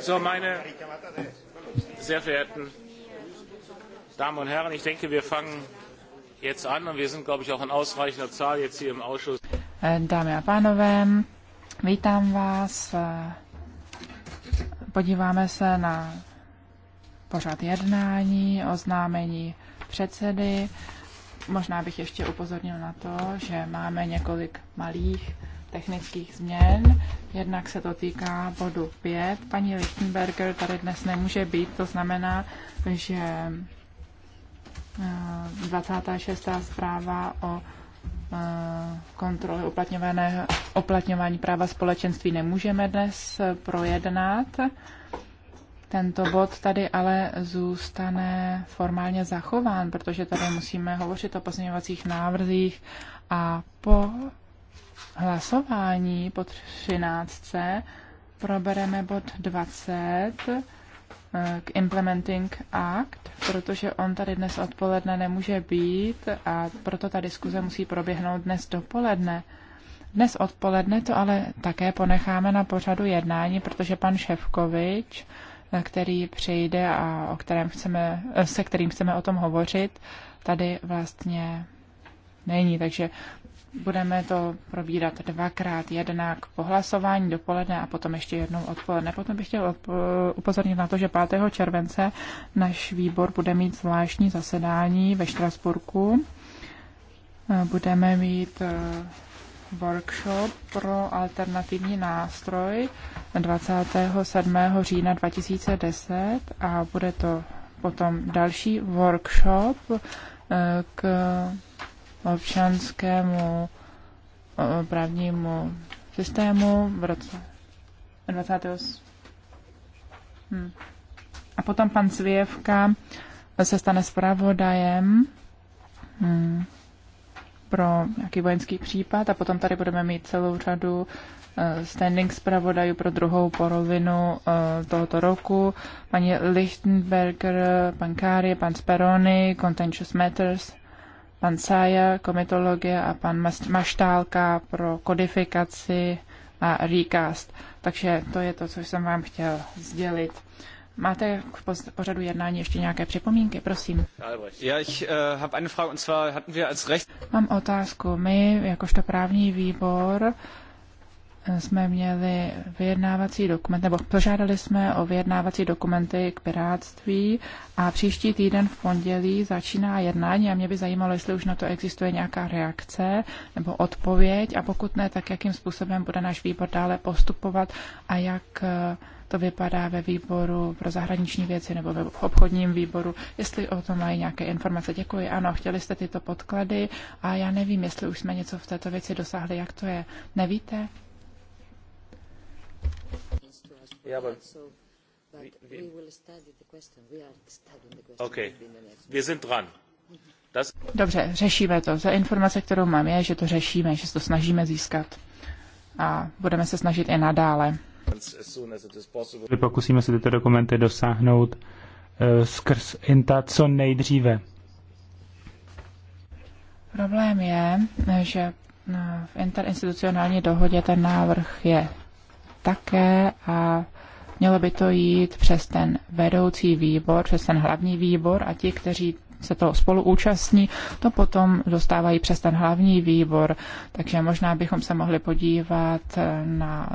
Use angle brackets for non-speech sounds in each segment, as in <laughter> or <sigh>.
So, meine sehr verehrten Damen und Herren, ich denke, wir fangen jetzt an und wir sind, glaube ich, auch in ausreichender Zahl jetzt hier im Ausschuss. Dámy a pánové, vítám vás. Podíváme se na pořád jednání, oznámení předsedy. Možná bych ještě upozornil na to, že máme několik malých technických změn. Jednak se to týká bodu 5. Paní Lichtenberger tady dnes nemůže být, to znamená, že 26. Eh, zpráva o eh, kontroly uplatňování práva společenství nemůžeme dnes projednat. Tento bod tady ale zůstane formálně zachován, protože tady musíme hovořit o pozměňovacích návrzích a po hlasování po 13 probereme bod 20 eh, k Implementing Act, protože on tady dnes odpoledne nemůže být a proto ta diskuze musí proběhnout dnes dopoledne. Dnes odpoledne to ale také ponecháme na pořadu jednání, protože pan Ševkovič, eh, který přijde a o kterém chceme, eh, se kterým chceme o tom hovořit, tady vlastně není, takže Budeme to probírat dvakrát, jednak po hlasování dopoledne a potom ještě jednou odpoledne. Potom bych chtěl upozornit na to, že 5. července náš výbor bude mít zvláštní zasedání ve Štrasburku. Budeme mít eh, workshop pro alternativní nástroj 27. října 2010 a bude to potom další workshop eh, k občanskému právnímu systému v roce 28. Hmm. A potom pan Svěvka se stane zpravodajem hmm. pro nějaký vojenský případ a potom tady budeme mít celou řadu e, standing zpravodajů pro druhou polovinu e, tohoto roku. Paní Lichtenberger, pan Kari, pan Speroni, Contentious Matters – pan Sája, komitologie a pan Maštálka pro kodifikaci a recast. Takže to je to, co jsem vám chtěl sdělit. Máte k pořadu jednání ještě nějaké připomínky, prosím? ich, äh, hab eine Frage, und zwar hatten wir als recht... Mám otázku. My, jakožto právní výbor, uh, jsme měli vyjednávací dokument, nebo požádali jsme o vyjednávací dokumenty k piráctví a příští týden v pondělí začíná jednání a mě by zajímalo, jestli už na to existuje nějaká reakce nebo odpověď a pokud ne, tak jakým způsobem bude náš výbor dále postupovat a jak eh, to vypadá ve výboru pro zahraniční věci nebo ve obchodním výboru, jestli o tom mají nějaké informace. Děkuji, ano, chtěli jste tyto podklady a já nevím, jestli už jsme něco v této věci dosáhli, jak to je. Nevíte? Yeah, but we, we, we will study the question. We are studying the question. Okay. Wir sind dran. Dobře, řešíme to. Za informace, kterou mám, je, že to řešíme, že se to snažíme získat. A budeme se snažit i nadále. Pokusíme se tyto dokumenty dosáhnout uh, skrz INTA co nejdříve. Problém je, že eh, v interinstitucionální dohodě ten návrh je také a mělo by to jít přes ten vedoucí výbor, přes ten hlavní výbor a ti, kteří se to spolu účastní, to potom dostávají přes ten hlavní výbor. Takže možná bychom se mohli podívat na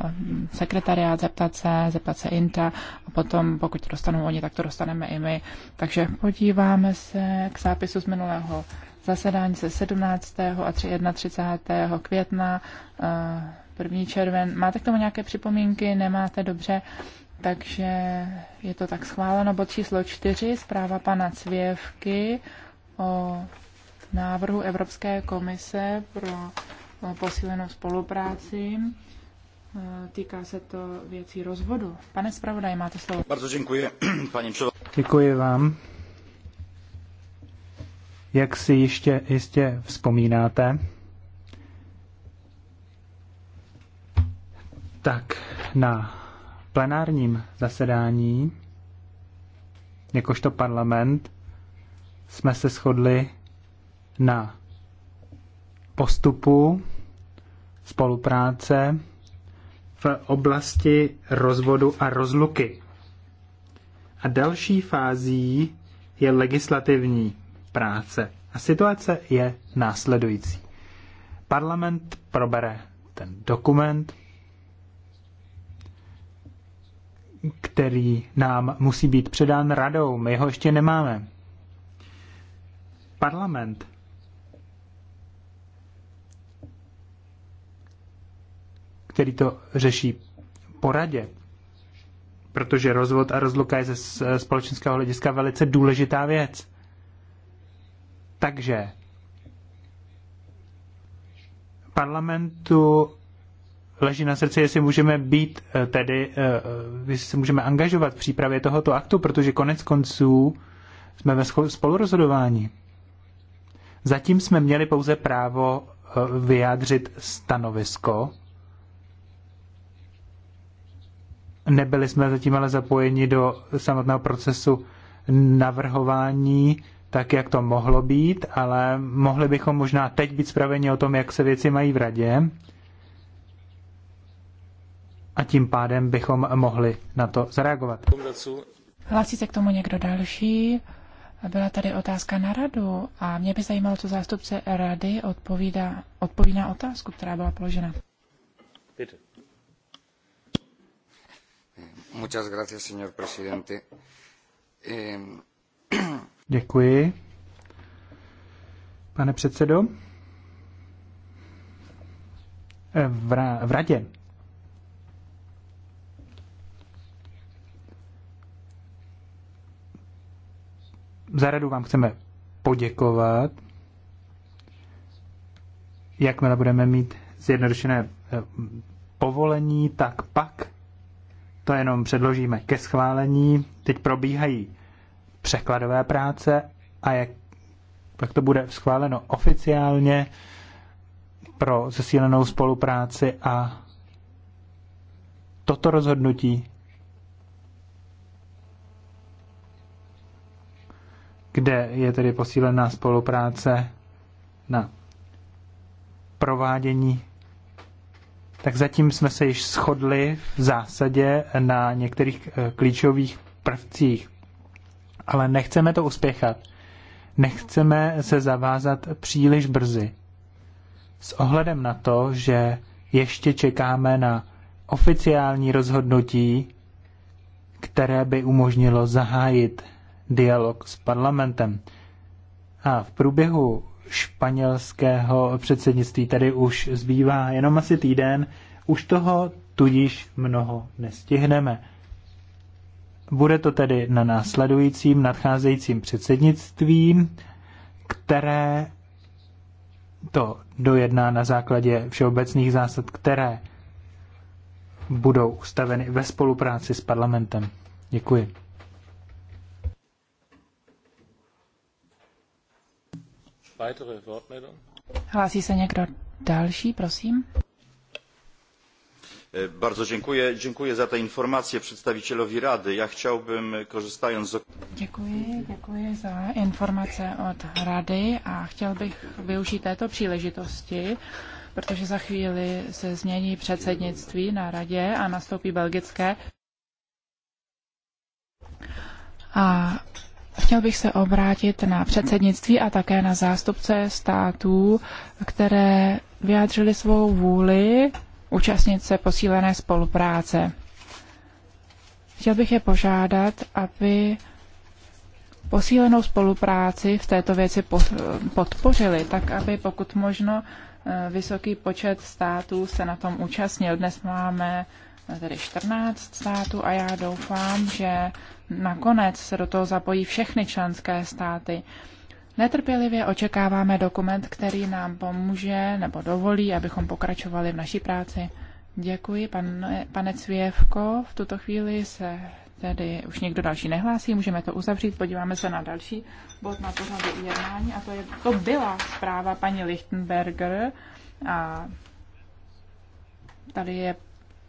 sekretariát, zeptat se, zeptat se INTA a potom, pokud dostanou oni, tak to dostaneme i my. Takže podíváme se k zápisu z minulého zasedání se 17. a 31. května eh, první červen. Máte k tomu nějaké připomínky? Nemáte dobře? Takže je to tak schváleno. Bod číslo čtyři. zpráva pana Cvěvky o návrhu Evropské komise pro posílenou spolupráci. E, týká se to věcí rozvodu. Pane zpravodaj, máte slovo. Bardzo děkuji, <clears throat> paní Děkuji vám. Jak si ještě jistě vzpomínáte, tak na plenárním zasedání, jakožto parlament, jsme se shodli na postupu spolupráce v oblasti rozvodu a rozluky. A další fází je legislativní práce. A situace je následující. Parlament probere ten dokument, který nám musí být předán radou. My ho ještě nemáme. Parlament který to řeší poradě, protože rozvod a rozluka je ze společenského hlediska velice důležitá věc. Takže parlamentu leží na srdci, jestli můžeme být eh, tedy, eh, eh, jestli se můžeme angažovat v přípravě tohoto aktu, protože konec konců jsme ve spolurozhodování. Zatím jsme měli pouze právo vyjádřit stanovisko. Nebyli jsme zatím ale zapojeni do samotného procesu navrhování, tak jak to mohlo být, ale mohli bychom možná teď být spraveni o tom, jak se věci mají v radě a tím pádem bychom mohli na to zareagovat. Hlásí se k tomu někdo další? Byla tady otázka na radu a mě by zajímalo, co zástupce rady odpovídá, odpoví na otázku, která byla položena. Muchas gracias, señor presidente. Eh, <clears throat> Děkuji. Pane předsedo, v radě Za radu vám chceme poděkovat. Jakmile budeme mít zjednodušené eh, povolení, tak pak to jenom předložíme ke schválení. Teď probíhají překladové práce a jak pak to bude schváleno oficiálně pro zesílenou spolupráci a toto rozhodnutí kde je tedy posílená spolupráce na provádění, tak zatím jsme se již shodli v zásadě na některých eh, klíčových prvcích. Ale nechceme to uspěchat. Nechceme se zavázat příliš brzy. S ohledem na to, že ještě čekáme na oficiální rozhodnutí, které by umožnilo zahájit dialog s parlamentem. A v průběhu španělského předsednictví tady už zbývá jenom asi týden, už toho tudíž mnoho nestihneme. Bude to tedy na následujícím nadcházejícím předsednictví, které to dojedná na základě všeobecných zásad, které budou ustaveny ve spolupráci s parlamentem. Děkuji. Hlásí se někdo další, prosím? E, bardzo dziękuję. Dziękuję za te informacje przedstawicielowi Rady. Ja chciałbym, korzystając z... Děkuji, děkuji za informace od Rady a chtěl bych využít této příležitosti, protože za chvíli se změní předsednictví na Radě a nastoupí belgické. A Chtěl bych se obrátit na předsednictví a také na zástupce států, které vyjádřili svou vůli účastnit se posílené spolupráce. Chtěl bych je požádat, aby posílenou spolupráci v této věci podpořili, tak aby pokud možno eh, vysoký počet států se na tom účastnil. Dnes máme eh, tedy 14 států a já doufám, že nakonec se do toho zapojí všechny členské státy. Netrpělivě očekáváme dokument, který nám pomůže nebo dovolí, abychom pokračovali v naší práci. Děkuji, pan, pane Cvěvko. V tuto chvíli se tedy už někdo další nehlásí, můžeme to uzavřít, podíváme se na další bod na pořadu jednání a to, je, to byla zpráva paní Lichtenberger a tady je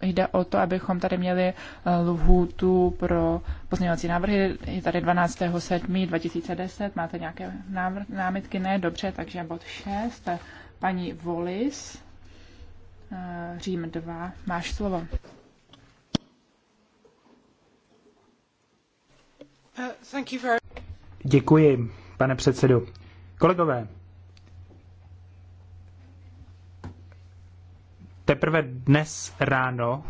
jde o to, abychom tady měli eh, lhůtu pro pozměňovací návrhy. Je tady 12.7.2010. Máte nějaké návr- námitky? Ne, dobře, takže bod 6. Paní Volis, eh, Řím 2, máš slovo. Uh, Děkuji, pane předsedo. Kolegové, Teprve dnes ráno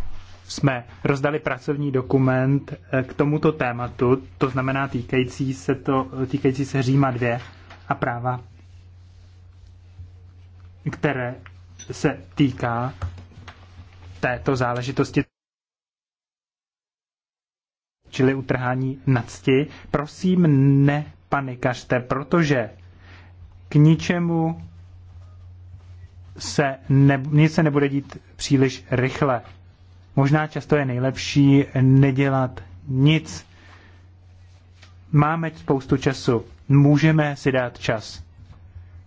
jsme rozdali pracovní dokument eh, k tomuto tématu, to znamená týkající se, to, týkající se Říma 2 a práva, které se týká této záležitosti, čili utrhání nadsti. Prosím, nepanikařte, protože k ničemu se ne, nic se nebude dít příliš rychle. Možná často je nejlepší nedělat nic. Máme spoustu času, můžeme si dát čas.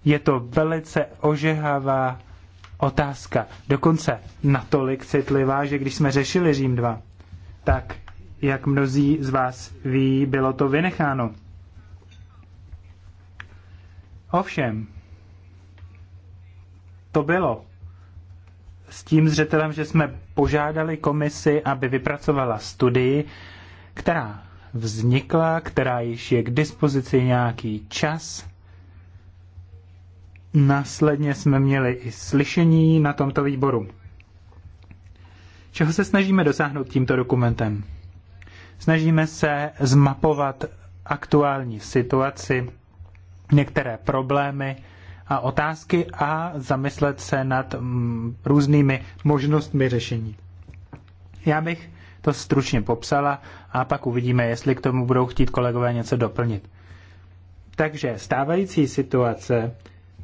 Je to velice ožehavá otázka, dokonce natolik citlivá, že když jsme řešili Řím 2, tak, jak mnozí z vás ví, bylo to vynecháno. Ovšem, to bylo. S tím zřetelem, že jsme požádali komisi, aby vypracovala studii, která vznikla, která již je k dispozici nějaký čas. Následně jsme měli i slyšení na tomto výboru. Čeho se snažíme dosáhnout tímto dokumentem? Snažíme se zmapovat aktuální situaci, některé problémy, a otázky a zamyslet se nad mm, různými možnostmi řešení. Já bych to stručně popsala a pak uvidíme, jestli k tomu budou chtít kolegové něco doplnit. Takže stávající situace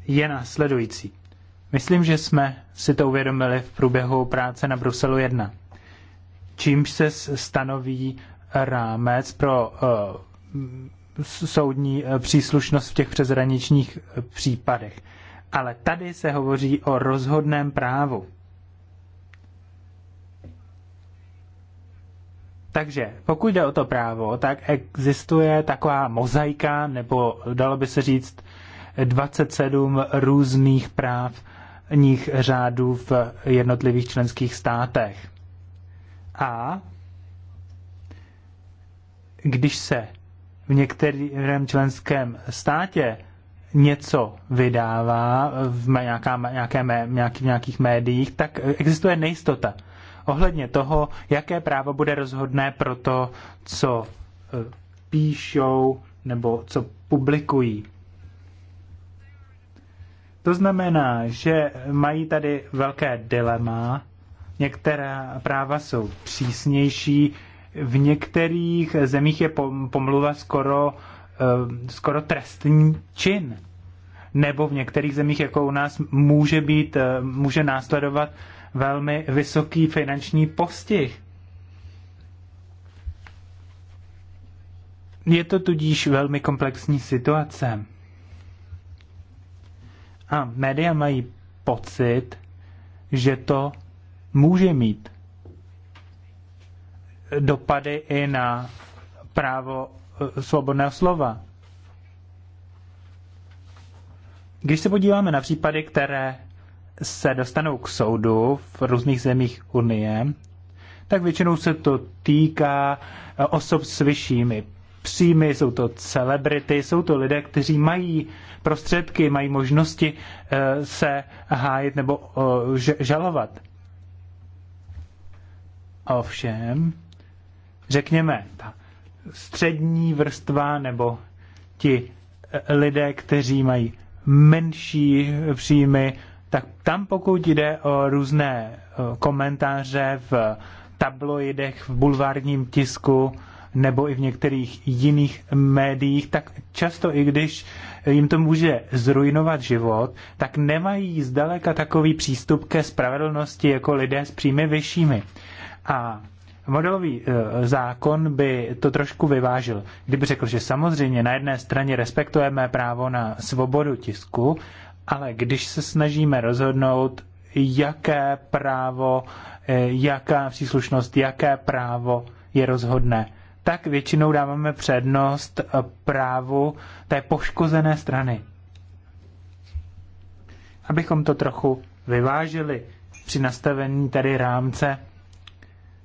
je následující. Myslím, že jsme si to uvědomili v průběhu práce na Bruselu 1, čímž se stanoví rámec pro uh, soudní eh, příslušnost v těch přezraničních eh, případech. Ale tady se hovoří o rozhodném právu. Takže pokud jde o to právo, tak existuje taková mozaika, nebo dalo by se říct 27 různých práv nich řádů v jednotlivých členských státech. A když se v některém členském státě něco vydává v nějaká, nějaké, nějaký, nějakých médiích, tak existuje nejistota ohledně toho, jaké právo bude rozhodné pro to, co eh, píšou nebo co publikují. To znamená, že mají tady velké dilema. Některá práva jsou přísnější, v některých zemích je pomluva skoro, eh, skoro trestní čin. Nebo v některých zemích, jako u nás, může, být, eh, může následovat velmi vysoký finanční postih. Je to tudíž velmi komplexní situace. A média mají pocit, že to může mít dopady i na právo eh, svobodného slova. Když se podíváme na případy, které se dostanou k soudu v různých zemích Unie, tak většinou se to týká eh, osob s vyššími příjmy, jsou to celebrity, jsou to lidé, kteří mají prostředky, mají možnosti eh, se hájit nebo žalovat. Ovšem, řekněme, ta střední vrstva nebo ti eh, lidé, kteří mají menší eh, příjmy, tak tam pokud jde o různé eh, komentáře v tabloidech, v bulvárním tisku nebo i v některých jiných médiích, tak často i když jim to může zrujnovat život, tak nemají zdaleka takový přístup ke spravedlnosti jako lidé s příjmy vyššími. A modelový eh, zákon by to trošku vyvážil. Kdyby řekl, že samozřejmě na jedné straně respektujeme právo na svobodu tisku, ale když se snažíme rozhodnout, jaké právo, eh, jaká příslušnost, jaké právo je rozhodné, tak většinou dáváme přednost eh, právu té poškozené strany. Abychom to trochu vyvážili při nastavení tady rámce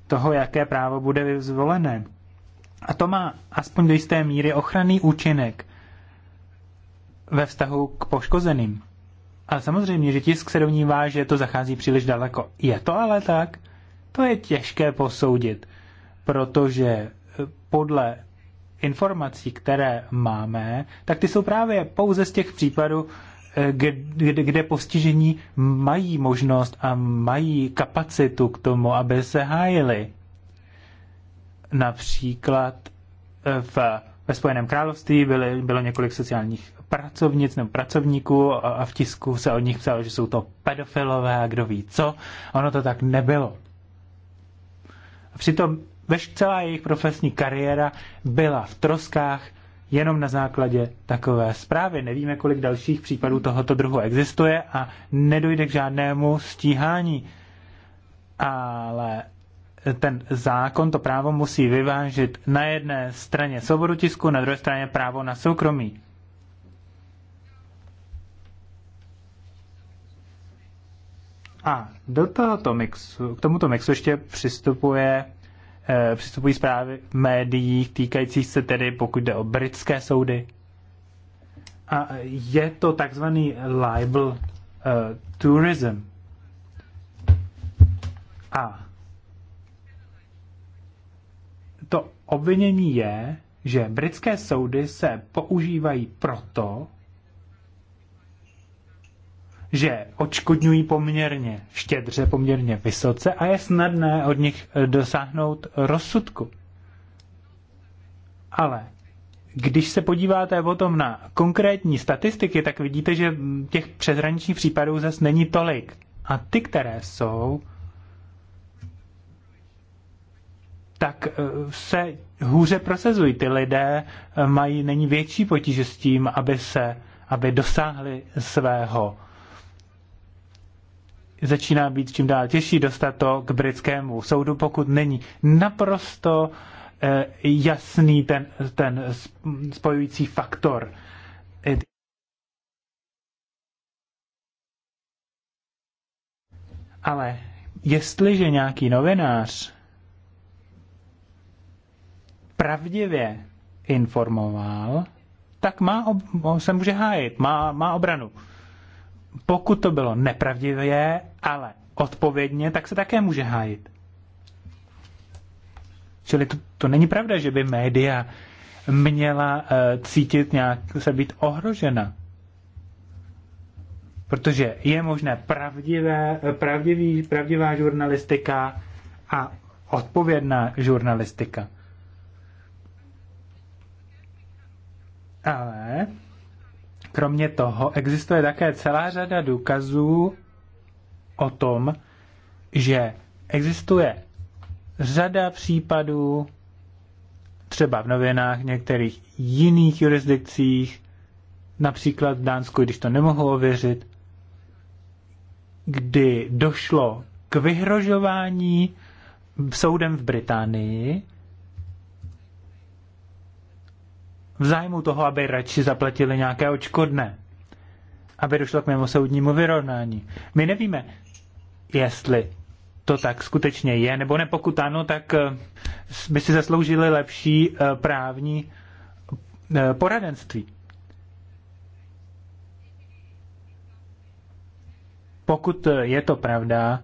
toho, jaké právo bude zvolené. A to má aspoň do jisté míry ochranný účinek ve vztahu k poškozeným. A samozřejmě, že tisk se domnívá, že to zachází příliš daleko. Je to ale tak? To je těžké posoudit, protože eh, podle informací, které máme, tak ty jsou právě pouze z těch případů, kde, kde postižení mají možnost a mají kapacitu k tomu, aby se hájili. Například eh, v, ve Spojeném království byly, bylo několik sociálních pracovnic nebo pracovníků a, a v tisku se od nich psalo, že jsou to pedofilové a kdo ví co. Ono to tak nebylo. přitom veš, celá jejich profesní kariéra byla v troskách jenom na základě takové zprávy. Nevíme, kolik dalších případů tohoto druhu existuje a nedojde k žádnému stíhání. Ale ten zákon to právo musí vyvážit na jedné straně svobodu tisku, na druhé straně právo na soukromí. A do tohoto mixu, k tomuto mixu ještě přistupuje Eh, přistupují zprávy v médiích týkajících se tedy, pokud jde o britské soudy. A je to takzvaný libel uh, tourism. A to obvinění je, že britské soudy se používají proto, že očkodňují poměrně štědře, poměrně vysoce a je snadné od nich eh, dosáhnout rozsudku. Ale když se podíváte potom na konkrétní statistiky, tak vidíte, že těch přeshraničních případů zase není tolik. A ty, které jsou, tak eh, se hůře prosazují. Ty lidé eh, mají není větší potíže s tím, aby se aby dosáhli svého začíná být čím dál těžší dostat to k britskému soudu, pokud není naprosto eh, jasný ten, ten spojující faktor. Ale jestliže nějaký novinář pravdivě informoval, tak má, ob- se může hájit, má, má obranu pokud to bylo nepravdivé, ale odpovědně, tak se také může hájit. Čili to, to není pravda, že by média měla uh, cítit nějak, se být ohrožena. Protože je možné pravdivé, eh, pravdivý, pravdivá žurnalistika a odpovědná žurnalistika. Ale Kromě toho existuje také celá řada důkazů o tom, že existuje řada případů, třeba v novinách některých jiných jurisdikcích, například v Dánsku, když to nemohu ověřit, kdy došlo k vyhrožování soudem v Británii v zájmu toho, aby radši zaplatili nějaké očkodné, aby došlo k mimosoudnímu vyrovnání. My nevíme, jestli to tak skutečně je, nebo ne, pokud ano, tak eh, by si zasloužili lepší eh, právní eh, poradenství. Pokud je to pravda,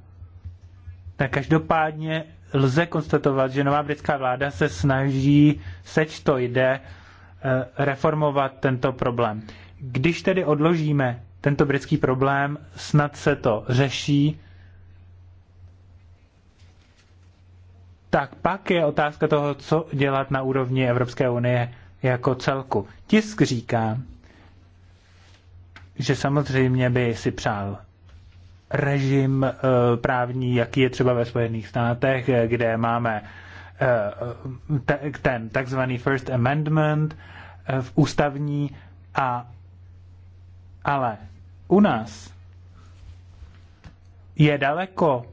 tak každopádně lze konstatovat, že nová britská vláda se snaží, seč to jde, Eh, reformovat tento problém. Když tedy odložíme tento britský problém, snad se to řeší, tak pak je otázka toho, co dělat na úrovni Evropské unie jako celku. Tisk říká, že samozřejmě by si přál režim eh, právní, jaký je třeba ve Spojených státech, eh, kde máme Eh, ten takzvaný First Amendment eh, v ústavní a ale u nás je daleko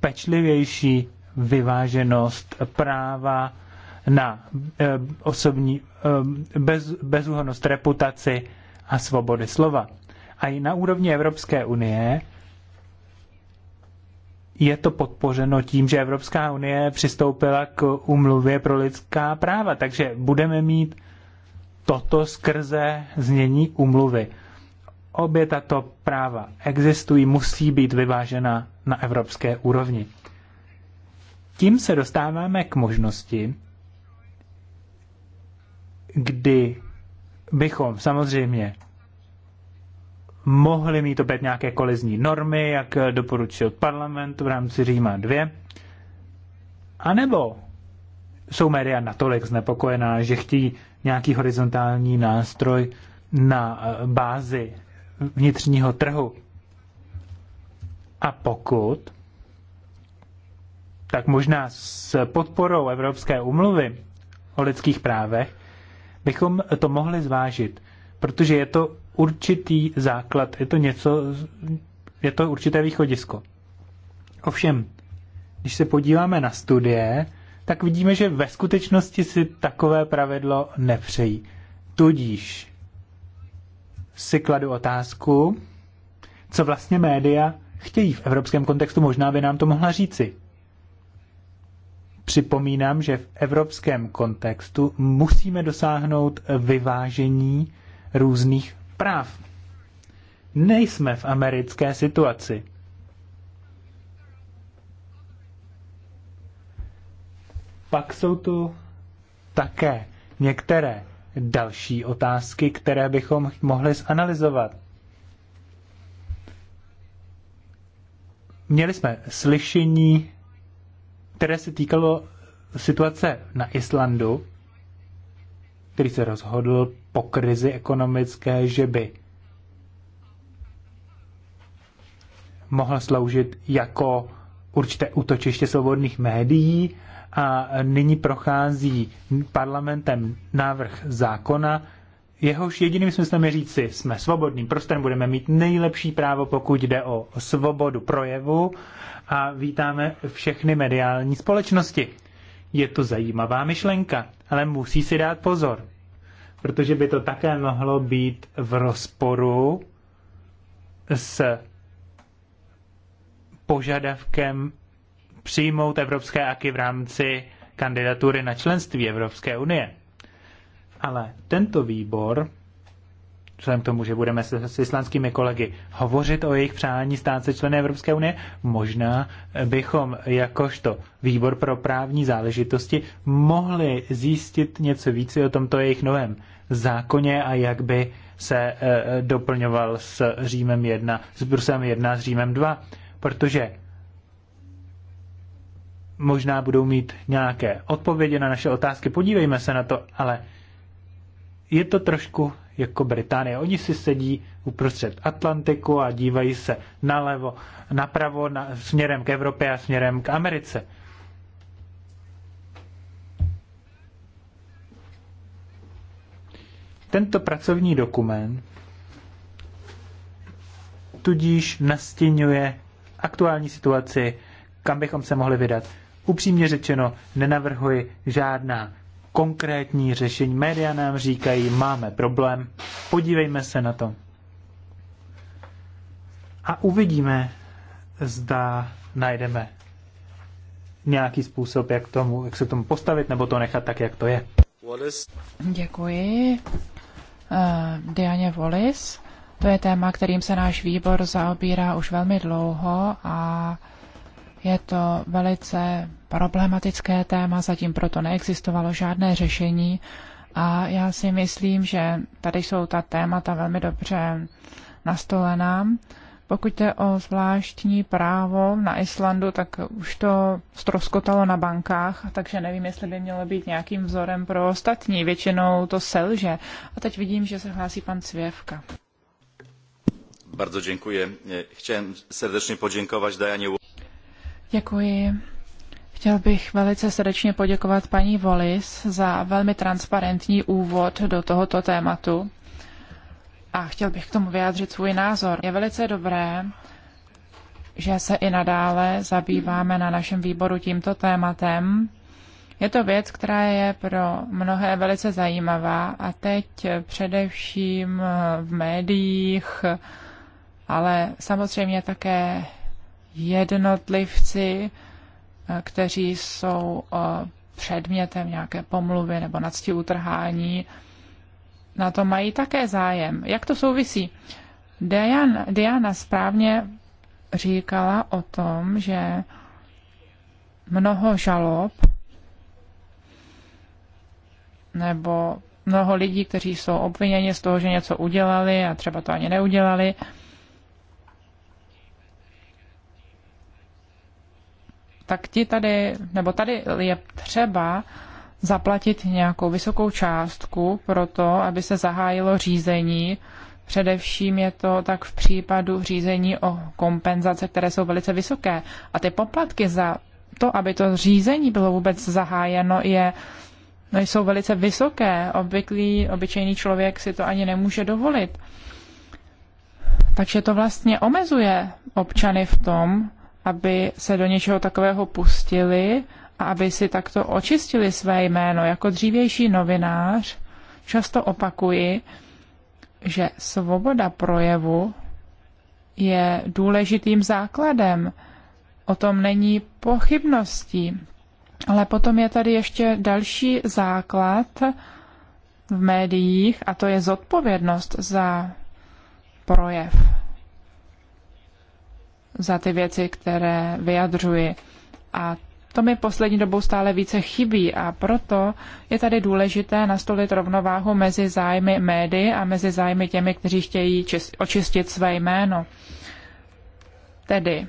pečlivější vyváženost práva na eh, osobní bez, bezúhonnost reputaci a svobody slova. A i na úrovni Evropské unie je to podpořeno tím, že Evropská unie přistoupila k umluvě pro lidská práva, takže budeme mít toto skrze znění umluvy. Obě tato práva existují, musí být vyvážena na evropské úrovni. Tím se dostáváme k možnosti, kdy bychom samozřejmě mohly mít opět nějaké kolizní normy, jak doporučil parlament v rámci Říma 2? A nebo jsou média natolik znepokojená, že chtějí nějaký horizontální nástroj na eh, bázi vnitřního trhu? A pokud, tak možná s podporou Evropské umluvy o lidských právech bychom to mohli zvážit, protože je to určitý základ, je to něco, je to určité východisko. Ovšem, když se podíváme na studie, tak vidíme, že ve skutečnosti si takové pravidlo nepřejí. Tudíž si kladu otázku, co vlastně média chtějí v evropském kontextu, možná by nám to mohla říci. Připomínám, že v evropském kontextu musíme dosáhnout vyvážení různých práv. Nejsme v americké situaci. Pak jsou tu také některé další otázky, které bychom mohli zanalizovat. Měli jsme slyšení, které se týkalo situace na Islandu který se rozhodl po krizi ekonomické, že by mohl sloužit jako určité útočiště svobodných médií a nyní prochází parlamentem návrh zákona, jehož jediným smyslem je říci, jsme svobodným prostorem, budeme mít nejlepší právo, pokud jde o svobodu projevu a vítáme všechny mediální společnosti. Je to zajímavá myšlenka, ale musí si dát pozor, protože by to také mohlo být v rozporu s požadavkem přijmout evropské aky v rámci kandidatury na členství Evropské unie. Ale tento výbor vzhledem k tomu, že budeme s, s islandskými kolegy hovořit o jejich přání stát se členy Evropské unie, možná bychom jakožto výbor pro právní záležitosti mohli zjistit něco více o tomto jejich novém zákoně a jak by se e, doplňoval s Římem 1, s Bruselem 1, s Římem 2, protože možná budou mít nějaké odpovědi na naše otázky, podívejme se na to, ale je to trošku jako Británie. Oni si sedí uprostřed Atlantiku a dívají se nalevo, napravo, na, směrem k Evropě a směrem k Americe. Tento pracovní dokument tudíž nastínuje aktuální situaci, kam bychom se mohli vydat. Upřímně řečeno, nenavrhuji žádná konkrétní řešení. Média nám říkají, máme problém, podívejme se na to. A uvidíme, zda najdeme nějaký způsob, jak, tomu, jak se tomu postavit, nebo to nechat tak, jak to je. Děkuji. Uh, eh, Diane Wallis. To je téma, kterým se náš výbor zaobírá už velmi dlouho a je to velice problematické téma, zatím proto neexistovalo žádné řešení a já si myslím, že tady jsou ta témata velmi dobře nastolená. Pokud jde o zvláštní právo na Islandu, tak už to stroskotalo na bankách, takže nevím, jestli by mělo být nějakým vzorem pro ostatní. Většinou to selže. A teď vidím, že se hlásí pan Cvěvka. Bardzo dziękuję. Chciałem serdecznie podziękować Dajanie Děkuji. Chtěl bych velice srdečně poděkovat paní Volis za velmi transparentní úvod do tohoto tématu a chtěl bych k tomu vyjádřit svůj názor. Je velice dobré, že se i nadále zabýváme na našem výboru tímto tématem. Je to věc, která je pro mnohé velice zajímavá a teď především v médiích, ale samozřejmě také jednotlivci, eh, kteří jsou eh, předmětem nějaké pomluvy nebo nadsti utrhání, na to mají také zájem. Jak to souvisí? Diana, Diana správně říkala o tom, že mnoho žalob nebo mnoho lidí, kteří jsou obviněni z toho, že něco udělali a třeba to ani neudělali, tak ti tady, nebo tady je třeba zaplatit nějakou vysokou částku pro to, aby se zahájilo řízení. Především je to tak v případu řízení o kompenzace, které jsou velice vysoké. A ty poplatky za to, aby to řízení bylo vůbec zahájeno, je, no, jsou velice vysoké. Obvyklý, obyčejný člověk si to ani nemůže dovolit. Takže to vlastně omezuje občany v tom, aby se do něčeho takového pustili a aby si takto očistili své jméno. Jako dřívější novinář často opakuji, že svoboda projevu je důležitým základem. O tom není pochybností. Ale potom je tady ještě další základ v médiích a to je zodpovědnost za projev za ty věci, které vyjadřuji. A to mi poslední dobou stále více chybí a proto je tady důležité nastolit rovnováhu mezi zájmy médií a mezi zájmy těmi, kteří chtějí očistit své jméno. Tedy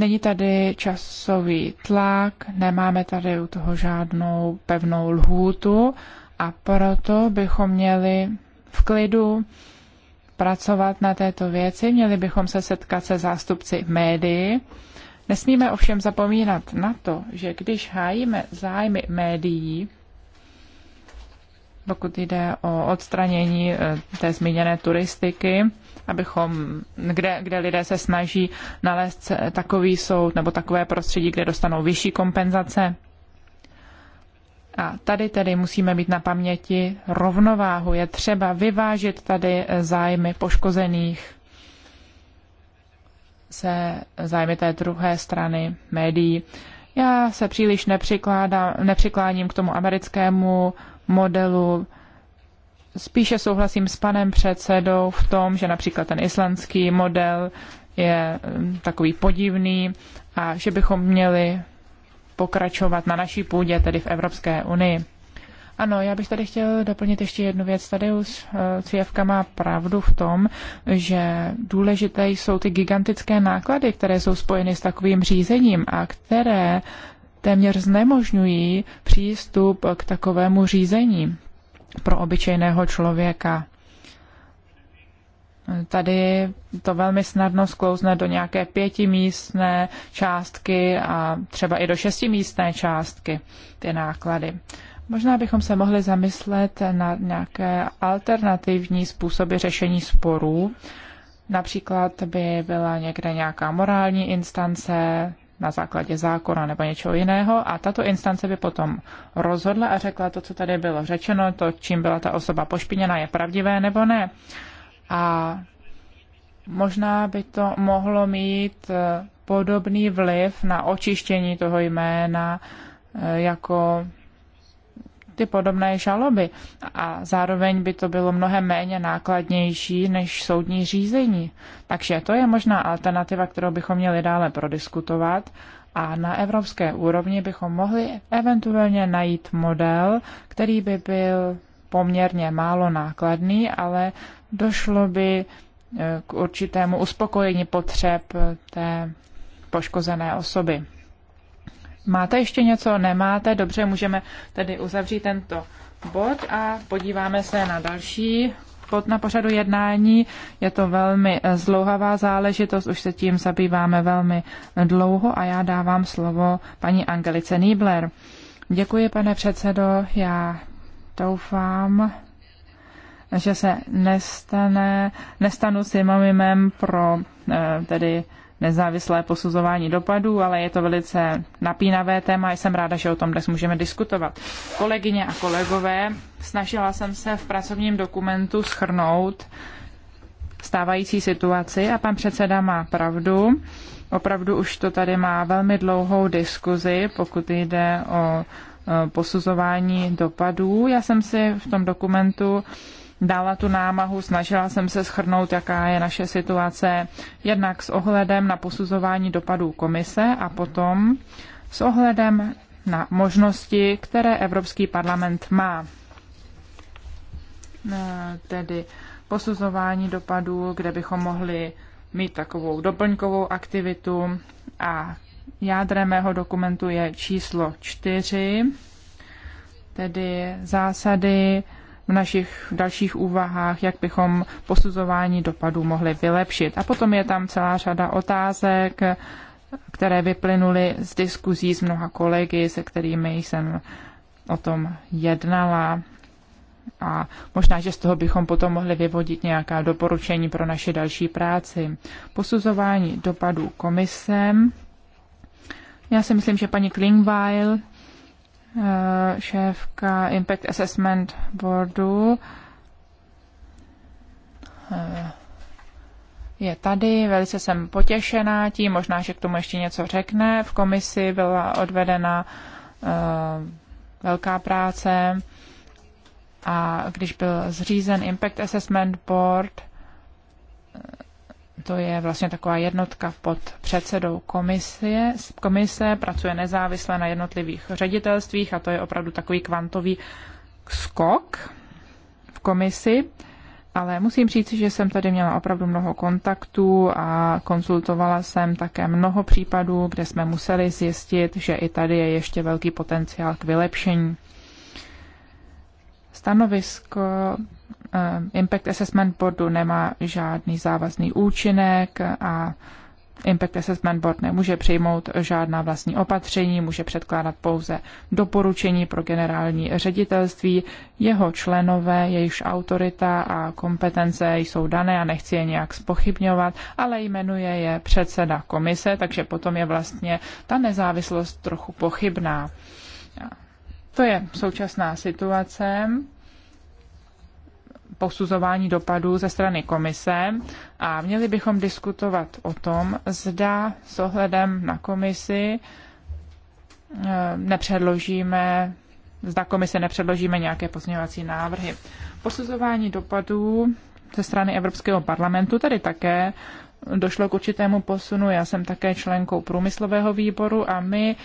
Není tady časový tlak, nemáme tady u toho žádnou pevnou lhůtu a proto bychom měli v klidu pracovat na této věci, měli bychom se setkat se zástupci médií. Nesmíme ovšem zapomínat na to, že když hájíme zájmy médií, pokud jde o odstranění eh, té zmíněné turistiky, abychom, kde, kde lidé se snaží nalézt takový soud nebo takové prostředí, kde dostanou vyšší kompenzace, a tady tedy musíme mít na paměti rovnováhu. Je třeba vyvážit tady eh, zájmy poškozených se zájmy té druhé strany médií. Já se příliš nepřikláním k tomu americkému modelu. Spíše souhlasím s panem předsedou v tom, že například ten islandský model je mm, takový podivný a že bychom měli pokračovat na naší půdě, tedy v Evropské unii. Ano, já bych tady chtěl doplnit ještě jednu věc. Tady už eh, Cijevka má pravdu v tom, že důležité jsou ty gigantické náklady, které jsou spojeny s takovým řízením a které téměř znemožňují přístup k takovému řízení pro obyčejného člověka. Tady to velmi snadno sklouzne do nějaké pětimístné částky a třeba i do šestimístné částky ty náklady. Možná bychom se mohli zamyslet na nějaké alternativní způsoby řešení sporů. Například by byla někde nějaká morální instance na základě zákona nebo něčeho jiného a tato instance by potom rozhodla a řekla to, co tady bylo řečeno, to, čím byla ta osoba pošpiněna, je pravdivé nebo ne a možná by to mohlo mít eh, podobný vliv na očištění toho jména eh, jako ty podobné žaloby a zároveň by to bylo mnohem méně nákladnější než soudní řízení. Takže to je možná alternativa, kterou bychom měli dále prodiskutovat a na evropské úrovni bychom mohli eventuálně najít model, který by byl poměrně málo nákladný, ale došlo by eh, k určitému uspokojení potřeb eh, té poškozené osoby. Máte ještě něco? Nemáte? Dobře, můžeme tedy uzavřít tento bod a podíváme se na další bod na pořadu jednání. Je to velmi eh, zlouhavá záležitost, už se tím zabýváme velmi dlouho a já dávám slovo paní Angelice Niebler. Děkuji, pane předsedo, já doufám, že se nestane, nestanu synonymem pro eh, tedy nezávislé posuzování dopadů, ale je to velice napínavé téma a jsem ráda, že o tom dnes můžeme diskutovat. Kolegyně a kolegové, snažila jsem se v pracovním dokumentu schrnout stávající situaci a pan předseda má pravdu. Opravdu už to tady má velmi dlouhou diskuzi, pokud jde o eh, posuzování dopadů. Já jsem si v tom dokumentu dala tu námahu, snažila jsem se schrnout, jaká je naše situace, jednak s ohledem na posuzování dopadů komise a potom s ohledem na možnosti, které Evropský parlament má. E, tedy posuzování dopadů, kde bychom mohli mít takovou doplňkovou aktivitu a jádrem mého dokumentu je číslo čtyři, tedy zásady v našich dalších úvahách, jak bychom posuzování dopadů mohli vylepšit. A potom je tam celá řada otázek, které vyplynuly z diskuzí s mnoha kolegy, se kterými jsem o tom jednala. A možná, že z toho bychom potom mohli vyvodit nějaká doporučení pro naše další práci. Posuzování dopadů komisem. Já si myslím, že paní Klingweil Eh, šéfka Impact Assessment Boardu eh, je tady, velice jsem potěšená tím, možná, že k tomu ještě něco řekne. V komisi byla odvedena eh, velká práce a když byl zřízen Impact Assessment Board, to je vlastně taková jednotka pod předsedou komisie. Komise pracuje nezávisle na jednotlivých ředitelstvích a to je opravdu takový kvantový skok v komisi. Ale musím říct, že jsem tady měla opravdu mnoho kontaktů a konzultovala jsem také mnoho případů, kde jsme museli zjistit, že i tady je ještě velký potenciál k vylepšení. Stanovisko Eh, impact Assessment Boardu nemá žádný závazný účinek a Impact Assessment Board nemůže přijmout žádná vlastní opatření, může předkládat pouze doporučení pro generální ředitelství. Jeho členové, jejichž autorita a kompetence jsou dané a nechci je nějak spochybňovat, ale jmenuje je předseda komise, takže potom je vlastně ta nezávislost trochu pochybná. To je současná situace posuzování dopadů ze strany komise a měli bychom diskutovat o tom, zda s ohledem na komisi eh, nepředložíme, zda komise nepředložíme nějaké pozměňovací návrhy. Posuzování dopadů ze strany Evropského parlamentu tady také došlo k určitému posunu. Já jsem také členkou průmyslového výboru a my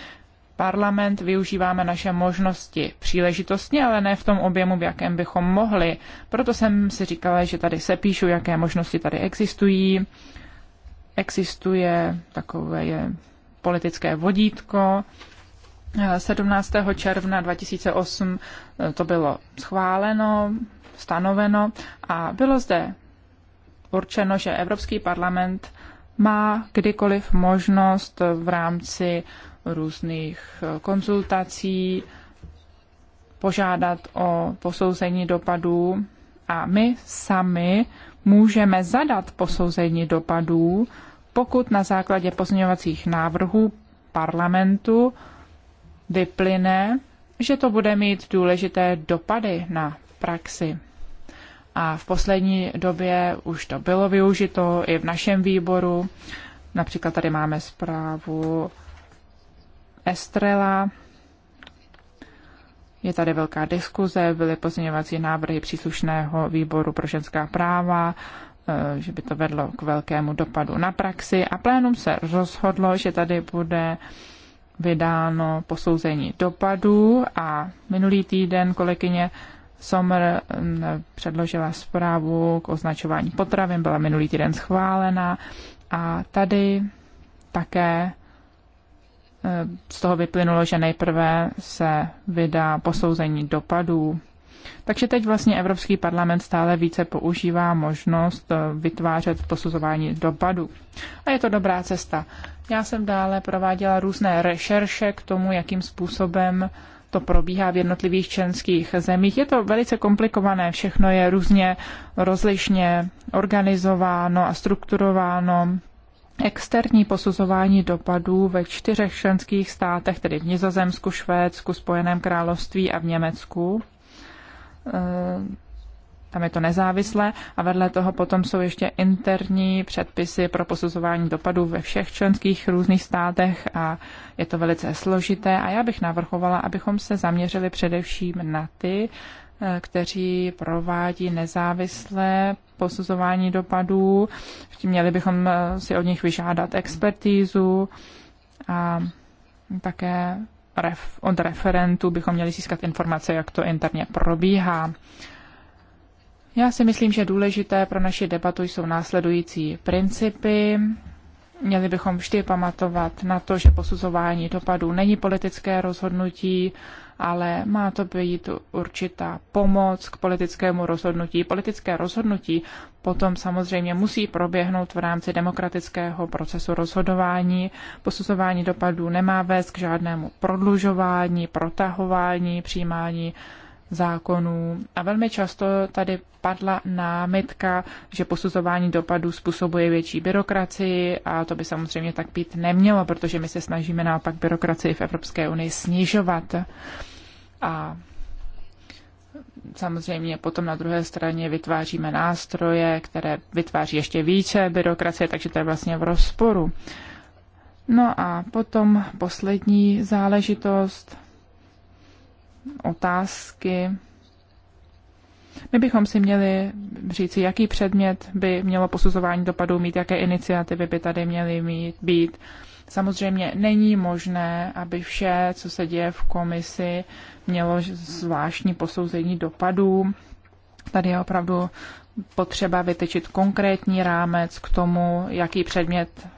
parlament využíváme naše možnosti příležitostně, ale ne v tom objemu, v jakém bychom mohli. Proto jsem si říkala, že tady se píšu, jaké možnosti tady existují. Existuje takové je politické vodítko. 17. června 2008 eh, to bylo schváleno, stanoveno a bylo zde určeno, že Evropský parlament má kdykoliv možnost v rámci různých eh, konzultací, požádat o posouzení dopadů a my sami můžeme zadat posouzení dopadů, pokud na základě pozměňovacích návrhů parlamentu vyplyne, že to bude mít důležité dopady na praxi. A v poslední době už to bylo využito i v našem výboru. Například tady máme zprávu Estrela. Je tady velká diskuze, byly pozměňovací návrhy příslušného výboru pro ženská práva, eh, že by to vedlo k velkému dopadu na praxi a plénum se rozhodlo, že tady bude vydáno posouzení dopadů a minulý týden kolegyně Sommer mm, předložila zprávu k označování potravin, byla minulý týden schválena a tady také z toho vyplynulo, že nejprve se vydá posouzení dopadů. Takže teď vlastně Evropský parlament stále více používá možnost eh, vytvářet posuzování dopadů. A je to dobrá cesta. Já jsem dále prováděla různé rešerše k tomu, jakým způsobem to probíhá v jednotlivých členských zemích. Je to velice komplikované, všechno je různě rozlišně organizováno a strukturováno externí posuzování dopadů ve čtyřech členských státech, tedy v Nizozemsku, Švédsku, Spojeném království a v Německu. Eh, tam je to nezávislé a vedle toho potom jsou ještě interní předpisy pro posuzování dopadů ve všech členských různých státech a je to velice složité a já bych navrhovala, abychom se zaměřili především na ty kteří provádí nezávislé posuzování dopadů. Měli bychom eh, si od nich vyžádat expertízu a také ref, od referentů bychom měli získat informace, jak to interně probíhá. Já si myslím, že důležité pro naši debatu jsou následující principy. Měli bychom vždy pamatovat na to, že posuzování dopadů není politické rozhodnutí, ale má to být určitá pomoc k politickému rozhodnutí. Politické rozhodnutí potom samozřejmě musí proběhnout v rámci demokratického procesu rozhodování. Posuzování dopadů nemá vést k žádnému prodlužování, protahování, přijímání zákonů. A velmi často tady padla námitka, že posuzování dopadů způsobuje větší byrokracii a to by samozřejmě tak být nemělo, protože my se snažíme naopak byrokracii v Evropské unii snižovat. A samozřejmě potom na druhé straně vytváříme nástroje, které vytváří ještě více byrokracie, takže to je vlastně v rozporu. No a potom poslední záležitost, otázky. My bychom si měli říci, jaký předmět by mělo posuzování dopadů mít, jaké iniciativy by tady měly mít, být. Samozřejmě není možné, aby vše, co se děje v komisi, mělo zvláštní posouzení dopadů. Tady je opravdu potřeba vytečit konkrétní rámec k tomu, jaký předmět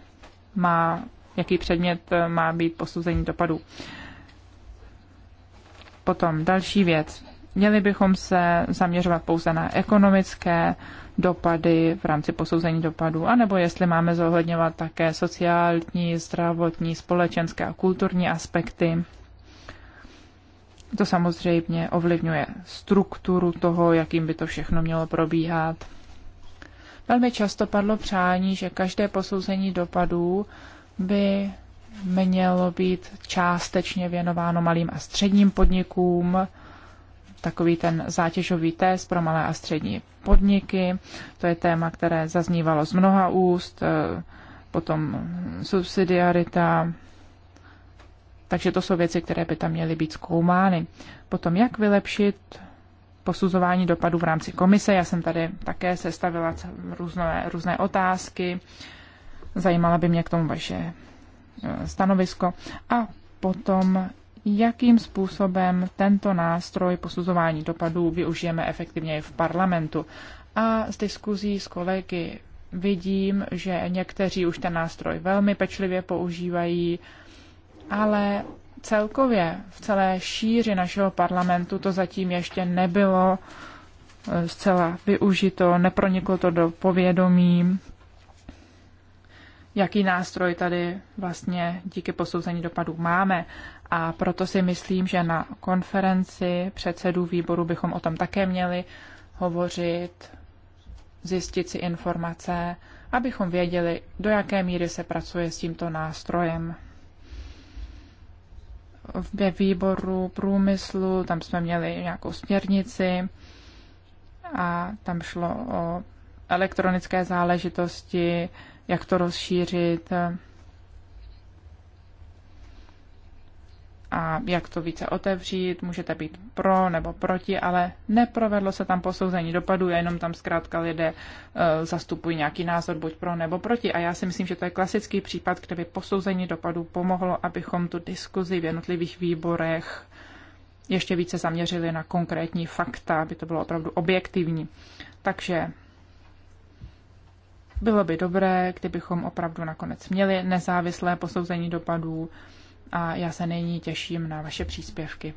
má, jaký předmět má být posouzení dopadů. Potom další věc. Měli bychom se zaměřovat pouze na ekonomické dopady v rámci posouzení dopadů, anebo jestli máme zohledňovat také sociální, zdravotní, společenské a kulturní aspekty. To samozřejmě ovlivňuje strukturu toho, jakým by to všechno mělo probíhat. Velmi často padlo přání, že každé posouzení dopadů by mělo být částečně věnováno malým a středním podnikům, takový ten zátěžový test pro malé a střední podniky. To je téma, které zaznívalo z mnoha úst, eh, potom subsidiarita. Takže to jsou věci, které by tam měly být zkoumány. Potom, jak vylepšit posuzování dopadu v rámci komise. Já jsem tady také sestavila různé, různé otázky. Zajímala by mě k tomu vaše stanovisko a potom jakým způsobem tento nástroj posuzování dopadů využijeme efektivněji v parlamentu. A z diskuzí s kolegy vidím, že někteří už ten nástroj velmi pečlivě používají, ale celkově v celé šíři našeho parlamentu to zatím ještě nebylo eh, zcela využito, neproniklo to do povědomí jaký nástroj tady vlastně díky posouzení dopadů máme. A proto si myslím, že na konferenci předsedů výboru bychom o tom také měli hovořit, zjistit si informace, abychom věděli, do jaké míry se pracuje s tímto nástrojem. Ve výboru průmyslu, tam jsme měli nějakou směrnici a tam šlo o elektronické záležitosti, jak to rozšířit a jak to více otevřít. Můžete být pro nebo proti, ale neprovedlo se tam posouzení dopadů, jenom tam zkrátka lidé e, zastupují nějaký názor buď pro nebo proti. A já si myslím, že to je klasický případ, kde by posouzení dopadů pomohlo, abychom tu diskuzi v jednotlivých výborech ještě více zaměřili na konkrétní fakta, aby to bylo opravdu objektivní. Takže bylo by dobré, kdybychom opravdu nakonec měli nezávislé posouzení dopadů a já se nyní těším na vaše příspěvky.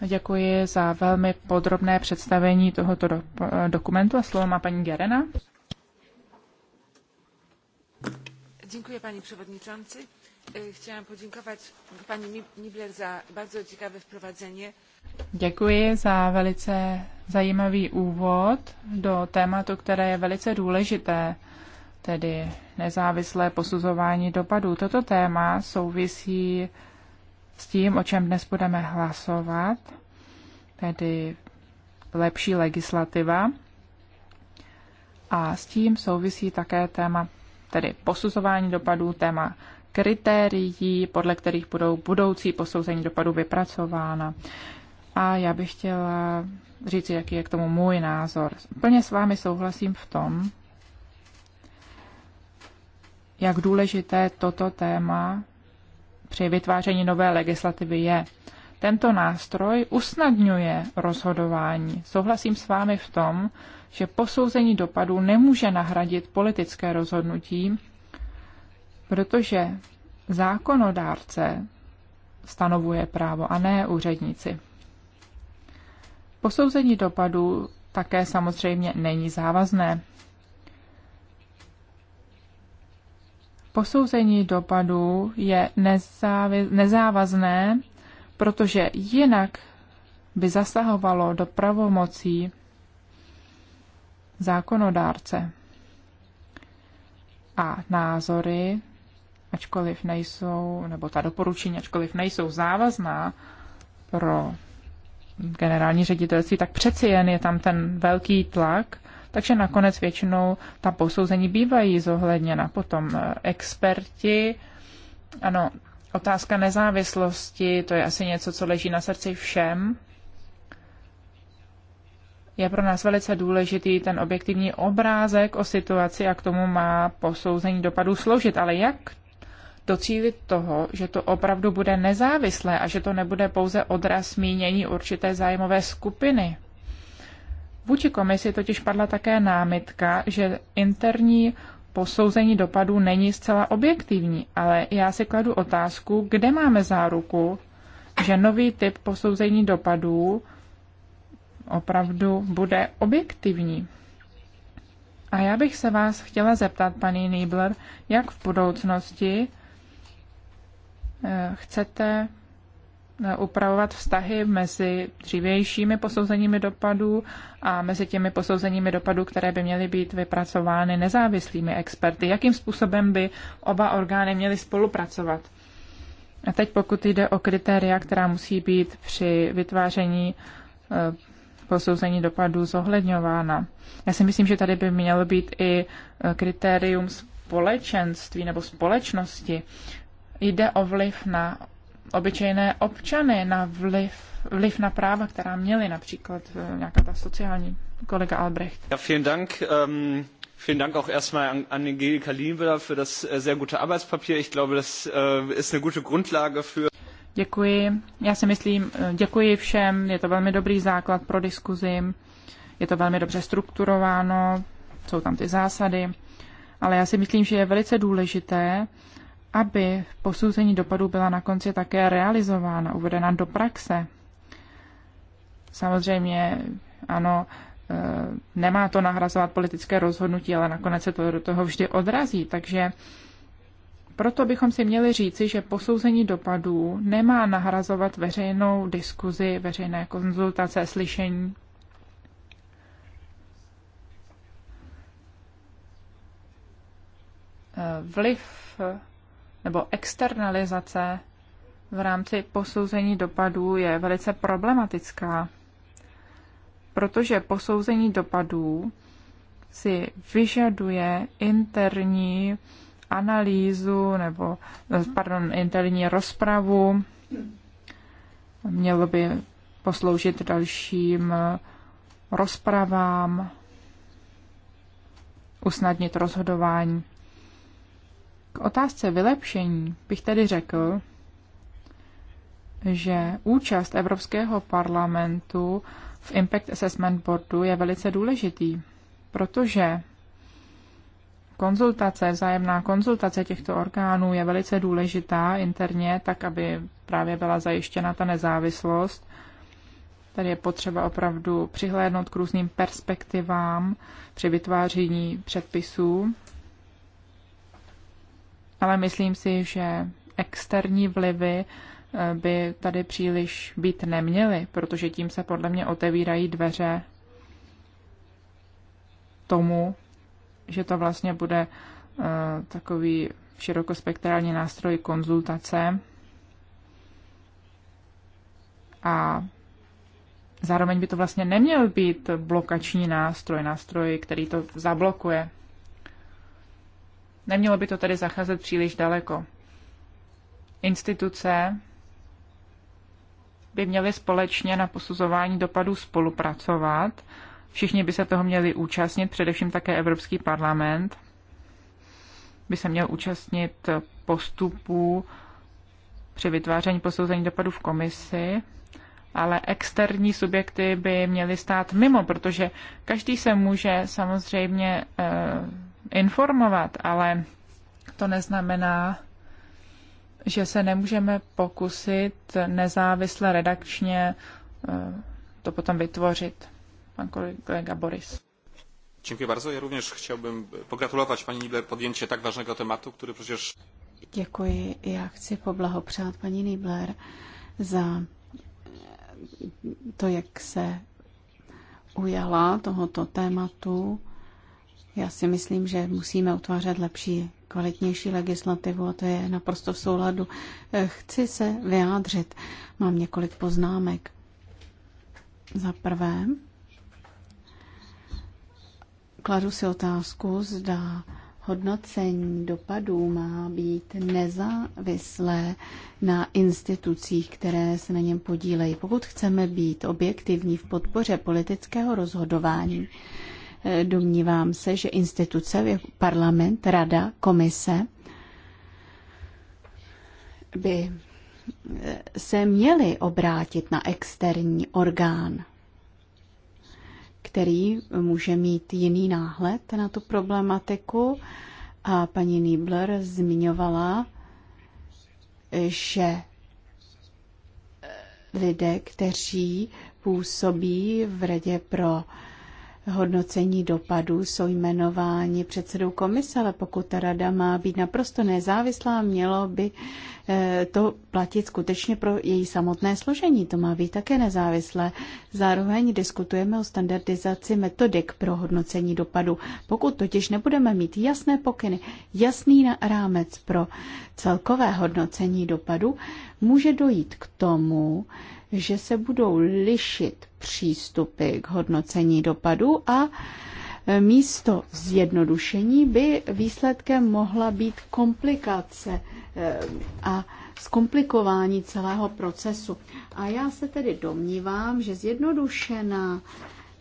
Děkuji za velmi podrobné představení tohoto do, dokumentu a slovo má paní Gerena. Děkuji, paní Przewodniczący. Chtěla poděkovat paní Nibler za bardzo ciekawe wprowadzenie Děkuji za velice zajímavý úvod do tématu, které je velice důležité, tedy nezávislé posuzování dopadů. Toto téma souvisí s tím, o čem dnes budeme hlasovat, tedy lepší legislativa. A s tím souvisí také téma, tedy posuzování dopadů, téma kritérií, podle kterých budou budoucí posouzení dopadů vypracována a já bych chtěla říct, jaký je k tomu můj názor. Plně s vámi souhlasím v tom, jak důležité toto téma při vytváření nové legislativy je. Tento nástroj usnadňuje rozhodování. Souhlasím s vámi v tom, že posouzení dopadů nemůže nahradit politické rozhodnutí, protože zákonodárce stanovuje právo a ne úředníci. Posouzení dopadu také samozřejmě není závazné. Posouzení dopadu je nezávazné, protože jinak by zasahovalo do pravomocí zákonodárce. A názory, ačkoliv nejsou, nebo ta doporučení, ačkoliv nejsou závazná pro generální ředitelství, tak přeci jen je tam ten velký tlak, takže nakonec většinou ta posouzení bývají zohledněna. Potom eh, experti, ano, otázka nezávislosti, to je asi něco, co leží na srdci všem. Je pro nás velice důležitý ten objektivní obrázek o situaci a k tomu má posouzení dopadů sloužit, Ale jak docílit toho, že to opravdu bude nezávislé a že to nebude pouze odraz mínění určité zájmové skupiny. Vůči komisi totiž padla také námitka, že interní posouzení dopadů není zcela objektivní, ale já si kladu otázku, kde máme záruku, že nový typ posouzení dopadů opravdu bude objektivní. A já bych se vás chtěla zeptat, paní Niebler, jak v budoucnosti Eh, chcete eh, upravovat vztahy mezi dřívějšími posouzeními dopadů a mezi těmi posouzeními dopadů, které by měly být vypracovány nezávislými experty. Jakým způsobem by oba orgány měly spolupracovat? A teď pokud jde o kritéria, která musí být při vytváření eh, posouzení dopadů zohledňována. Já si myslím, že tady by mělo být i kritérium společenství nebo společnosti jde o vliv na obyčejné občany, na vliv, vliv na práva, která měli, například eh, nějaká ta sociální kolega Albrecht. Ja, vielen Dank. Um... Vielen Dank auch erstmal an Angelika Liebler für das äh, sehr gute Arbeitspapier. Ich glaube, das äh, ist eine gute Grundlage für. Děkuji. Já si myslím, eh, děkuji všem. Je to velmi dobrý základ pro diskuzi. Je to velmi dobře strukturováno. Jsou tam ty zásady. Ale já si myslím, že je velice důležité, aby posouzení dopadů byla na konci také realizována, uvedena do praxe. Samozřejmě, ano, e, nemá to nahrazovat politické rozhodnutí, ale nakonec se to do toho vždy odrazí. Takže proto bychom si měli říci, že posouzení dopadů nemá nahrazovat veřejnou diskuzi, veřejné konzultace, slyšení. E, vliv nebo externalizace v rámci posouzení dopadů je velice problematická, protože posouzení dopadů si vyžaduje interní analýzu nebo, pardon, interní rozpravu. Mělo by posloužit dalším rozpravám, usnadnit rozhodování otázce vylepšení bych tedy řekl, že účast Evropského parlamentu v Impact Assessment Boardu je velice důležitý, protože konzultace, vzájemná konzultace těchto orgánů je velice důležitá interně, tak aby právě byla zajištěna ta nezávislost. Tady je potřeba opravdu přihlédnout k různým perspektivám při vytváření předpisů ale myslím si, že externí vlivy eh, by tady příliš být neměly, protože tím se podle mě otevírají dveře tomu, že to vlastně bude eh, takový širokospektrální nástroj konzultace a zároveň by to vlastně neměl být blokační nástroj, nástroj, který to zablokuje. Nemělo by to tedy zacházet příliš daleko. Instituce by měly společně na posuzování dopadů spolupracovat. Všichni by se toho měli účastnit, především také Evropský parlament by se měl účastnit postupů při vytváření posouzení dopadů v komisi, ale externí subjekty by měly stát mimo, protože každý se může samozřejmě eh, informovat, ale to neznamená, že se nemůžeme pokusit nezávisle redakčně eh, to potom vytvořit. Pan kolega Boris. Děkuji bardzo. Já rovněž chtěl chciałbym pogratulovat paní Nibler podjęcie tak vážného tématu, který przecież... Děkuji. Já chci poblahopřát paní Nibler za e, to, jak se ujala tohoto tématu já si myslím, že musíme utvářet lepší, kvalitnější legislativu a to je naprosto v souladu. Eh, chci se vyjádřit. Mám několik poznámek. Za prvé, kladu si otázku, zda hodnocení dopadů má být nezávislé na institucích, které se na něm podílejí. Pokud chceme být objektivní v podpoře politického rozhodování, Domnívám se, že instituce, jako parlament, rada, komise, by eh, se měly obrátit na externí orgán, který může mít jiný náhled na tu problematiku. A paní Niebler zmiňovala, že eh, lidé, kteří působí v Radě pro hodnocení dopadů jsou jmenováni předsedou komise, ale pokud ta rada má být naprosto nezávislá, mělo by eh, to platit skutečně pro její samotné složení. To má být také nezávislé. Zároveň diskutujeme o standardizaci metodik pro hodnocení dopadu. Pokud totiž nebudeme mít jasné pokyny, jasný rámec pro celkové hodnocení dopadu, může dojít k tomu, že se budou lišit přístupy k hodnocení dopadu a místo zjednodušení by výsledkem mohla být komplikace eh, a zkomplikování celého procesu. A já se tedy domnívám, že zjednodušená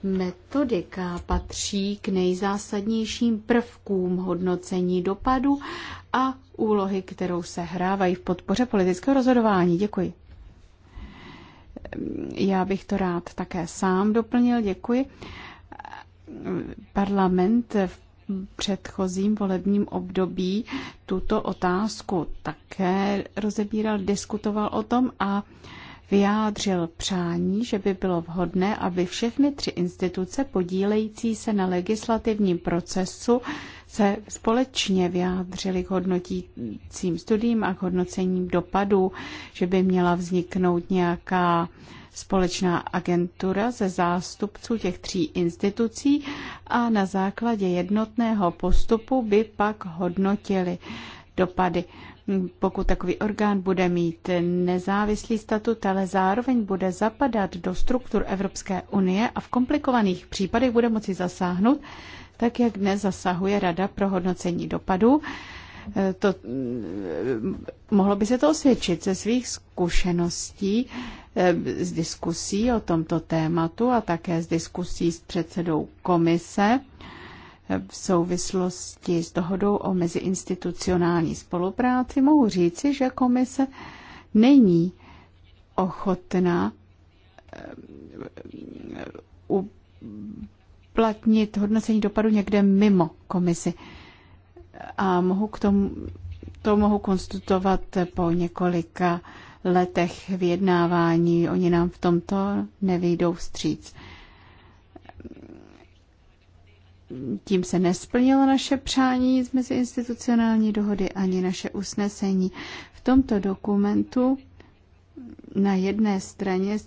metodika patří k nejzásadnějším prvkům hodnocení dopadu a úlohy, kterou se hrávají v podpoře politického rozhodování. Děkuji já bych to rád také sám doplnil, děkuji. Parlament v předchozím volebním období tuto otázku také rozebíral, diskutoval o tom a vyjádřil přání, že by bylo vhodné, aby všechny tři instituce podílející se na legislativním procesu se společně vyjádřili k hodnotícím studiím a k hodnocením dopadů, že by měla vzniknout nějaká společná agentura ze zástupců těch tří institucí a na základě jednotného postupu by pak hodnotili dopady. Pokud takový orgán bude mít nezávislý statut, ale zároveň bude zapadat do struktur Evropské unie a v komplikovaných případech bude moci zasáhnout, tak jak dnes zasahuje Rada pro hodnocení dopadu. Eh, to, eh, mohlo by se to osvědčit ze svých zkušeností eh, z diskusí o tomto tématu a také z diskusí s předsedou komise v souvislosti s dohodou o meziinstitucionální spolupráci mohu říci, že komise není ochotná uplatnit hodnocení dopadu někde mimo komisi. A mohu k tomu, to mohu konstatovat po několika letech vyjednávání. Oni nám v tomto nevyjdou vstříc. Tím se nesplnilo naše přání z meziinstitucionální dohody ani naše usnesení. V tomto dokumentu na jedné straně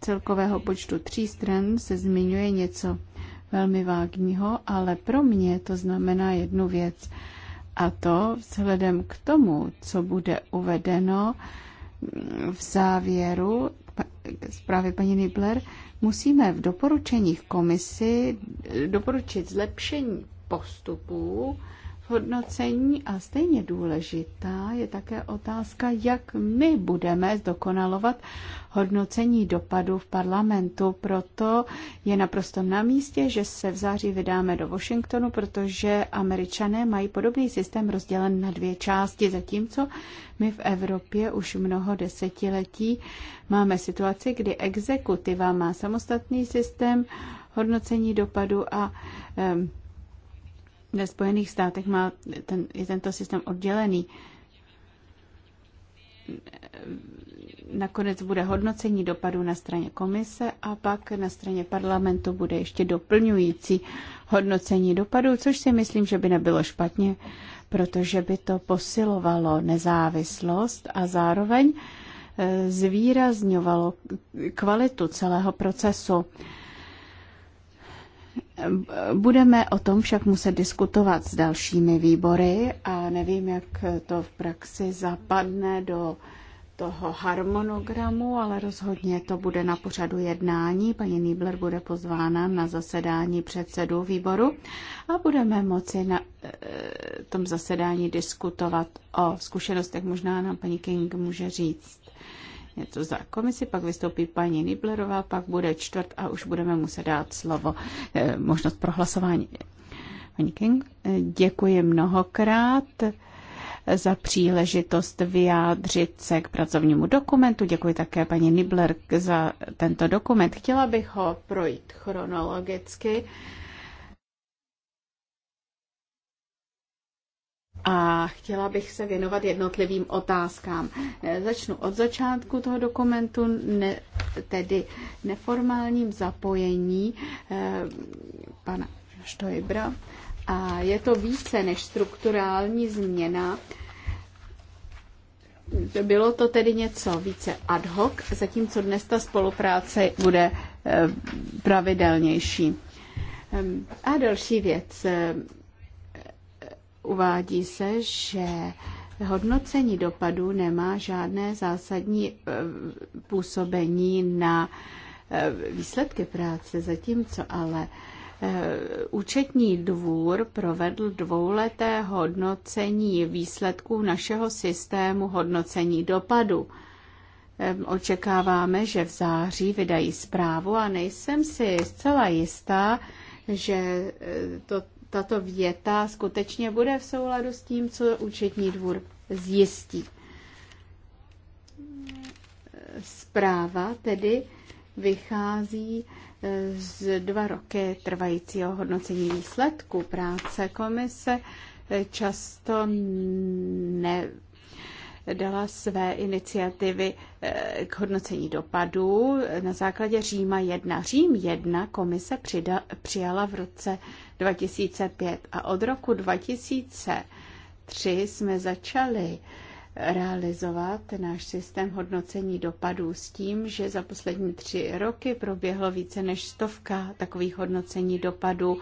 celkového počtu tří stran se zmiňuje něco velmi vágního, ale pro mě to znamená jednu věc. A to vzhledem k tomu, co bude uvedeno v závěru zprávy paní Nibler, musíme v doporučeních komisi doporučit zlepšení postupů, hodnocení a stejně důležitá je také otázka, jak my budeme zdokonalovat hodnocení dopadu v parlamentu. Proto je naprosto na místě, že se v září vydáme do Washingtonu, protože američané mají podobný systém rozdělen na dvě části, zatímco my v Evropě už mnoho desetiletí máme situaci, kdy exekutiva má samostatný systém hodnocení dopadu a ve Spojených státech má ten, je tento systém oddělený. Nakonec bude hodnocení dopadu na straně komise a pak na straně parlamentu bude ještě doplňující hodnocení dopadu, což si myslím, že by nebylo špatně, protože by to posilovalo nezávislost a zároveň eh, zvýrazňovalo kvalitu celého procesu. Budeme o tom však muset diskutovat s dalšími výbory a nevím, jak to v praxi zapadne do toho harmonogramu, ale rozhodně to bude na pořadu jednání. Paní Nýbler bude pozvána na zasedání předsedů výboru a budeme moci na eh, tom zasedání diskutovat o zkušenostech. Možná nám paní King může říct něco za komisi, pak vystoupí paní Niblerová, pak bude čtvrt a už budeme muset dát slovo, eh, možnost prohlasování. Paní King, eh, děkuji mnohokrát eh, za příležitost vyjádřit se k pracovnímu dokumentu. Děkuji také paní Nibler za tento dokument. Chtěla bych ho projít chronologicky a chtěla bych se věnovat jednotlivým otázkám. Eh, začnu od začátku toho dokumentu, ne, tedy neformálním zapojení eh, pana Štojbra. A je to více než strukturální změna. Bylo to tedy něco více ad hoc, zatímco dnes ta spolupráce bude eh, pravidelnější. Ehm, a další věc eh, Uvádí se, že hodnocení dopadů nemá žádné zásadní eh, působení na eh, výsledky práce, zatímco ale eh, Účetní dvůr provedl dvouleté hodnocení výsledků našeho systému hodnocení dopadu. Ehm, očekáváme, že v září vydají zprávu a nejsem si zcela jistá, že to tato věta skutečně bude v souladu s tím, co účetní dvůr zjistí. Zpráva tedy vychází e, z dva roky trvajícího hodnocení výsledků práce komise. E, často ne, dala své iniciativy e, k hodnocení dopadů na základě Říma 1. Řím 1 komise přijala v roce 2005. A od roku 2003 jsme začali realizovat náš systém hodnocení dopadů s tím, že za poslední tři roky proběhlo více než stovka takových hodnocení dopadů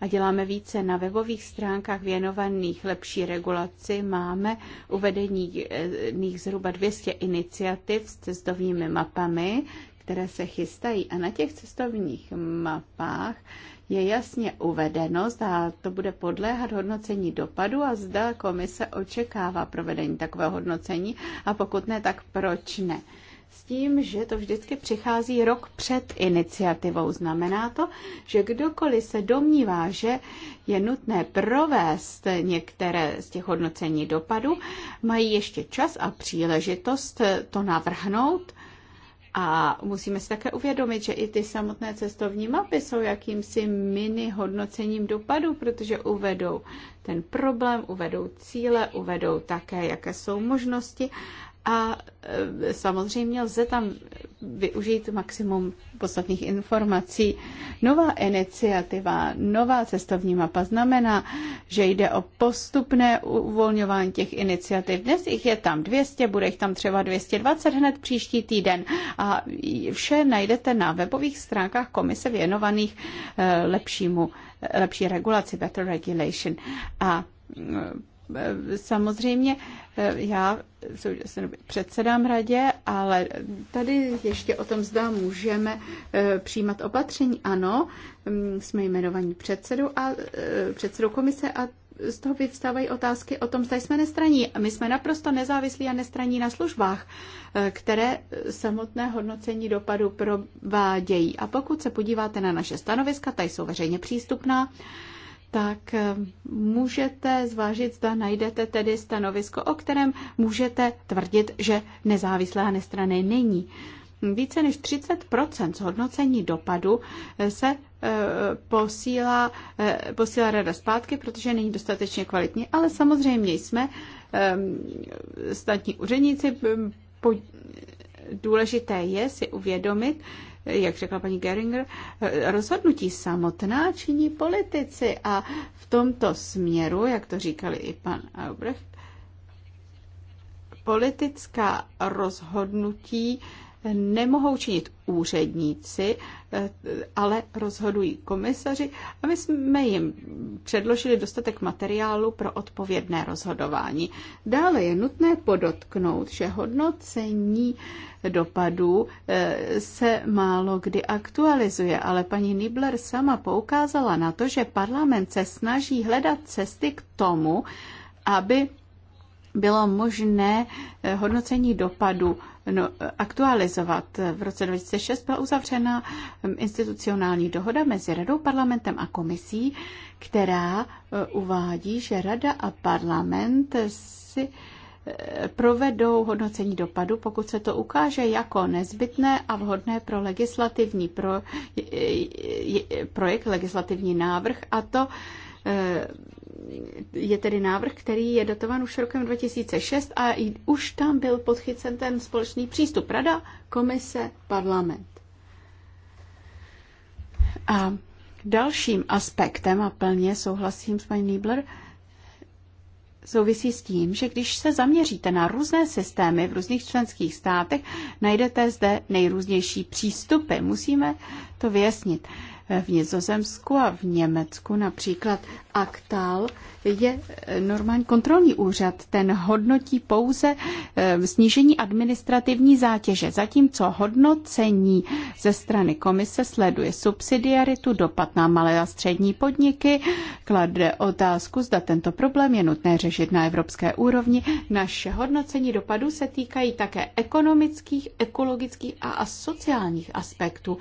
a děláme více na webových stránkách věnovaných lepší regulaci. Máme uvedených eh, zhruba 200 iniciativ s cestovními mapami, které se chystají. A na těch cestovních mapách je jasně uvedeno, zda to bude podléhat hodnocení dopadu a zda komise očekává provedení takového hodnocení a pokud ne, tak proč ne. S tím, že to vždycky přichází rok před iniciativou. Znamená to, že kdokoliv se domnívá, že je nutné provést některé z těch hodnocení dopadu, mají ještě čas a příležitost to navrhnout a musíme si také uvědomit, že i ty samotné cestovní mapy jsou jakýmsi mini hodnocením dopadu, protože uvedou ten problém, uvedou cíle, uvedou také, jaké jsou možnosti a e, samozřejmě lze tam využít maximum podstatných informací. Nová iniciativa, nová cestovní mapa znamená, že jde o postupné uvolňování těch iniciativ. Dnes jich je tam 200, bude jich tam třeba 220 hned příští týden. A vše najdete na webových stránkách komise věnovaných e, lepšímu, lepší regulaci, better regulation. A Eh, samozřejmě eh, já předsedám radě, ale tady ještě o tom zda můžeme eh, přijímat opatření. Ano, mm, jsme jmenovaní předsedu a předsedou komise a z toho vyvstávají otázky o tom, zda jsme nestraní. My jsme naprosto nezávislí a nestraní na službách, které samotné hodnocení dopadu provádějí. A pokud se podíváte na naše stanoviska, ta jsou veřejně přístupná, tak eh, můžete zvážit, zda najdete tedy stanovisko, o kterém můžete tvrdit, že nezávislé a nestrané není. Více než 30 zhodnocení dopadu eh, se eh, posílá, posílá rada zpátky, protože není dostatečně kvalitní, ale samozřejmě jsme státní úředníci. Důležité je si uvědomit, jak řekla paní Geringer, rozhodnutí samotná činí politici a v tomto směru, jak to říkali i pan Albrecht, politická rozhodnutí nemohou činit úředníci, ale rozhodují komisaři a my jsme jim předložili dostatek materiálu pro odpovědné rozhodování. Dále je nutné podotknout, že hodnocení dopadů eh, se málo kdy aktualizuje, ale paní Nibler sama poukázala na to, že parlament se snaží hledat cesty k tomu, aby bylo možné eh, hodnocení dopadu no, aktualizovat. V roce 2006 byla uzavřena um, institucionální dohoda mezi Radou, parlamentem a komisí, která uh, uvádí, že Rada a parlament si uh, provedou hodnocení dopadu, pokud se to ukáže jako nezbytné a vhodné pro legislativní pro, projekt, legislativní návrh a to je tedy návrh, který je datovan už rokem 2006 a už tam byl podchycen ten společný přístup Rada, Komise, Parlament. A dalším aspektem, a plně souhlasím s paní Niebler, souvisí s tím, že když se zaměříte na různé systémy v různých členských státech, najdete zde nejrůznější přístupy. Musíme to vyjasnit v Nizozemsku a v Německu například Aktal je eh, normální kontrolní úřad. Ten hodnotí pouze eh, snížení administrativní zátěže, zatímco hodnocení ze strany komise sleduje subsidiaritu, dopad na malé a střední podniky, klade otázku, zda tento problém je nutné řešit na evropské úrovni. Naše hodnocení dopadů se týkají také ekonomických, ekologických a sociálních aspektů.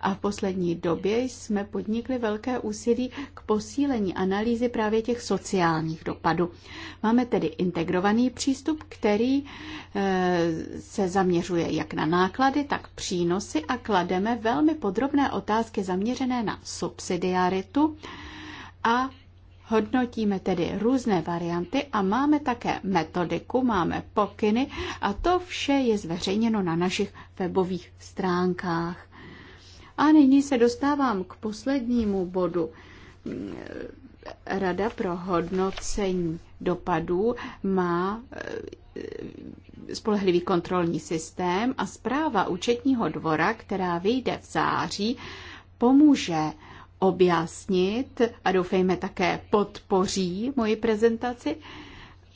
A v poslední době jsme podnikli velké úsilí k posílení analýzy analýzy právě těch sociálních dopadů. Máme tedy integrovaný přístup, který eh, se zaměřuje jak na náklady, tak přínosy a klademe velmi podrobné otázky zaměřené na subsidiaritu a Hodnotíme tedy různé varianty a máme také metodiku, máme pokyny a to vše je zveřejněno na našich webových stránkách. A nyní se dostávám k poslednímu bodu. Rada pro hodnocení dopadů má e, spolehlivý kontrolní systém a zpráva účetního dvora, která vyjde v září, pomůže objasnit a doufejme také podpoří moji prezentaci,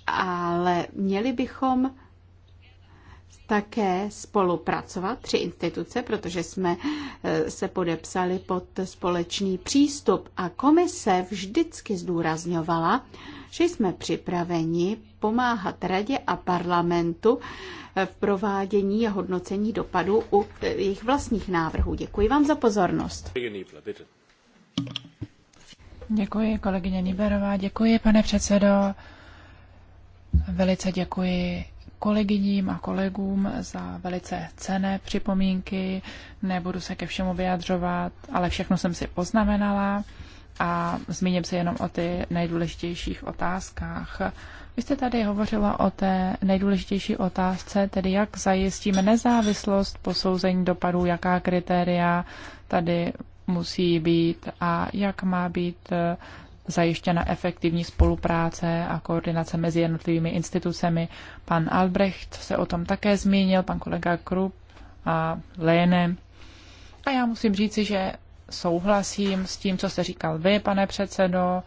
ale měli bychom také spolupracovat, tři instituce, protože jsme eh, se podepsali pod společný přístup a komise vždycky zdůrazňovala, že jsme připraveni pomáhat radě a parlamentu eh, v provádění a hodnocení dopadů u eh, jejich vlastních návrhů. Děkuji vám za pozornost. Děkuji, kolegyně Niberová. Děkuji, pane předsedo. Velice děkuji kolegyním a kolegům za velice cené připomínky. Nebudu se ke všemu vyjadřovat, ale všechno jsem si poznamenala a zmíním se jenom o ty nejdůležitějších otázkách. Vy jste tady hovořila o té nejdůležitější otázce, tedy jak zajistíme nezávislost posouzení dopadů, jaká kritéria tady musí být a jak má být zajištěna efektivní spolupráce a koordinace mezi jednotlivými institucemi. Pan Albrecht se o tom také zmínil, pan kolega Krupp a Léne. A já musím říci, že souhlasím s tím, co jste říkal vy, pane předsedo,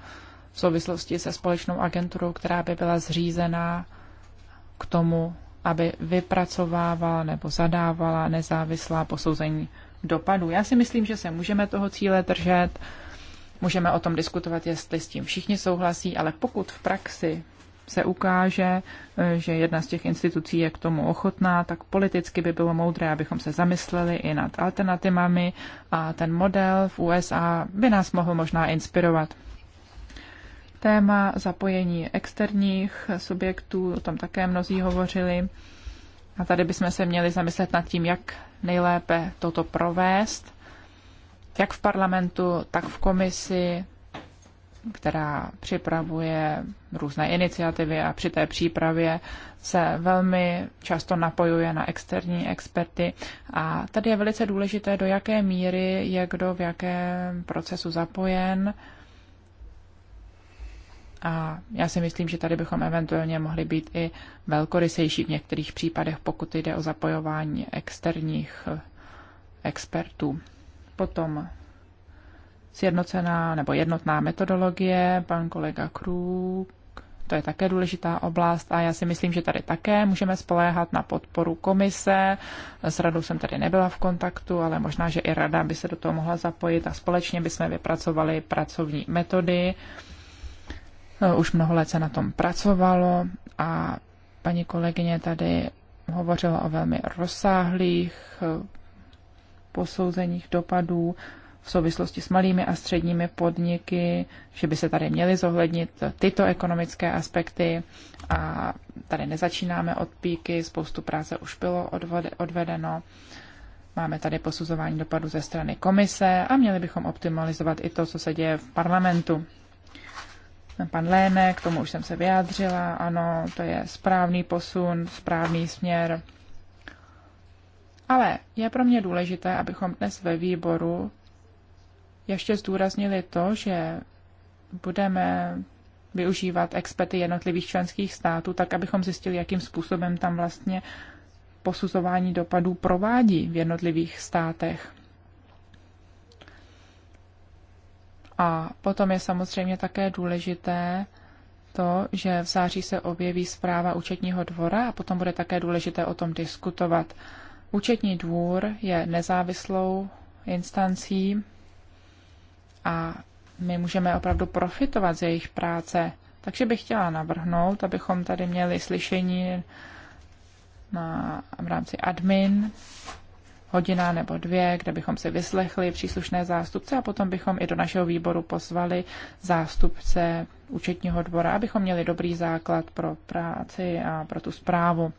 v souvislosti se společnou agenturou, která by byla zřízená k tomu, aby vypracovávala nebo zadávala nezávislá posouzení dopadů. Já si myslím, že se můžeme toho cíle držet Můžeme o tom diskutovat, jestli s tím všichni souhlasí, ale pokud v praxi se ukáže, eh, že jedna z těch institucí je k tomu ochotná, tak politicky by bylo moudré, abychom se zamysleli i nad alternativami a ten model v USA by nás mohl možná inspirovat. Téma zapojení externích subjektů, o tom také mnozí hovořili. A tady bychom se měli zamyslet nad tím, jak nejlépe toto provést jak v parlamentu, tak v komisi, která připravuje různé iniciativy a při té přípravě se velmi často napojuje na externí experty. A tady je velice důležité, do jaké míry je kdo v jakém procesu zapojen. A já si myslím, že tady bychom eventuálně mohli být i velkorysejší v některých případech, pokud jde o zapojování externích expertů. Potom sjednocená nebo jednotná metodologie, pan kolega Krůk, to je také důležitá oblast a já si myslím, že tady také můžeme spoléhat na podporu komise. S radou jsem tady nebyla v kontaktu, ale možná, že i rada by se do toho mohla zapojit a společně bychom vypracovali pracovní metody. Eh, už mnoho let se na tom pracovalo a paní kolegyně tady hovořila o velmi rozsáhlých eh, posouzeních dopadů v souvislosti s malými a středními podniky, že by se tady měly zohlednit tyto ekonomické aspekty a tady nezačínáme od píky, spoustu práce už bylo odvedeno. Máme tady posuzování dopadu ze strany komise a měli bychom optimalizovat i to, co se děje v parlamentu. Pan Léne, k tomu už jsem se vyjádřila, ano, to je správný posun, správný směr, ale je pro mě důležité, abychom dnes ve výboru ještě zdůraznili to, že budeme využívat experty jednotlivých členských států, tak abychom zjistili, jakým způsobem tam vlastně posuzování dopadů provádí v jednotlivých státech. A potom je samozřejmě také důležité to, že v září se objeví zpráva účetního dvora a potom bude také důležité o tom diskutovat. Účetní dvůr je nezávislou instancí a my můžeme opravdu profitovat z jejich práce. Takže bych chtěla navrhnout, abychom tady měli slyšení na, v rámci admin, hodina nebo dvě, kde bychom si vyslechli příslušné zástupce a potom bychom i do našeho výboru pozvali zástupce účetního dvora, abychom měli dobrý základ pro práci a pro tu zprávu.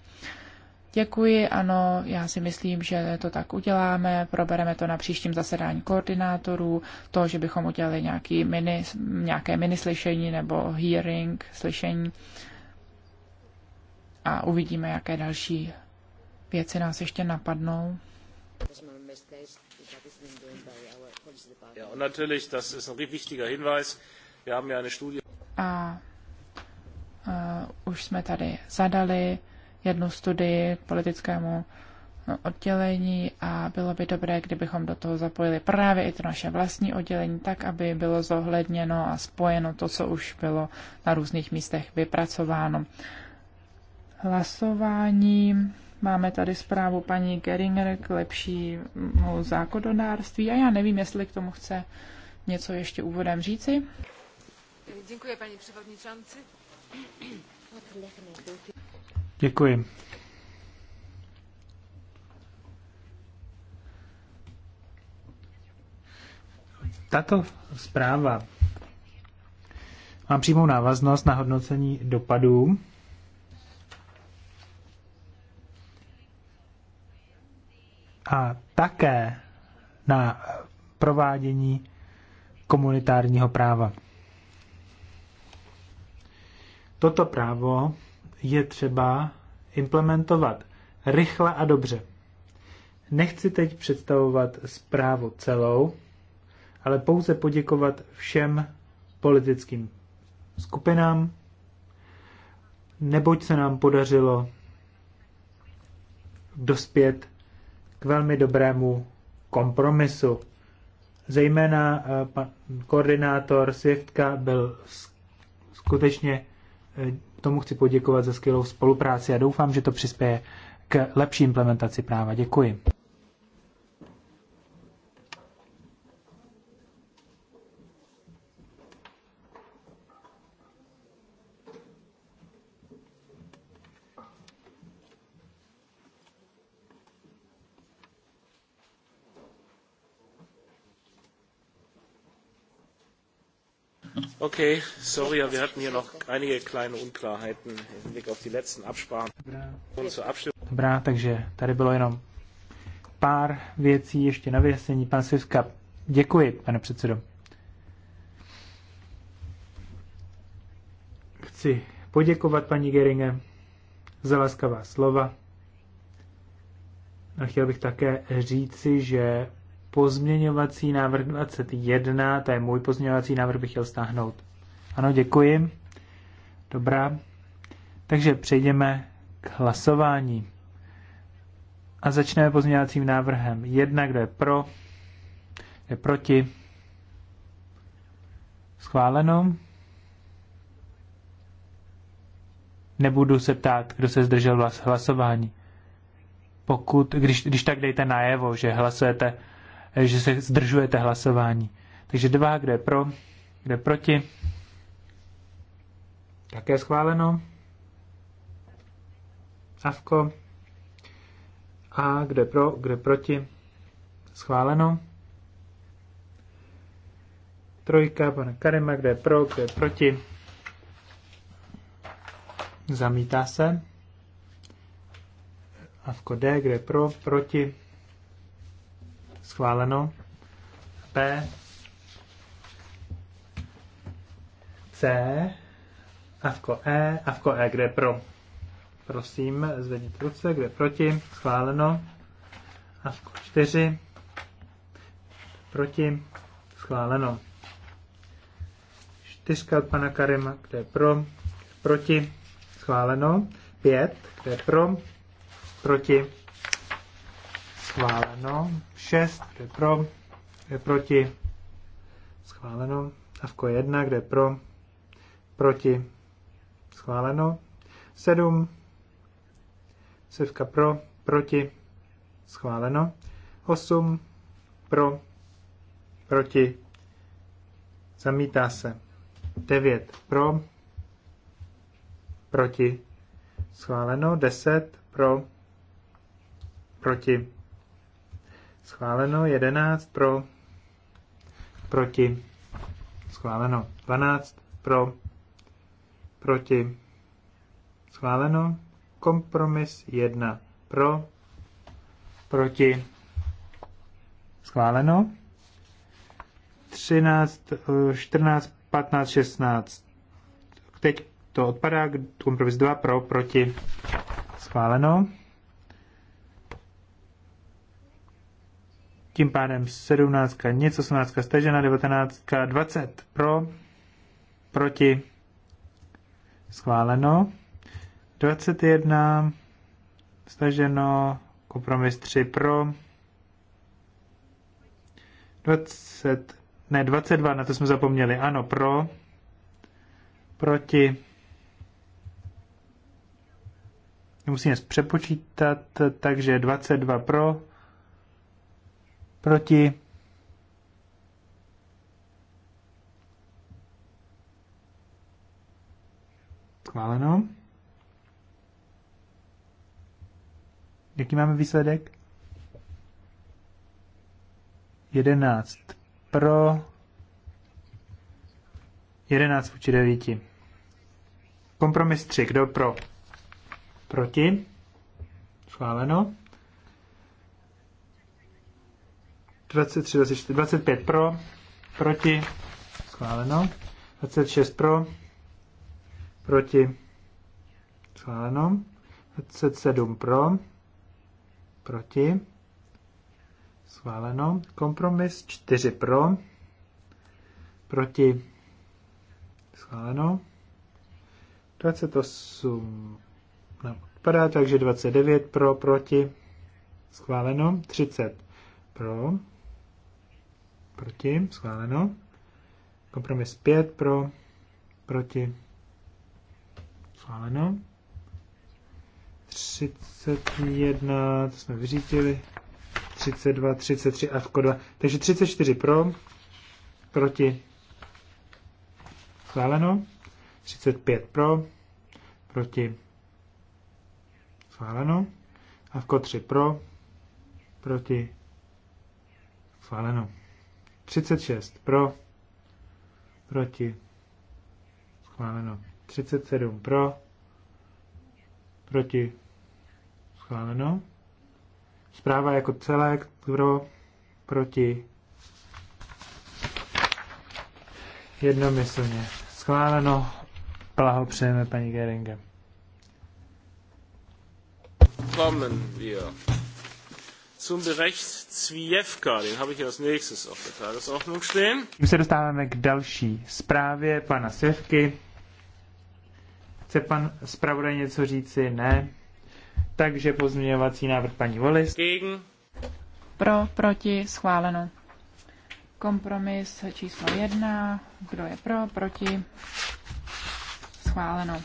Děkuji, ano, já si myslím, že to tak uděláme, probereme to na příštím zasedání koordinátorů, to, že bychom udělali nějaký mini, nějaké mini slyšení nebo hearing slyšení a uvidíme, jaké další věci nás ještě napadnou. A, A už jsme tady zadali jednu studii k politickému no, oddělení a bylo by dobré, kdybychom do toho zapojili právě i to naše vlastní oddělení, tak, aby bylo zohledněno a spojeno to, co už bylo na různých místech vypracováno. Hlasování. Máme tady zprávu paní Geringer k lepšímu zákonodárství a já nevím, jestli k tomu chce něco ještě úvodem říci. Děkuji, paní předsedající. Děkuji. Tato zpráva má přímou návaznost na hodnocení dopadů a také na provádění komunitárního práva. Toto právo je třeba implementovat rychle a dobře. Nechci teď představovat zprávu celou, ale pouze poděkovat všem politickým skupinám, neboť se nám podařilo dospět k velmi dobrému kompromisu. Zejména eh, pan koordinátor Swiftka byl skutečně eh, tomu chci poděkovat za skvělou spolupráci a doufám, že to přispěje k lepší implementaci práva. Děkuji. Okay, sorry, wir hatten hier noch einige kleine Unklarheiten im auf die letzten Absprachen. Dobrá. Dobrá, takže tady bylo jenom pár věcí ještě na vyjasnění. Pan Sivka, děkuji, pane předsedo. Chci poděkovat paní Geringe za laskavá slova. A chtěl bych také říci, že pozměňovací návrh 21, to je můj pozměňovací návrh, bych chtěl stáhnout. Ano, děkuji. Dobrá. Takže přejdeme k hlasování. A začneme pozměňovacím návrhem 1, kdo je pro, kdo je proti. Schváleno. Nebudu se ptát, kdo se zdržel hlasování. Pokud, když, když tak dejte najevo, že hlasujete že se zdržujete hlasování. Takže dva, kde je pro, kde je proti. Také schváleno. Avko. A kde pro, kde proti. Schváleno. Trojka pane Karima, kde je pro, kde je proti. Zamítá se. Avko D, kde je pro, proti schváleno. P, C, avko E, avko E, kde je pro. Prosím, zvedněte ruce, kde je proti, schváleno. Avko 4, proti, schváleno. Čtyřka od pana Karima, kde je pro, proti, schváleno. Pět, kde je pro, proti, schváleno. 6, kde je pro, kde je proti, schváleno. Avko 1, kde je pro, proti, schváleno. 7, sevka pro, proti, schváleno. 8, pro, proti, zamítá se. 9, pro, proti, schváleno. 10, pro, proti, schváleno. Schváleno 11 pro, proti. Schváleno 12 pro, proti. Schváleno kompromis 1 pro, proti. Schváleno 13, 14, 15, 16. Teď to odpadá, kompromis 2 pro, proti. Schváleno. Tím pádem 17, nic 18, stažena 19, 20 pro, proti, schváleno. 21, staženo, kompromis 3 pro, 20, ne, 22, na to jsme zapomněli, ano, pro, proti, musíme přepočítat, takže 22 pro, Proti? Chváleno. Jaký máme výsledek? 11 pro, 11 vůči 9. Kompromis 3, kdo pro? Proti? Schváleno. 23, 24, 25 pro, proti, schváleno. 26 pro, proti, schváleno. 27 pro, proti, schváleno. Kompromis 4 pro, proti, schváleno. 28 no, odpadá, takže 29 pro, proti, schváleno. 30 pro, proti, schváleno. Kompromis 5 pro, proti, schváleno. 31, to jsme vyřítili. 32, 33 a vko 2. Takže 34 pro, proti, schváleno. 35 pro, proti, schváleno. A vko 3 pro, proti, schváleno. 36 pro, proti, schváleno. 37 pro, proti, schváleno. Zpráva jako celek pro, proti, jednomyslně schváleno. Blahopřejeme paní Geringe. Kommen wir zum Bericht Zwiefka. Den habe ich als nächstes auf der Tagesordnung stehen. Tím se dostáváme k další zprávě pana Svevky. Chce pan zpravodaj něco říci? Ne. Takže pozměňovací návrh paní Volis. Gegen. Pro, proti, schváleno. Kompromis číslo jedna. Kdo je pro, proti? Schváleno.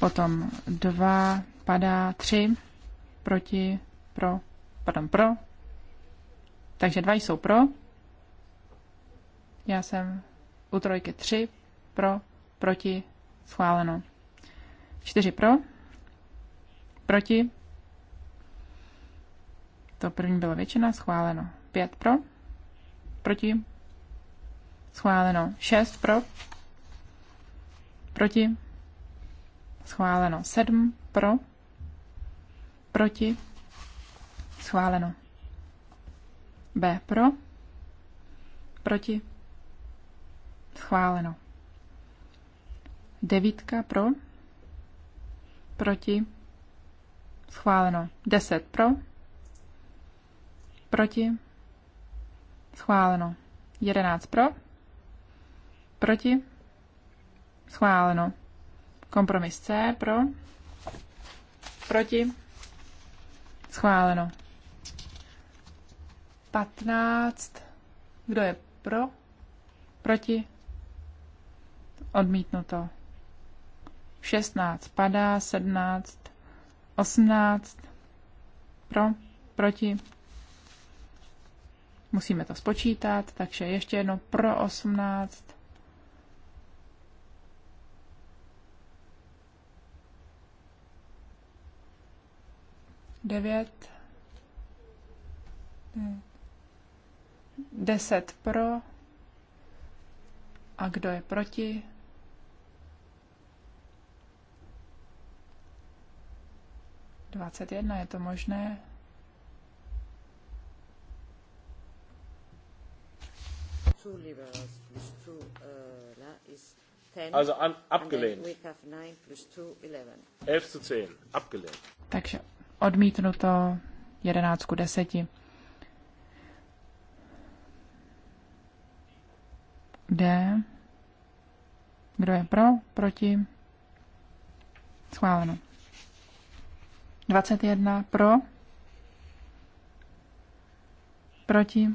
Potom dva, padá tři proti, pro, pardon, pro. Takže dva jsou pro. Já jsem u trojky tři, pro, proti, schváleno. Čtyři pro, proti. To první bylo většina, schváleno. Pět pro, proti, schváleno. Šest pro, proti, schváleno. Sedm pro, Proti? Schváleno. B pro? Proti? Schváleno. Devítka pro? Proti? Schváleno. Deset pro? Proti? Schváleno. Jedenáct pro? Proti? Schváleno. Kompromis C pro? Proti? Schváleno. 15. Kdo je pro? Proti? Odmítnuto. 16 padá, 17, 18 pro, proti. Musíme to spočítat, takže ještě jedno pro 18, 9, 10 pro a kdo je proti? Dvacet jedna, je to možné? Uh, also an, abgelehnt. 11. Takže odmítnuto 11 ku 10. D. Kdo je pro, proti? Schváleno. 21 pro, proti,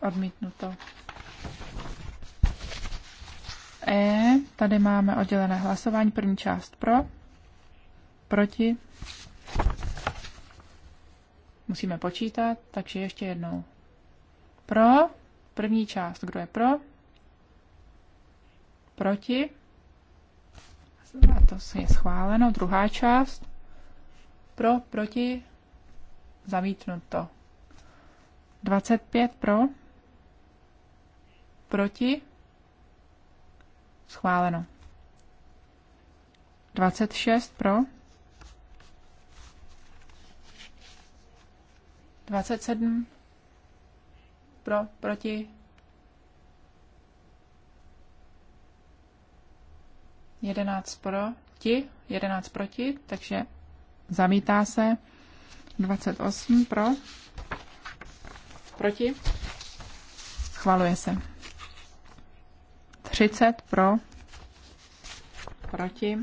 odmítnuto. E, tady máme oddělené hlasování, první část pro, proti, Musíme počítat, takže ještě jednou. Pro, první část, kdo je pro? Proti? A to je schváleno. Druhá část. Pro, proti? Zamítnuto. 25 pro? Proti? Schváleno. 26 pro? 27 pro, proti. Jedenáct proti, jedenáct proti, takže zamítá se. 28 pro, proti. Schvaluje se. 30 pro, proti.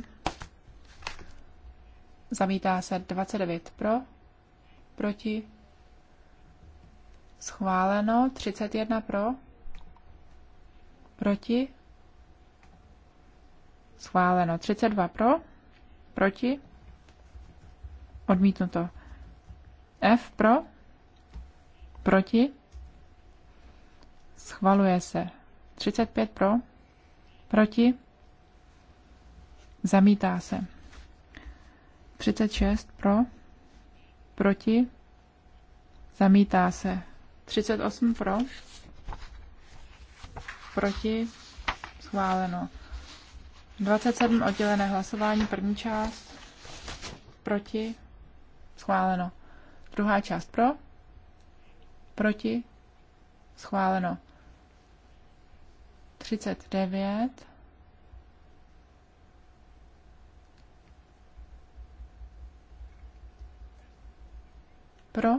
Zamítá se 29 pro, proti. Schváleno. 31 pro. Proti. Schváleno. 32 pro. Proti. Odmítnuto. F pro. Proti. Schvaluje se. 35 pro. Proti. Zamítá se. 36 pro. Proti. Zamítá se. 38 pro, proti, schváleno. 27 oddělené hlasování, první část, proti, schváleno. Druhá část pro, proti, schváleno. 39. Pro,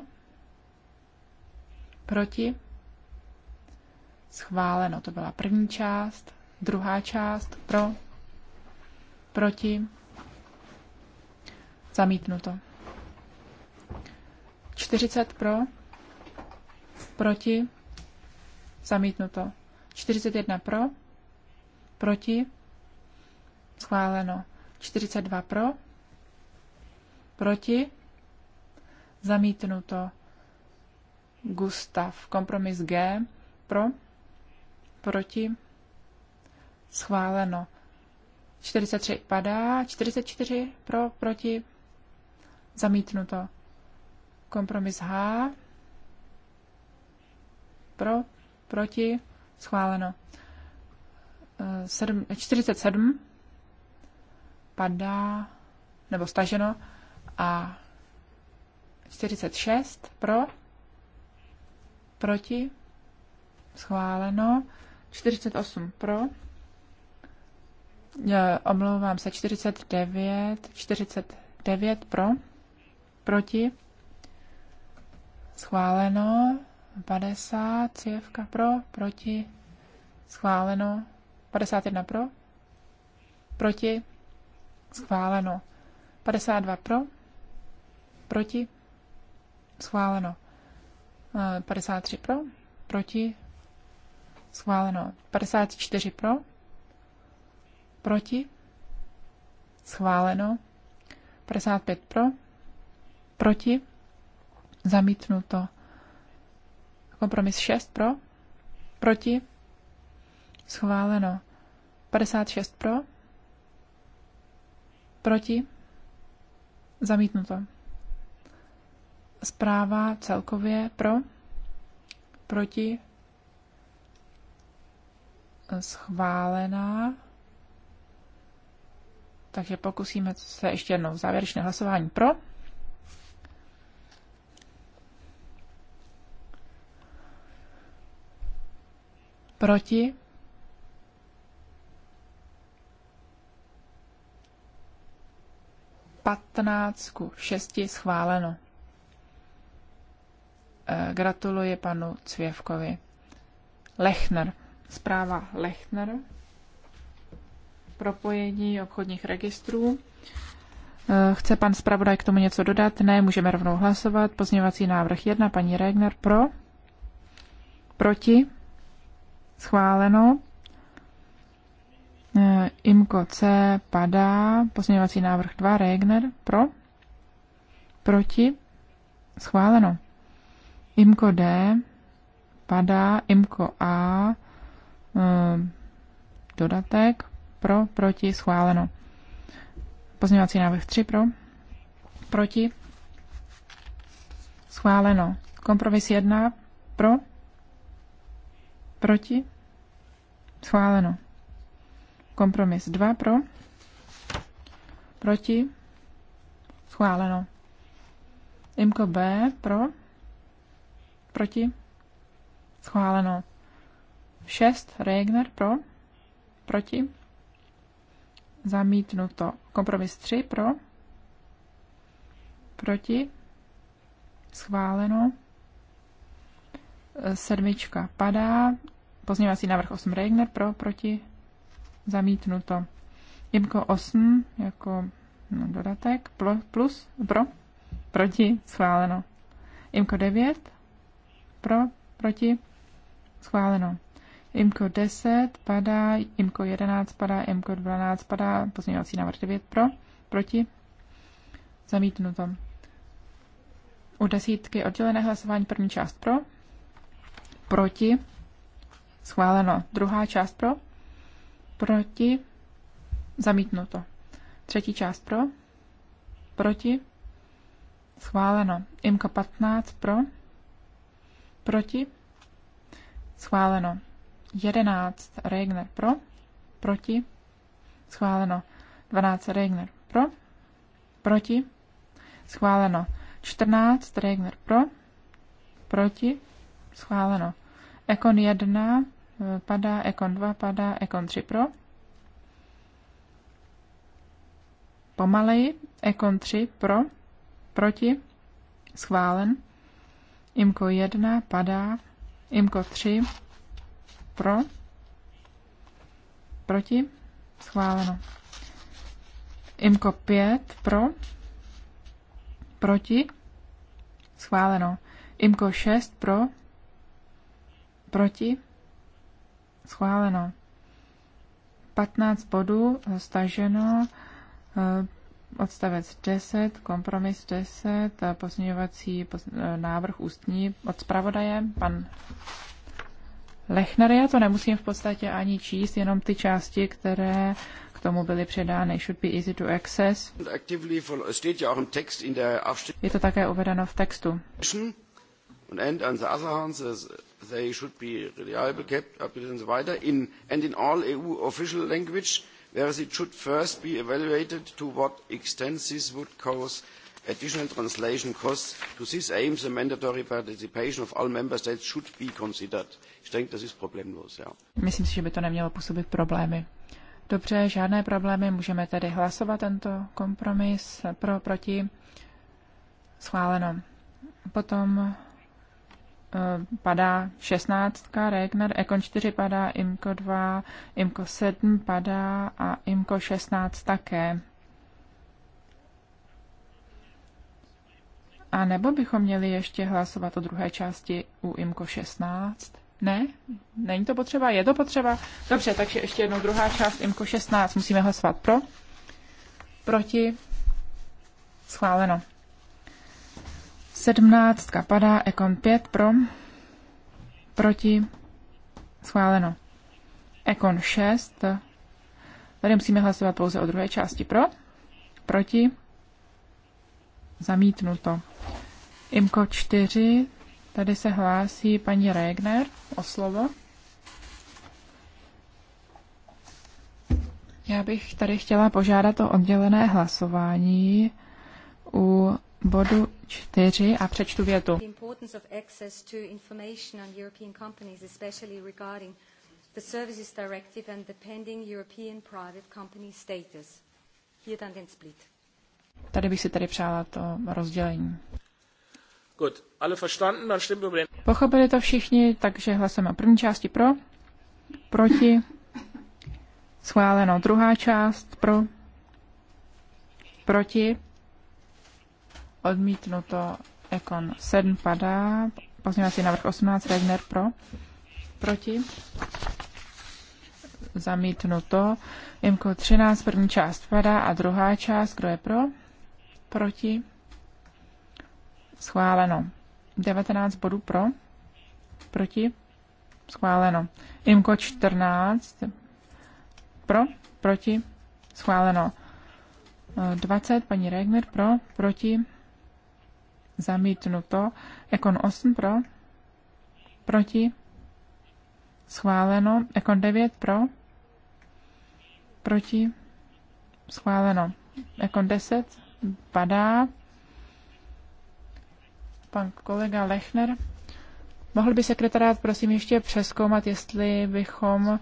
Proti? Schváleno. To byla první část. Druhá část. Pro? Proti? Zamítnuto. 40 pro? Proti? Zamítnuto. 41 pro? Proti? Schváleno. 42 pro? Proti? Zamítnuto. Gustav. Kompromis G. Pro. Proti. Schváleno. 43 padá. 44 pro. Proti. Zamítnuto. Kompromis H. Pro. Proti. Schváleno. 47 eh, padá, nebo staženo, a 46 pro, proti, schváleno, 48 pro, omlouvám se, 49, 49 pro, proti, schváleno, 50, cívka pro, proti, schváleno, 51 pro, proti, schváleno, 52 pro, proti, schváleno. 53 pro, proti, schváleno. 54 pro, proti, schváleno. 55 pro, proti, zamítnuto. Kompromis 6 pro, proti, schváleno. 56 pro, proti, zamítnuto. Zpráva celkově pro, proti, schválená. Takže pokusíme se ještě jednou závěrečné hlasování pro. Proti. Patnáctku šesti schváleno. Eh, gratuluji panu Cvěvkovi. Lechner. Zpráva Lechner. Propojení obchodních registrů. Eh, chce pan zpravodaj k tomu něco dodat? Ne, můžeme rovnou hlasovat. Pozměňovací návrh 1, paní Regner pro. Proti. Schváleno. Eh, Imko C padá. Pozměňovací návrh 2, Regner pro. Proti. Schváleno. Imko D padá, Imko A eh, dodatek pro, proti, schváleno. Pozměňovací návrh 3 pro, proti, schváleno. Kompromis 1 pro, proti, schváleno. Kompromis 2 pro, proti, schváleno. Imko B pro, Proti? Schváleno. 6. Regner pro? Proti? Zamítnuto. Kompromis 3 pro? Proti? Schváleno. Sedmička padá. Pozměňovací návrh 8 Regner pro? Proti? Zamítnuto. Jemko 8 jako no, dodatek plus pro? Proti? Schváleno. Imko 9 pro, proti, schváleno. IMKO 10 padá, IMKO 11 padá, IMKO 12 padá, pozměňovací návrh 9 pro, proti, zamítnuto. U desítky oddělené hlasování první část pro, proti, schváleno. Druhá část pro, proti, zamítnuto. Třetí část pro, proti, schváleno. IMKO 15 pro, Proti? Schváleno. 11 Regner pro. Proti? Schváleno. 12 Regner pro. Proti? Schváleno. 14 Regner pro. Proti? Schváleno. Ekon 1 eh, padá, Ekon 2 padá, Ekon 3 pro. Pomaleji, Ekon 3 pro, proti, schválen. Imko 1 padá. Imko 3 pro. Proti. Schváleno. Imko 5 pro. Proti. Schváleno. Imko 6 pro. Proti. Schváleno. 15 bodů staženo. Eh, Odstavec 10, kompromis 10, pozměňovací e, návrh ústní od zpravodaje, pan Lechner. Já to nemusím v podstatě ani číst, jenom ty části, které k tomu byly předány, should be easy to access. Je to také uvedeno v textu. end the other hand, they should be reliable kept up and so weiter, in, and in all EU official language whereas it should first be evaluated to what extent this would cause additional translation costs. To this aim, the mandatory participation of all member states should be considered. Ich denke, das ist problemlos, ja. Myslím si, že by to nemělo působit problémy. Dobře, žádné problémy, můžeme tedy hlasovat tento kompromis pro, proti, schváleno. Potom Eh, padá 16, Regner, Econ 4 padá, Imko 2, Imko 7 padá a Imko 16 také. A nebo bychom měli ještě hlasovat o druhé části u IMKO 16? Ne? Není to potřeba? Je to potřeba? Dobře, takže ještě jednou druhá část IMKO 16. Musíme hlasovat pro? Proti? Schváleno. 17 padá, Ekon 5 pro, proti, schváleno. Ekon 6, tady musíme hlasovat pouze o druhé části pro, proti, zamítnuto. Imko 4, tady se hlásí paní Regner o slovo. Já bych tady chtěla požádat o oddělené hlasování u bodu 4 a přečtu větu. Tady bych si tady přála to rozdělení. Gut, alle verstanden, dann stimmen wir Pochopili to všichni, takže hlasujeme první části pro, proti, schváleno druhá část pro, proti, odmítnuto, Ekon 7 padá, pozměňovací návrh 18, Regner pro, proti, zamítnuto, Imko 13, první část padá a druhá část, kdo je pro, proti, schváleno, 19 bodů pro, proti, schváleno, Imko 14, pro, proti, schváleno, 20, paní Regner pro, proti, zamítnuto. Ekon 8 pro, proti, schváleno. Ekon 9 pro, proti, schváleno. Ekon 10 padá. Pan kolega Lechner. Mohl by sekretariát prosím ještě přeskoumat, jestli bychom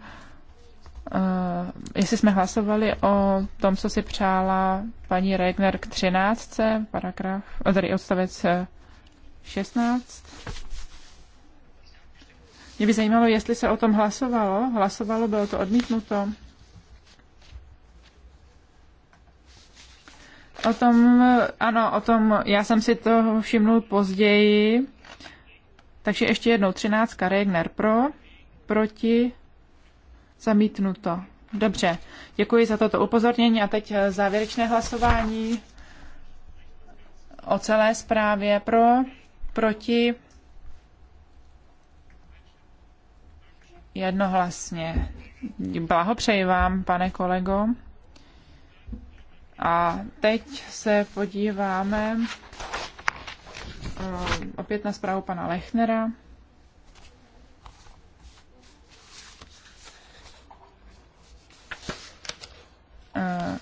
Eh, jestli jsme hlasovali o tom, co si přála paní Regner k 13. paragraf, eh, tady odstavec 16. Eh, Mě by zajímalo, jestli se o tom hlasovalo. Hlasovalo, bylo to odmítnuto. O tom, ano, o tom, já jsem si to všimnul později. Takže ještě jednou, třináctka Regner pro, proti, Zamítnuto. Dobře, děkuji za toto upozornění a teď eh, závěrečné hlasování o celé zprávě pro, proti, jednohlasně. Blahopřeji vám, pane kolego. A teď se podíváme eh, opět na zprávu pana Lechnera. Eh,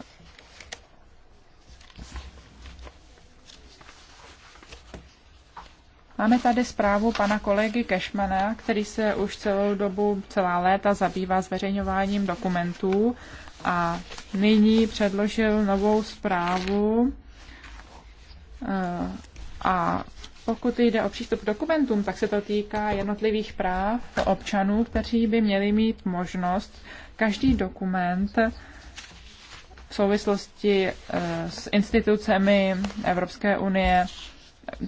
máme tady zprávu pana kolegy Kešmana, který se už celou dobu, celá léta zabývá zveřejňováním dokumentů a nyní předložil novou zprávu. Eh, a pokud jde o přístup k dokumentům, tak se to týká jednotlivých práv občanů, kteří by měli mít možnost každý dokument v souvislosti eh, s institucemi Evropské unie,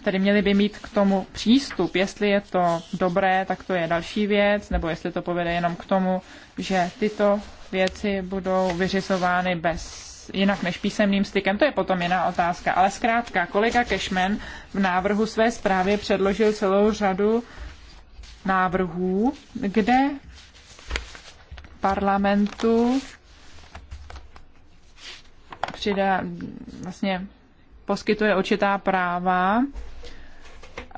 tedy měli by mít k tomu přístup. Jestli je to dobré, tak to je další věc, nebo jestli to povede jenom k tomu, že tyto věci budou vyřizovány bez jinak než písemným stykem, to je potom jiná otázka. Ale zkrátka, kolega Cashman v návrhu své zprávy předložil celou řadu návrhů, kde parlamentu přidá, vlastně poskytuje očitá práva.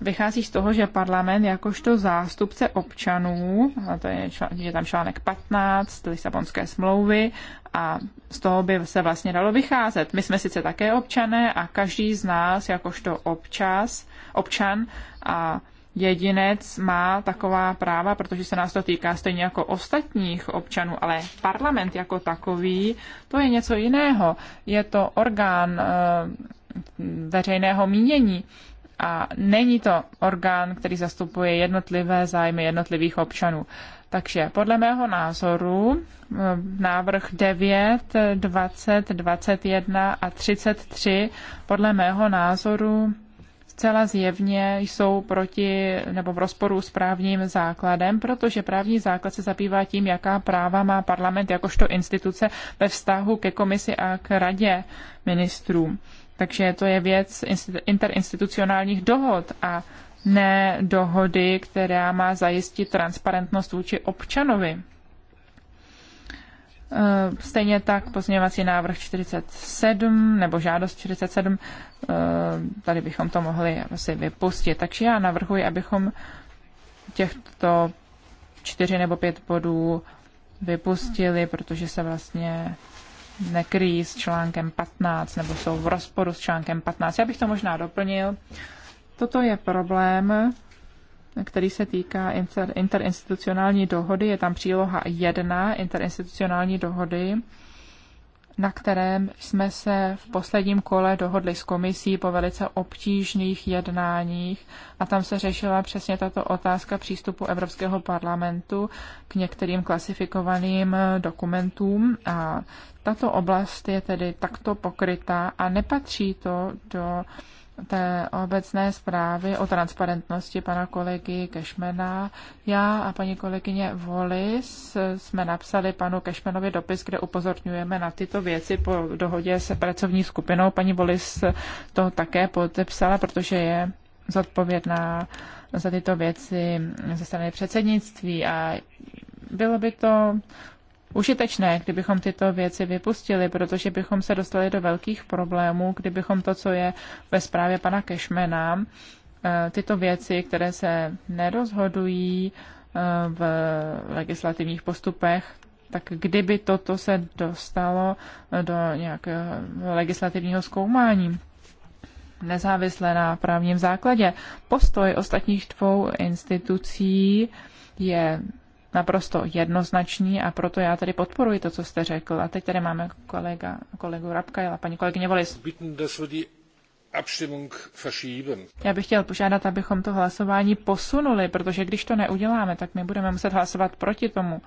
Vychází z toho, že parlament jakožto zástupce občanů, a to je, je tam článek 15 Lisabonské smlouvy, a z toho by se vlastně dalo vycházet. My jsme sice také občané a každý z nás jakožto občas, občan a jedinec má taková práva, protože se nás to týká stejně jako ostatních občanů, ale parlament jako takový, to je něco jiného. Je to orgán eh, veřejného mínění a není to orgán, který zastupuje jednotlivé zájmy jednotlivých občanů. Takže podle mého názoru eh, návrh 9, 20, 21 a 33 podle mého názoru zcela zjevně jsou proti nebo v rozporu s právním základem, protože právní základ se zabývá tím, jaká práva má parlament jakožto instituce ve vztahu ke komisi a k radě ministrů. Takže to je věc interinstitucionálních dohod a ne dohody, která má zajistit transparentnost vůči občanovi. Eh, stejně tak pozměňovací návrh 47 nebo žádost 47, eh, tady bychom to mohli asi vypustit. Takže já navrhuji, abychom těchto čtyři nebo pět bodů vypustili, protože se vlastně nekryjí s článkem 15 nebo jsou v rozporu s článkem 15. Já bych to možná doplnil. Toto je problém, který se týká inter, interinstitucionální dohody. Je tam příloha 1 interinstitucionální dohody, na kterém jsme se v posledním kole dohodli s komisí po velice obtížných jednáních a tam se řešila přesně tato otázka přístupu Evropského parlamentu k některým klasifikovaným eh, dokumentům a tato oblast je tedy takto pokrytá a nepatří to do uh, té obecné zprávy o transparentnosti pana kolegy Kešmena. Já a paní kolegyně Volis jsme napsali panu Kešmenovi dopis, kde upozorňujeme na tyto věci po dohodě se pracovní skupinou. Paní Volis to také podepsala, protože je zodpovědná za tyto věci ze strany předsednictví a bylo by to užitečné, kdybychom tyto věci vypustili, protože bychom se dostali do velkých problémů, kdybychom to, co je ve zprávě pana Kešmena, eh, tyto věci, které se nerozhodují eh, v legislativních postupech, tak kdyby toto se dostalo eh, do nějakého legislativního zkoumání, nezávisle na právním základě. Postoj ostatních dvou institucí je naprosto jednoznačný a proto já tady podporuji to, co jste řekl. A teď tady máme kolega, kolegu Rabka a paní kolegyně Volis. Já bych chtěl požádat, abychom to hlasování posunuli, protože když to neuděláme, tak my budeme muset hlasovat proti tomu.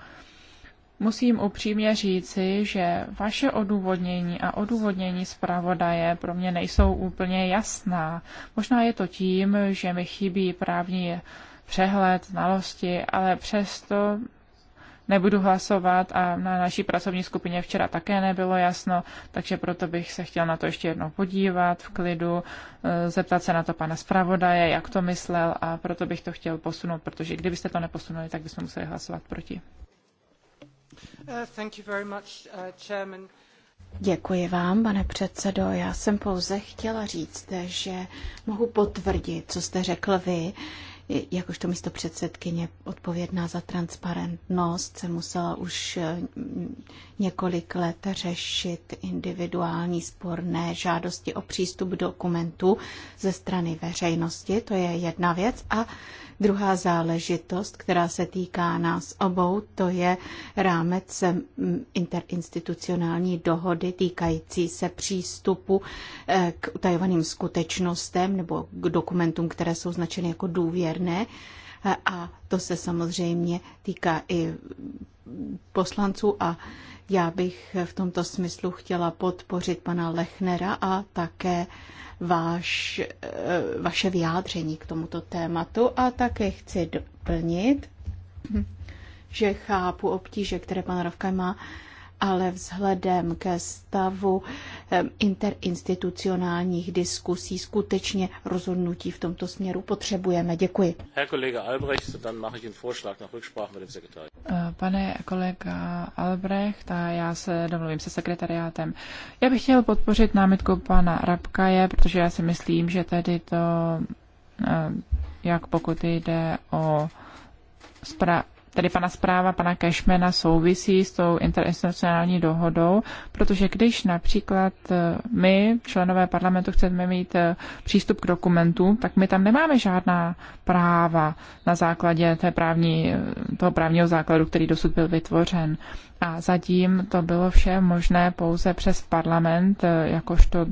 Musím upřímně říci, že vaše odůvodnění a odůvodnění zpravodaje pro mě nejsou úplně jasná. Možná je to tím, že mi chybí právní přehled, znalosti, ale přesto nebudu hlasovat a na naší pracovní skupině včera také nebylo jasno, takže proto bych se chtěl na to ještě jednou podívat v klidu, e, zeptat se na to pana zpravodaje, jak to myslel a proto bych to chtěl posunout, protože kdybyste to neposunuli, tak bychom museli hlasovat proti. Uh, uh, Děkuji vám, pane předsedo. Já jsem pouze chtěla říct, že mohu potvrdit, co jste řekl vy, jakožto místo předsedkyně odpovědná za transparentnost se musela už eh, několik let řešit individuální sporné žádosti o přístup dokumentů ze strany veřejnosti. To je jedna věc. A Druhá záležitost, která se týká nás obou, to je rámec eh, interinstitucionální dohody týkající se přístupu eh, k utajovaným skutečnostem nebo k dokumentům, které jsou značeny jako důvěrné. A to se samozřejmě týká i poslanců a já bych v tomto smyslu chtěla podpořit pana Lechnera a také váš, eh, vaše vyjádření k tomuto tématu a také chci doplnit, že chápu obtíže, které pan Rovka má, ale vzhledem ke stavu Eh, interinstitucionálních diskusí skutečně rozhodnutí v tomto směru potřebujeme. Děkuji. Eh, pane kolega Albrecht, a já se domluvím se sekretariátem. Já bych chtěl podpořit námitku pana Rabkaje, protože já si myslím, že tedy to, eh, jak pokud jde o tedy pana zpráva pana Kešmena souvisí s tou interinstitucionální dohodou, protože když například eh, my, členové parlamentu, chceme mít eh, přístup k dokumentům, tak my tam nemáme žádná práva na základě té právní, eh, toho právního základu, který dosud byl vytvořen. A zatím to bylo vše možné pouze přes parlament, jakožto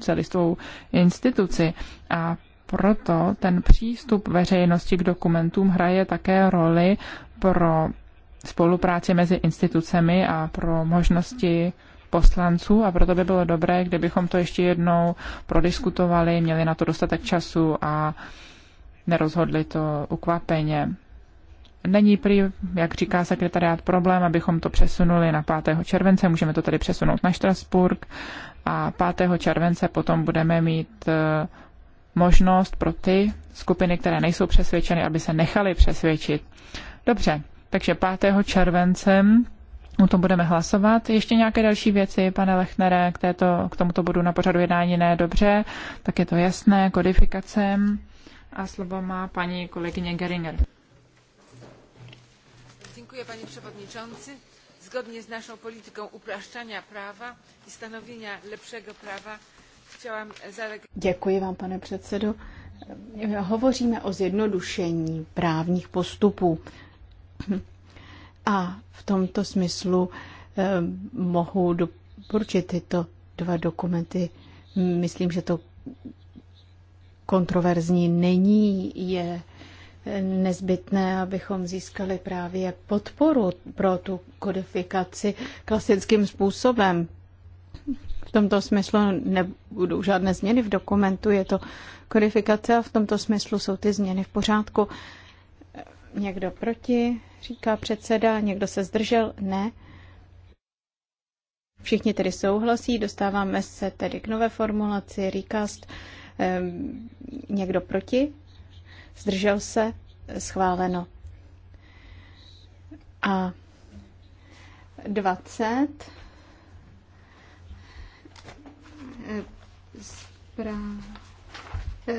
celistvou instituci. A proto ten přístup veřejnosti k dokumentům hraje také roli pro spolupráci mezi institucemi a pro možnosti poslanců a proto by bylo dobré, kdybychom to ještě jednou prodiskutovali, měli na to dostatek času a nerozhodli to ukvapeně. Není prý, jak říká sekretariát, problém, abychom to přesunuli na 5. července, můžeme to tedy přesunout na Štrasburg a 5. července potom budeme mít eh, možnost pro ty skupiny, které nejsou přesvědčeny, aby se nechali přesvědčit. Dobře, takže 5. července o tom budeme hlasovat. Ještě nějaké další věci, pane Lechnere, k, této, k tomuto bodu na pořadu jednání ne dobře, tak je to jasné, kodifikace. A slovo má paní kolegyně Geringer. Děkuji, paní předsedající. Zgodně s naší politikou upraszczania prawa i stanowienia lepszego prawa chtěla Děkuji vám, pane předsedo. Hovoříme o zjednodušení právních postupů. A v tomto smyslu eh, mohu doporučit tyto dva dokumenty. Myslím, že to kontroverzní není, je eh, nezbytné, abychom získali právě podporu pro tu kodifikaci klasickým způsobem, v tomto smyslu nebudou žádné změny v dokumentu, je to kodifikace a v tomto smyslu jsou ty změny v pořádku. Někdo proti, říká předseda, někdo se zdržel, ne. Všichni tedy souhlasí, dostáváme se tedy k nové formulaci, recast, ehm, někdo proti, zdržel se, schváleno. A 20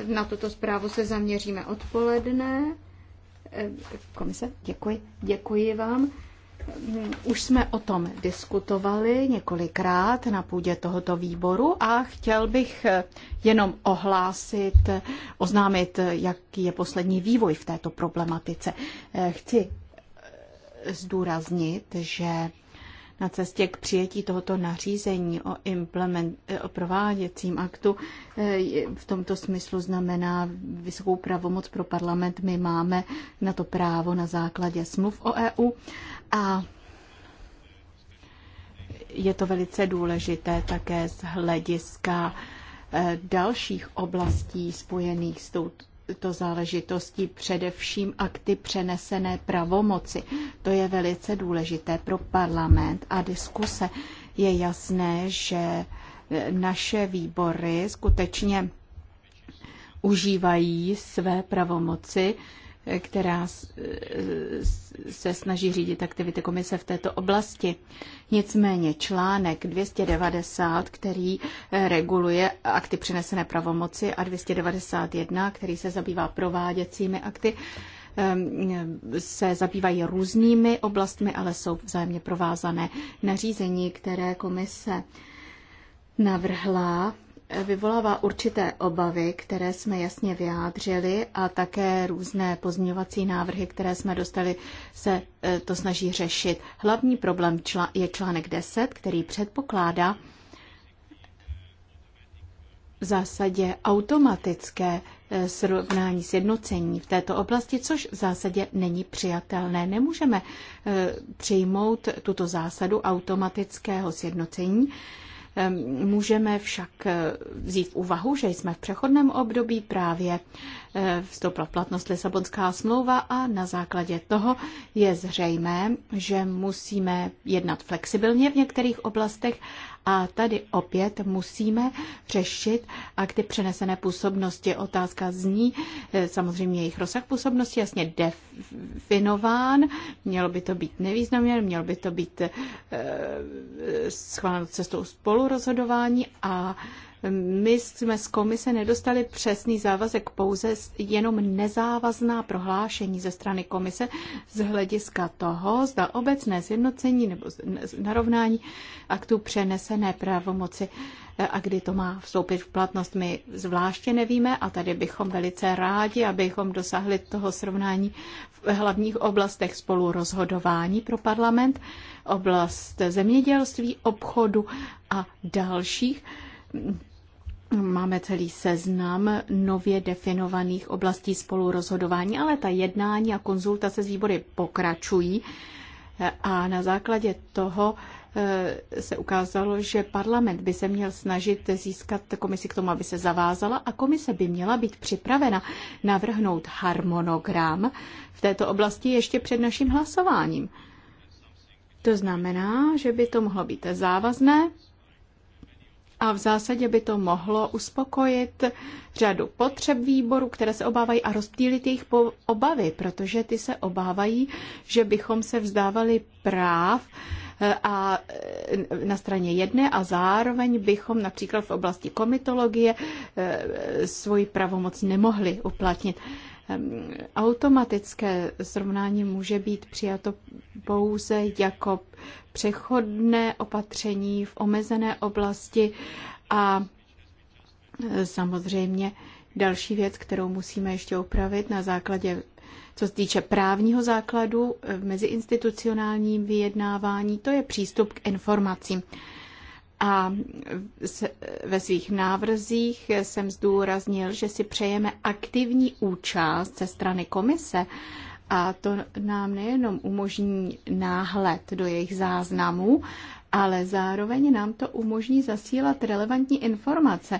na tuto zprávu se zaměříme odpoledne. Komise, děkuji, děkuji vám. Už jsme o tom diskutovali několikrát na půdě tohoto výboru a chtěl bych jenom ohlásit, oznámit, jaký je poslední vývoj v této problematice. Chci zdůraznit, že na cestě k přijetí tohoto nařízení o, implement, eh, o prováděcím aktu eh, v tomto smyslu znamená vysokou pravomoc pro parlament. My máme na to právo na základě smluv o EU a je to velice důležité také z hlediska eh, dalších oblastí spojených s touto to záležitostí především akty přenesené pravomoci. To je velice důležité pro parlament a diskuse. Je jasné, že naše výbory skutečně užívají své pravomoci která se snaží řídit aktivity komise v této oblasti. Nicméně článek 290, který eh, reguluje akty přenesené pravomoci a 291, který se zabývá prováděcími akty, se zabývají různými oblastmi, ale jsou vzájemně provázané. Nařízení, které komise navrhla, vyvolává určité obavy, které jsme jasně vyjádřili a také různé pozměňovací návrhy, které jsme dostali, se e, to snaží řešit. Hlavní problém je článek 10, který předpokládá v zásadě automatické e, srovnání sjednocení v této oblasti, což v zásadě není přijatelné. Nemůžeme e, přijmout tuto zásadu automatického sjednocení, Můžeme však eh, vzít v úvahu, že jsme v přechodném období právě eh, vstoupila platnost Lisabonská smlouva a na základě toho je zřejmé, že musíme jednat flexibilně v některých oblastech a tady opět musíme řešit akty přenesené působnosti. Otázka zní, eh, samozřejmě jejich rozsah působnosti jasně definován, mělo by to být nevýznamně, mělo by to být eh, schváleno cestou spolurozhodování a my jsme z komise nedostali přesný závazek, pouze jenom nezávazná prohlášení ze strany komise z hlediska toho, zda obecné zjednocení nebo narovnání aktu přenesené pravomoci e, a kdy to má vstoupit v platnost, my zvláště nevíme a tady bychom velice rádi, abychom dosáhli toho srovnání v hlavních oblastech spolu rozhodování pro parlament, oblast zemědělství, obchodu a dalších Máme celý seznam nově definovaných oblastí spolurozhodování, ale ta jednání a konzultace s výbory pokračují. A na základě toho eh, se ukázalo, že parlament by se měl snažit získat komisi k tomu, aby se zavázala a komise by měla být připravena navrhnout harmonogram v této oblasti ještě před naším hlasováním. To znamená, že by to mohlo být závazné a v zásadě by to mohlo uspokojit řadu potřeb výboru, které se obávají a rozptýlit jejich obavy, protože ty se obávají, že bychom se vzdávali práv eh, a eh, na straně jedné a zároveň bychom například v oblasti komitologie eh, svoji pravomoc nemohli uplatnit. Automatické srovnání může být přijato pouze jako přechodné opatření v omezené oblasti a e, samozřejmě další věc, kterou musíme ještě upravit na základě co se týče právního základu e, v meziinstitucionálním vyjednávání, to je přístup k informacím. A ve svých návrzích jsem zdůraznil, že si přejeme aktivní účast ze strany komise a to nám nejenom umožní náhled do jejich záznamů, ale zároveň nám to umožní zasílat relevantní informace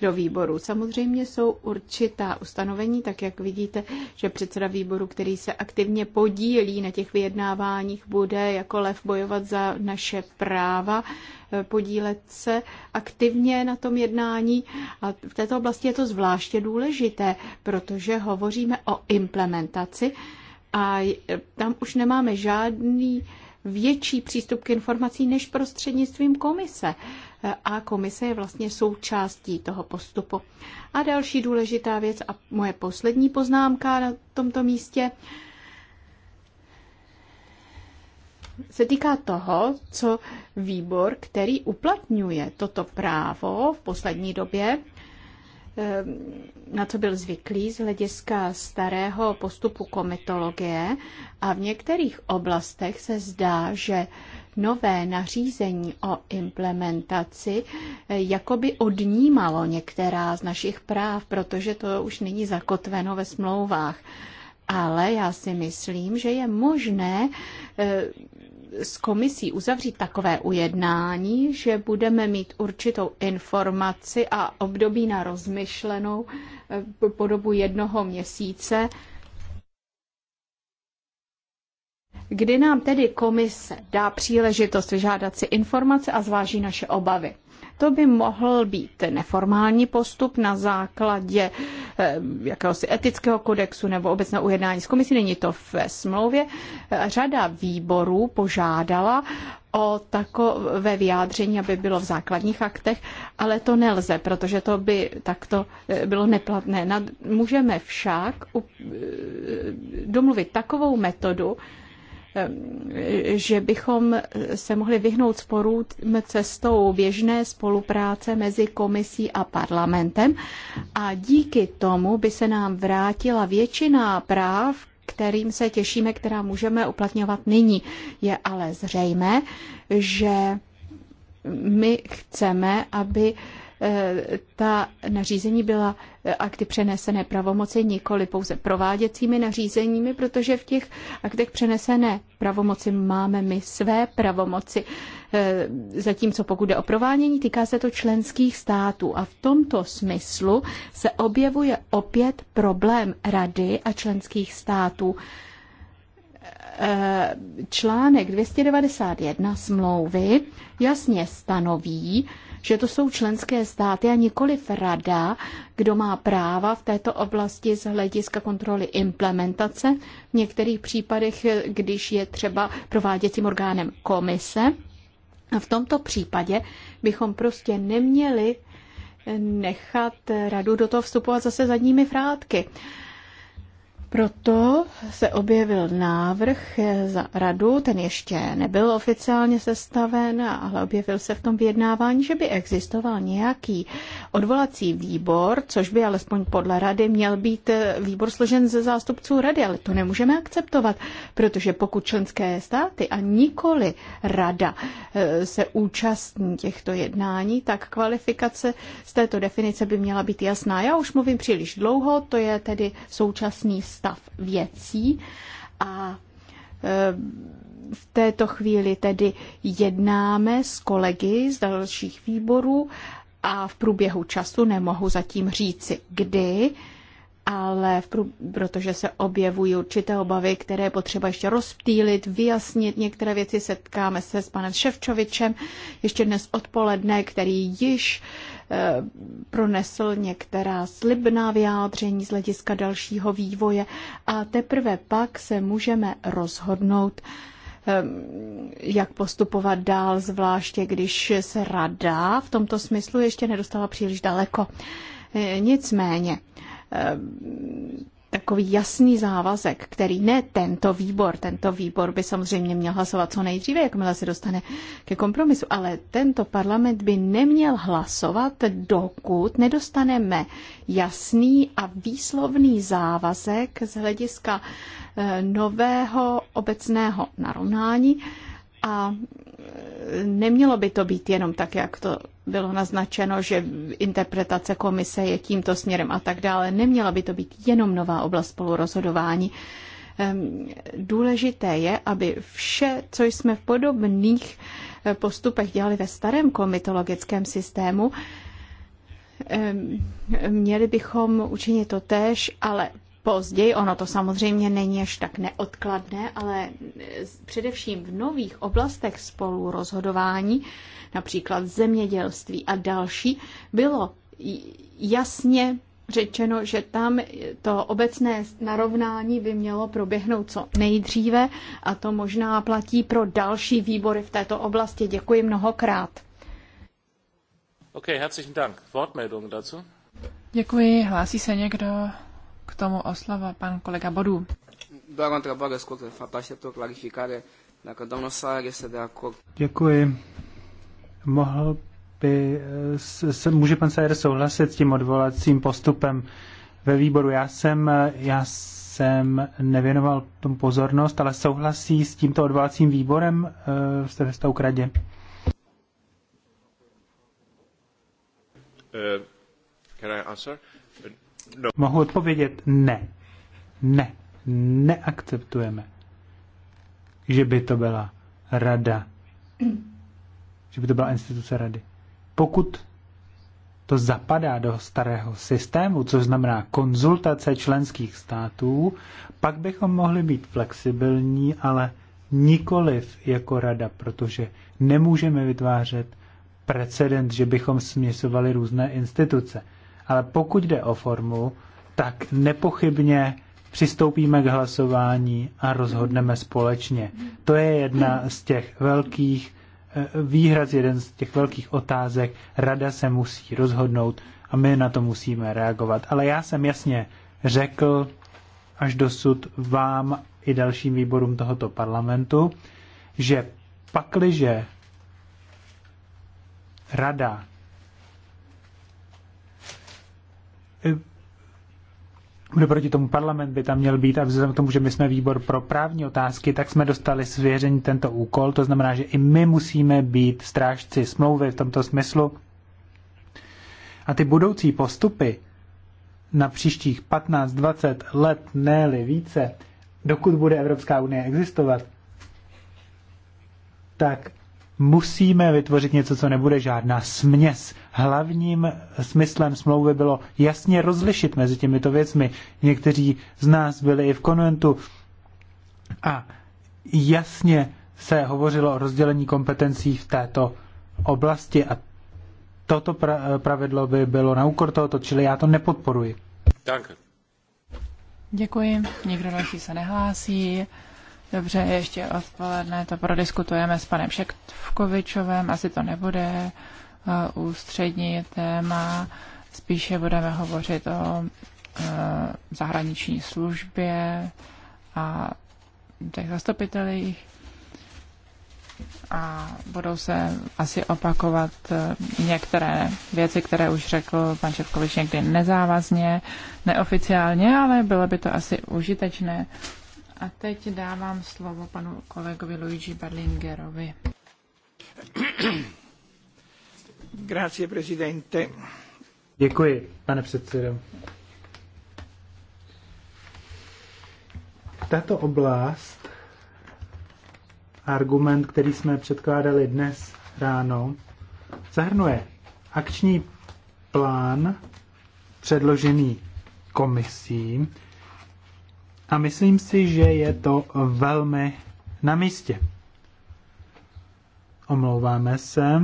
do výboru. Samozřejmě jsou určitá ustanovení, tak jak vidíte, že předseda výboru, který se aktivně podílí na těch vyjednáváních, bude jako lev bojovat za naše práva, eh, podílet se aktivně na tom jednání. A v této oblasti je to zvláště důležité, protože hovoříme o implementaci a eh, tam už nemáme žádný větší přístup k informací než prostřednictvím komise. A komise je vlastně součástí toho postupu. A další důležitá věc a moje poslední poznámka na tomto místě se týká toho, co výbor, který uplatňuje toto právo v poslední době, Ehm, na co byl zvyklý z hlediska starého postupu kometologie a v některých oblastech se zdá, že nové nařízení o implementaci eh, jakoby odnímalo některá z našich práv, protože to už není zakotveno ve smlouvách. Ale já si myslím, že je možné eh, s komisí uzavřít takové ujednání, že budeme mít určitou informaci a období na rozmyšlenou eh, po dobu jednoho měsíce, kdy nám tedy komise dá příležitost vyžádat si informace a zváží naše obavy. To by mohl být neformální postup na základě eh, jakéhosi etického kodexu nebo obecného ujednání s komisí. Není to ve smlouvě. Eh, řada výborů požádala o takové vyjádření, aby bylo v základních aktech, ale to nelze, protože to by takto eh, bylo neplatné. Můžeme však domluvit takovou metodu, že bychom se mohli vyhnout sporům cestou běžné spolupráce mezi komisí a parlamentem a díky tomu by se nám vrátila většina práv, kterým se těšíme, která můžeme uplatňovat nyní. Je ale zřejmé, že my chceme, aby Eh, ta nařízení byla eh, akty přenesené pravomoci, nikoli pouze prováděcími nařízeními, protože v těch aktech přenesené pravomoci máme my své pravomoci. Eh, zatímco pokud jde o provádění, týká se to členských států. A v tomto smyslu se objevuje opět problém rady a členských států článek 291 smlouvy jasně stanoví, že to jsou členské státy a nikoli rada, kdo má práva v této oblasti z hlediska kontroly implementace, v některých případech, když je třeba prováděcím orgánem komise. A v tomto případě bychom prostě neměli nechat radu do toho vstupovat zase zadními frátky. Proto se objevil návrh za radu, ten ještě nebyl oficiálně sestaven, ale objevil se v tom vyjednávání, že by existoval nějaký odvolací výbor, což by alespoň podle rady měl být eh, výbor složen ze zástupců rady, ale to nemůžeme akceptovat, protože pokud členské státy a nikoli rada eh, se účastní těchto jednání, tak kvalifikace z této definice by měla být jasná. Já už mluvím příliš dlouho, to je tedy současný stav věcí a e, v této chvíli tedy jednáme s kolegy z dalších výborů a v průběhu času nemohu zatím říci, kdy, ale v prů, protože se objevují určité obavy, které je potřeba ještě rozptýlit, vyjasnit. Některé věci setkáme se s panem Ševčovičem ještě dnes odpoledne, který již uh, Eh, pronesl některá slibná vyjádření z hlediska dalšího vývoje a teprve pak se můžeme rozhodnout, eh, jak postupovat dál, zvláště když se rada v tomto smyslu ještě nedostala příliš daleko. Eh, nicméně, takový jasný závazek, který ne tento výbor, tento výbor by samozřejmě měl hlasovat co nejdříve, jakmile se dostane ke kompromisu, ale tento parlament by neměl hlasovat, dokud nedostaneme jasný a výslovný závazek z hlediska eh, nového obecného narovnání a eh, nemělo by to být jenom tak, jak to bylo naznačeno, že interpretace komise je tímto směrem a tak dále. Neměla by to být jenom nová oblast spolurozhodování. Ehm, důležité je, aby vše, co jsme v podobných eh, postupech dělali ve starém komitologickém systému, ehm, měli bychom učinit to též, ale později. Ono to samozřejmě není až tak neodkladné, ale eh, především v nových oblastech spolu rozhodování, například zemědělství a další, bylo jasně řečeno, že tam to obecné narovnání by mělo proběhnout co nejdříve a to možná platí pro další výbory v této oblasti. Děkuji mnohokrát. Okay, herzlichen Dank. Wortmeldung dazu? Děkuji. Hlásí se někdo tomu o slovo pan kolega Bodu. Děkuji. Mohl by, se, může pan Sajer souhlasit s tím odvolacím postupem ve výboru? Já jsem, já jsem nevěnoval tomu pozornost, ale souhlasí s tímto odvolacím výborem v eh, ve vztahu kradě. Uh, eh, can I answer? no. Mohu odpovědět ne. Ne. Neakceptujeme, že by to byla rada. Že by to byla instituce rady. Pokud to zapadá do starého systému, což znamená konzultace členských států, pak bychom mohli být flexibilní, ale nikoliv jako rada, protože nemůžeme vytvářet precedent, že bychom směsovali různé instituce ale pokud jde o formu, tak nepochybně přistoupíme k hlasování a rozhodneme společně. To je jedna z těch velkých eh, výhraz, jeden z těch velkých otázek. Rada se musí rozhodnout a my na to musíme reagovat. Ale já jsem jasně řekl až dosud vám i dalším výborům tohoto parlamentu, že pakliže rada kdo proti tomu parlament by tam měl být a vzhledem k tomu, že my jsme výbor pro právní otázky, tak jsme dostali svěření tento úkol, to znamená, že i my musíme být strážci smlouvy v tomto smyslu. A ty budoucí postupy na příštích 15-20 let, ne-li více, dokud bude Evropská unie existovat, tak musíme vytvořit něco, co nebude žádná směs hlavním smyslem smlouvy bylo jasně rozlišit mezi těmito věcmi. Někteří z nás byli i v konventu a jasně se hovořilo o rozdělení kompetencí v této oblasti a toto pravidlo by bylo na úkor tohoto, čili já to nepodporuji. Děkuji. Děkuji. Nikdo další se nehlásí. Dobře, ještě odpoledne to prodiskutujeme s panem Šektvkovičovem. asi to nebude Eh, ústřední téma. Spíše budeme hovořit o eh, zahraniční službě a těch zastupitelích a budou se asi opakovat eh, některé věci, které už řekl pan Ševkovič někdy nezávazně, neoficiálně, ale bylo by to asi užitečné. A teď dávám slovo panu kolegovi Luigi Berlingerovi. Děkuji, pane předsedo. Tato oblast, argument, který jsme předkládali dnes ráno, zahrnuje akční plán předložený komisí a myslím si, že je to velmi na místě. Omlouváme se.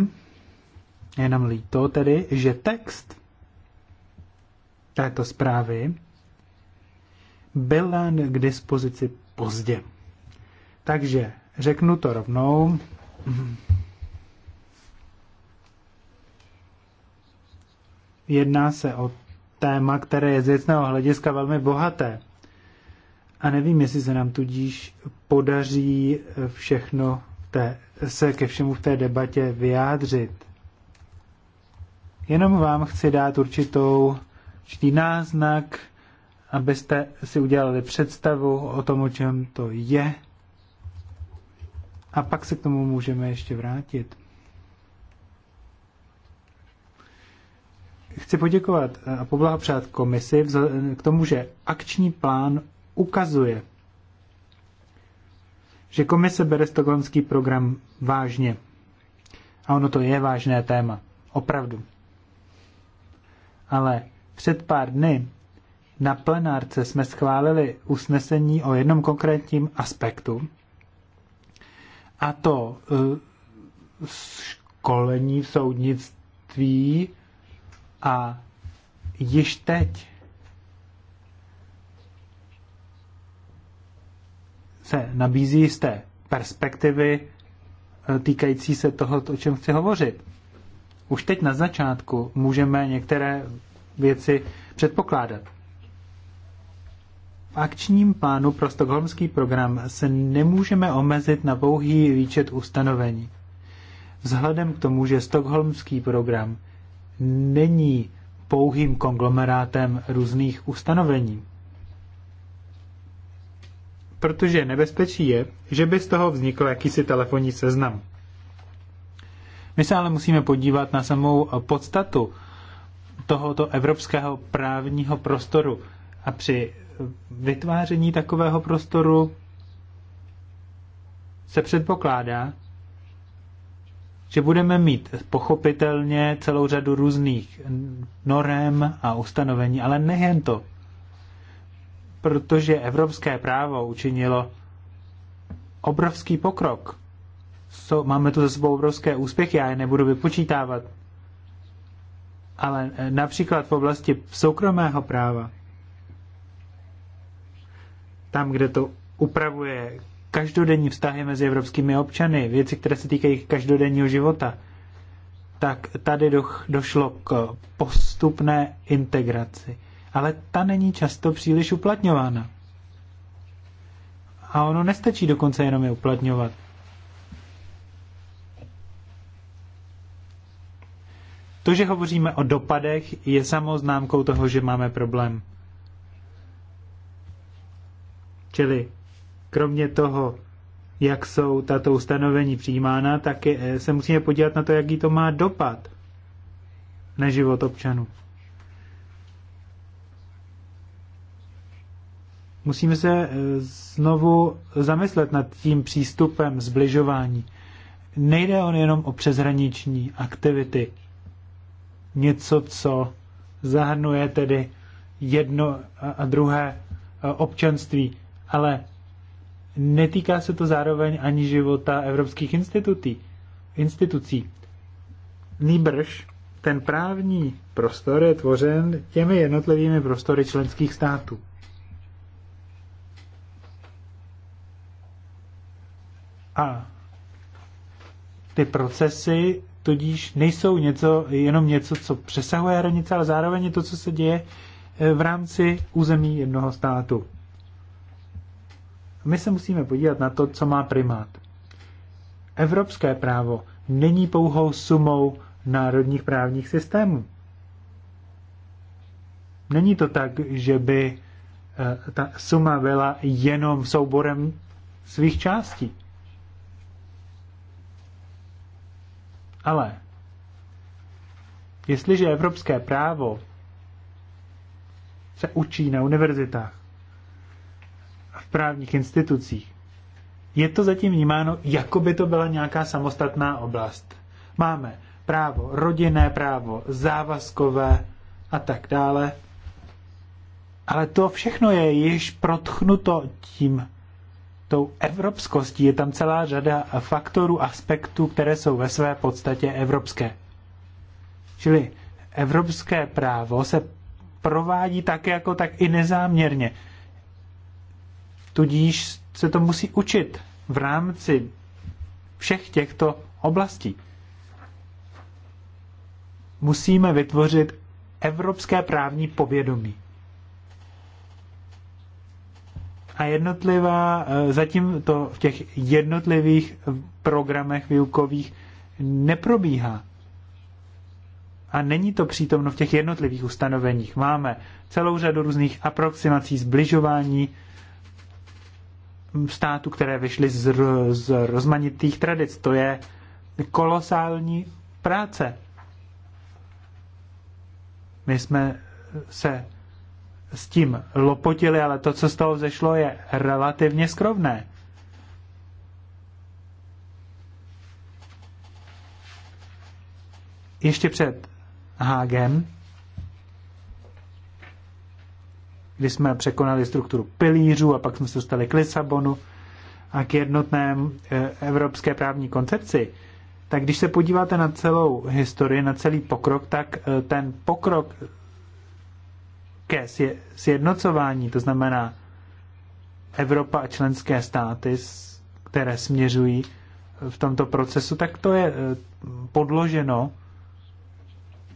Je nám líto tedy, že text této zprávy byl k dispozici pozdě. Takže řeknu to rovnou. Jedná se o téma, které je z věcného hlediska velmi bohaté. A nevím, jestli se nám tudíž podaří všechno té, se ke všemu v té debatě vyjádřit. Jenom vám chci dát určitou určitý náznak, abyste si udělali představu o tom, o čem to je. A pak se k tomu můžeme ještě vrátit. Chci poděkovat a poblahopřát komisi k tomu, že akční plán ukazuje, že komise bere stokholmský program vážně. A ono to je vážné téma. Opravdu ale před pár dny na plenárce jsme schválili usnesení o jednom konkrétním aspektu, a to e, školení v soudnictví a již teď se nabízí jisté perspektivy e, týkající se toho, o čem chci hovořit už teď na začátku můžeme některé věci předpokládat. V akčním plánu pro stokholmský program se nemůžeme omezit na pouhý výčet ustanovení. Vzhledem k tomu, že stokholmský program není pouhým konglomerátem různých ustanovení. Protože nebezpečí je, že by z toho vznikl jakýsi telefonní seznam. My se ale musíme podívat na samou podstatu tohoto evropského právního prostoru. A při vytváření takového prostoru se předpokládá, že budeme mít pochopitelně celou řadu různých norem a ustanovení, ale nejen to. Protože evropské právo učinilo obrovský pokrok so, máme tu za sebou obrovské úspěchy, já je nebudu vypočítávat, ale e, například v oblasti soukromého práva, tam, kde to upravuje každodenní vztahy mezi evropskými občany, věci, které se týkají každodenního života, tak tady do, došlo k postupné integraci. Ale ta není často příliš uplatňována. A ono nestačí dokonce jenom je uplatňovat. To, že hovoříme o dopadech, je samoznámkou toho, že máme problém. Čili kromě toho, jak jsou tato ustanovení přijímána, tak je, eh, se musíme podívat na to, jaký to má dopad na život občanů. Musíme se eh, znovu zamyslet nad tím přístupem zbližování. Nejde on jenom o přeshraniční aktivity, něco, co zahrnuje tedy jedno a druhé občanství, ale netýká se to zároveň ani života evropských institutí, institucí. Nýbrž ten právní prostor je tvořen těmi jednotlivými prostory členských států. A ty procesy tudíž nejsou něco, jenom něco, co přesahuje hranice, ale zároveň je to, co se děje eh, v rámci území jednoho státu. My se musíme podívat na to, co má primát. Evropské právo není pouhou sumou národních právních systémů. Není to tak, že by eh, ta suma byla jenom souborem svých částí. Ale jestliže evropské právo se učí na univerzitách a v právních institucích, je to zatím vnímáno, jako by to byla nějaká samostatná oblast. Máme právo rodinné, právo závazkové a tak dále. Ale to všechno je již protchnuto tím tou evropskostí je tam celá řada faktorů, aspektů, které jsou ve své podstatě evropské. Čili evropské právo se provádí tak jako tak i nezáměrně. Tudíž se to musí učit v rámci všech těchto oblastí. Musíme vytvořit evropské právní povědomí. a jednotlivá, eh, zatím to v těch jednotlivých programech výukových neprobíhá. A není to přítomno v těch jednotlivých ustanoveních. Máme celou řadu různých aproximací, zbližování států, které vyšly z, z rozmanitých tradic. To je kolosální práce. My jsme se s tím lopotili, ale to, co z toho zešlo, je relativně skromné. Ještě před Hágem, kdy jsme překonali strukturu pilířů a pak jsme se dostali k Lisabonu a k jednotné eh, evropské právní koncepci, tak když se podíváte na celou historii, na celý pokrok, tak eh, ten pokrok ke sjednocování, to znamená Evropa a členské státy, které směřují v tomto procesu, tak to je eh, podloženo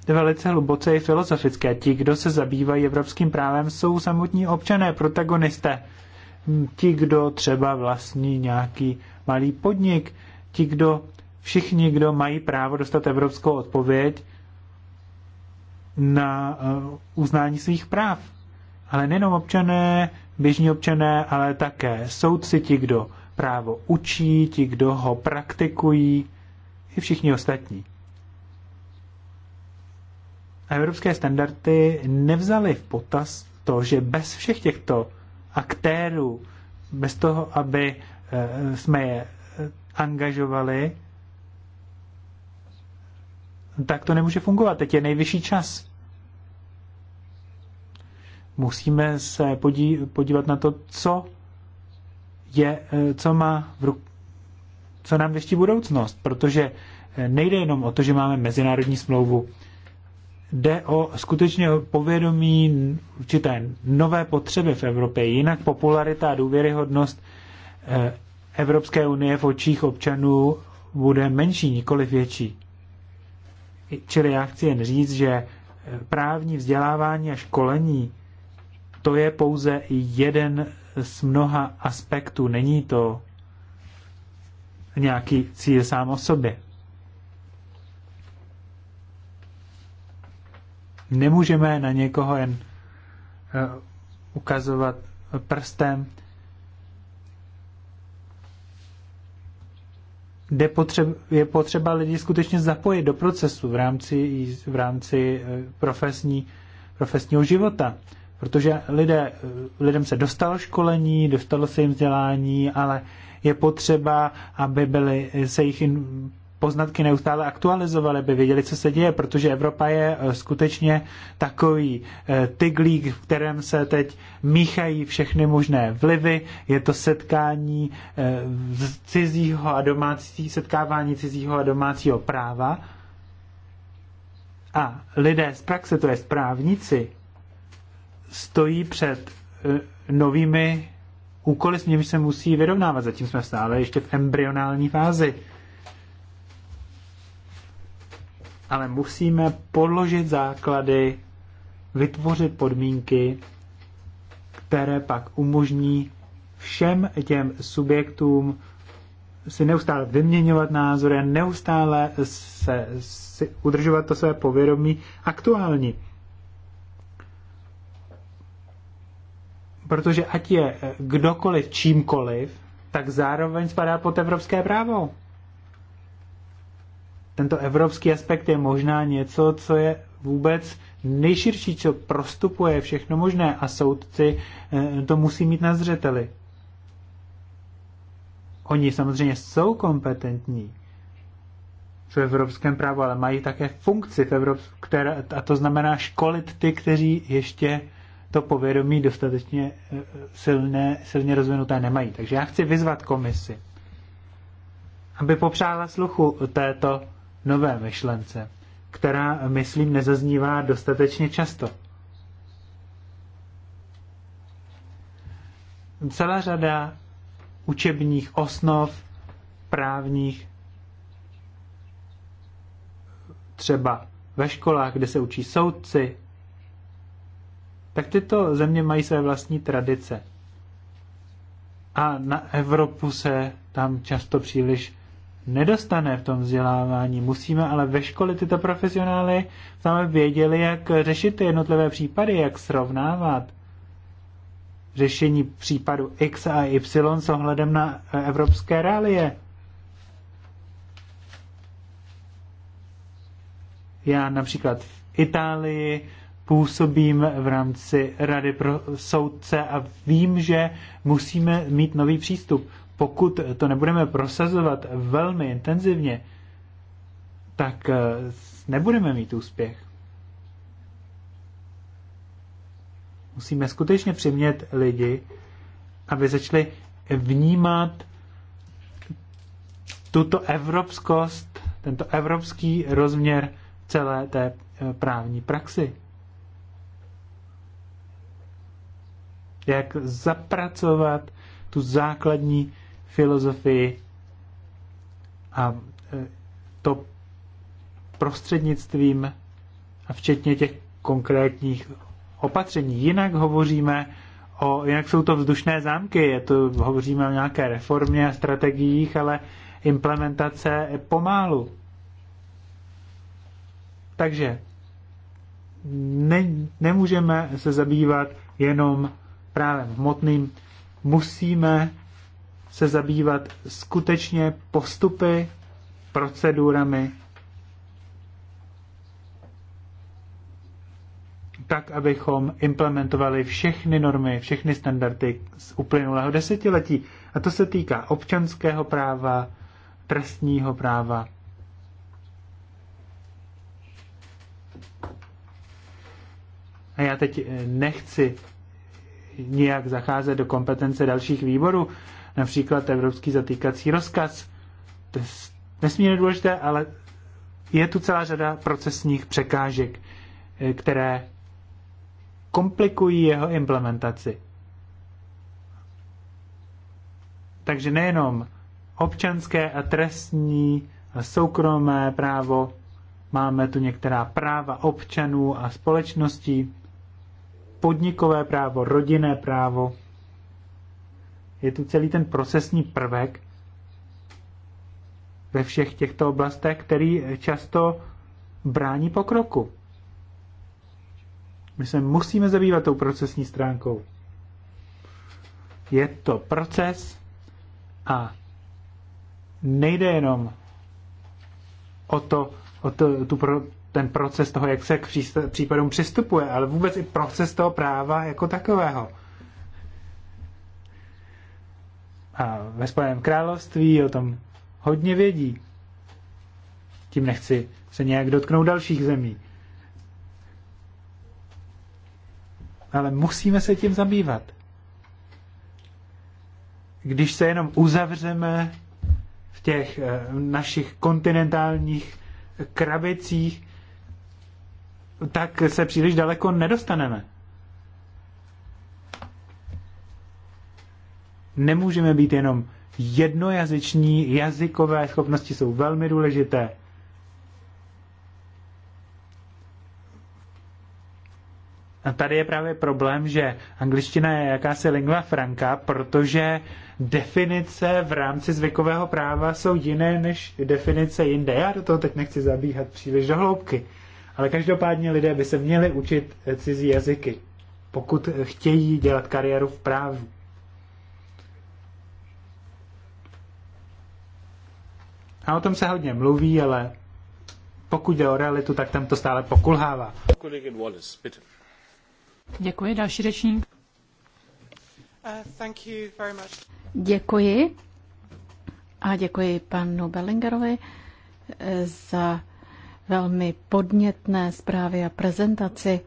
velice hluboce i filozofické. Ti, kdo se zabývají evropským právem, jsou samotní občané, protagonisté. Ti, kdo třeba vlastní nějaký malý podnik, ti, kdo všichni, kdo mají právo dostat evropskou odpověď, na eh, uznání svých práv. Ale nejenom občané, běžní občané, ale také soudci, ti, kdo právo učí, ti, kdo ho praktikují, i všichni ostatní. A evropské standardy nevzaly v potaz to, že bez všech těchto aktérů, bez toho, aby eh, jsme je eh, angažovali, tak to nemůže fungovat. Teď je nejvyšší čas musíme se podí, podívat na to, co je, eh, co má v ruku, co nám věští budoucnost, protože eh, nejde jenom o to, že máme mezinárodní smlouvu, jde o skutečně povědomí určité nové potřeby v Evropě, jinak popularita a důvěryhodnost eh, Evropské unie v očích občanů bude menší, nikoli větší. Čili já chci jen říct, že právní vzdělávání a školení to je pouze jeden z mnoha aspektů. Není to nějaký cíl sám o sobě. Nemůžeme na někoho jen eh, ukazovat prstem. je potřeba lidi skutečně zapojit do procesu v rámci, v rámci eh, profesní, profesního života protože lidé, lidem se dostalo školení, dostalo se jim vzdělání, ale je potřeba, aby byly, se jich poznatky neustále aktualizovaly, aby věděli, co se děje, protože Evropa je eh, skutečně takový eh, tyglík, v kterém se teď míchají všechny možné vlivy. Je to setkání eh, cizího a domácí, setkávání cizího a domácího práva. A lidé z praxe, to je správníci stojí před eh, novými úkoly, s nimi se musí vyrovnávat. Zatím jsme stále ještě v embryonální fázi. Ale musíme podložit základy, vytvořit podmínky, které pak umožní všem těm subjektům si neustále vyměňovat názory a neustále se, si udržovat to své povědomí aktuální. Protože ať je eh, kdokoliv čímkoliv, tak zároveň spadá pod evropské právo. Tento evropský aspekt je možná něco, co je vůbec nejširší, co prostupuje všechno možné a soudci eh, to musí mít na zřeteli. Oni samozřejmě jsou kompetentní v evropském právu, ale mají také funkci v Evrop- která, a to znamená školit ty, kteří ještě to povědomí dostatečně eh, silné, silně rozvinuté nemají. Takže já chci vyzvat komisi, aby popřála sluchu této nové myšlence, která, myslím, nezaznívá dostatečně často. Celá řada učebních osnov, právních, třeba ve školách, kde se učí soudci, tak tyto země mají své vlastní tradice. A na Evropu se tam často příliš nedostane v tom vzdělávání. Musíme ale ve škole tyto profesionály sami věděli, jak řešit ty jednotlivé případy, jak srovnávat řešení případu X a Y s ohledem na eh, evropské realie. Já například v Itálii působím v rámci Rady pro soudce a vím, že musíme mít nový přístup. Pokud to nebudeme prosazovat velmi intenzivně, tak eh, nebudeme mít úspěch. Musíme skutečně přimět lidi, aby začali vnímat tuto evropskost, tento evropský rozměr celé té eh, právní praxi. jak zapracovat tu základní filozofii a e, to prostřednictvím a včetně těch konkrétních opatření. Jinak hovoříme o, jinak jsou to vzdušné zámky, je to, hovoříme o nějaké reformě a strategiích, ale implementace pomálu. Takže ne, nemůžeme se zabývat jenom právem hmotným, musíme se zabývat skutečně postupy, procedurami, tak, abychom implementovali všechny normy, všechny standardy z uplynulého desetiletí. A to se týká občanského práva, trestního práva. A já teď nechci nějak zacházet do kompetence dalších výborů, například Evropský zatýkací rozkaz. To je nesmírně důležité, ale je tu celá řada procesních překážek, eh, které komplikují jeho implementaci. Takže nejenom občanské a trestní a soukromé právo, máme tu některá práva občanů a společností, podnikové právo, rodinné právo. Je tu celý ten procesní prvek ve všech těchto oblastech, který často brání pokroku. My se musíme zabývat tou procesní stránkou. Je to proces a nejde jenom o, to, o to, tu pro, ten proces toho, jak se k případům přistupuje, ale vůbec i proces toho práva jako takového. A ve Spojeném království o tom hodně vědí. Tím nechci se nějak dotknout dalších zemí. Ale musíme se tím zabývat. Když se jenom uzavřeme v těch eh, našich kontinentálních krabicích, tak se příliš daleko nedostaneme. Nemůžeme být jenom jednojazyční, jazykové schopnosti jsou velmi důležité. A tady je právě problém, že angličtina je jakási lingua franca, protože definice v rámci zvykového práva jsou jiné než definice jinde. Já do toho teď nechci zabíhat příliš do hloubky. Ale každopádně lidé by se měli učit cizí jazyky, pokud chtějí dělat kariéru v právu. A o tom se hodně mluví, ale pokud jde o realitu, tak tam to stále pokulhává. Wallace, Děkuji, další řečník. Uh, thank you very much. Děkuji. A děkuji panu Bellingerovi eh, za velmi podnětné zprávy a prezentaci.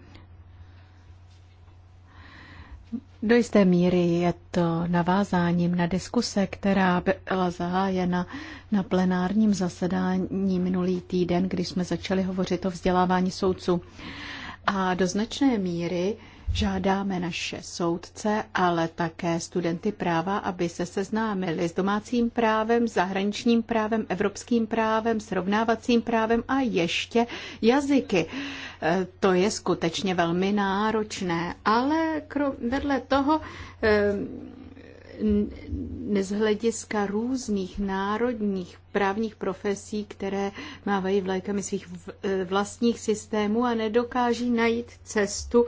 Do jisté míry je to navázáním na diskuse, která byla zahájena na plenárním zasedání minulý týden, kdy jsme začali hovořit o vzdělávání soudců. A do značné míry Žádáme naše soudce, ale také studenty práva, aby se seznámili s domácím právem, zahraničním právem, evropským právem, srovnávacím právem a ještě jazyky. E, to je skutečně velmi náročné, ale vedle toho e, z hlediska různých národních právních profesí, které mávají vlajkami svých eh, vlastních systémů a nedokáží najít cestu,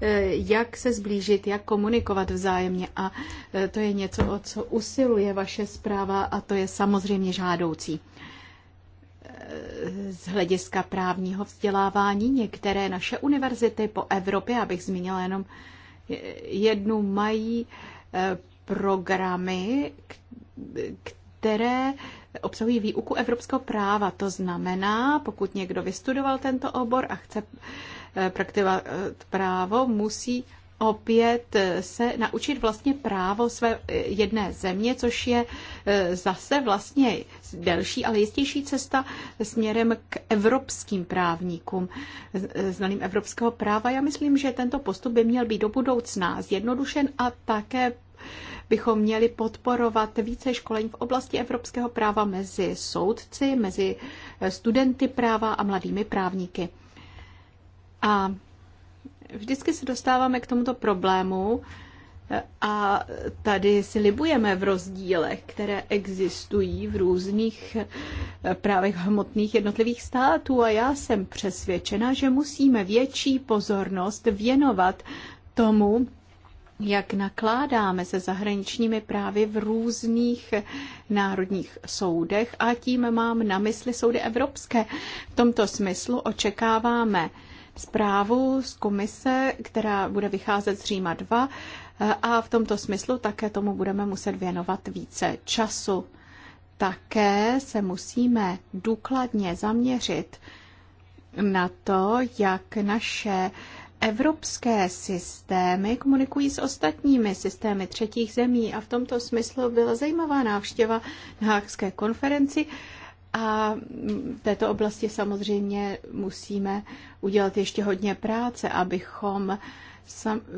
eh, jak se zblížit, jak komunikovat vzájemně. A eh, to je něco, o co usiluje vaše zpráva a to je samozřejmě žádoucí z hlediska právního vzdělávání některé naše univerzity po Evropě, abych zmínila jenom jednu, mají programy, které obsahují výuku evropského práva. To znamená, pokud někdo vystudoval tento obor a chce eh, praktikovat eh, právo, musí opět eh, se naučit vlastně právo své jedné země, což je zase vlastně delší, ale jistější cesta směrem k evropským právníkům, znalým evropského práva. Já myslím, že tento postup by měl být do budoucna zjednodušen a také bychom měli podporovat více školení v oblasti evropského práva mezi soudci, mezi eh, studenty práva a mladými právníky. A vždycky se dostáváme k tomuto problému eh, a tady si libujeme v rozdílech, které existují v různých eh, právech hmotných jednotlivých států a já jsem přesvědčena, že musíme větší pozornost věnovat tomu, jak nakládáme se zahraničními právy v různých národních soudech a tím mám na mysli soudy evropské. V tomto smyslu očekáváme zprávu z komise, která bude vycházet z Říma 2 a v tomto smyslu také tomu budeme muset věnovat více času. Také se musíme důkladně zaměřit na to, jak naše Evropské systémy komunikují s ostatními systémy třetích zemí a v tomto smyslu byla zajímavá návštěva na Hákské konferenci a v této oblasti samozřejmě musíme udělat ještě hodně práce, abychom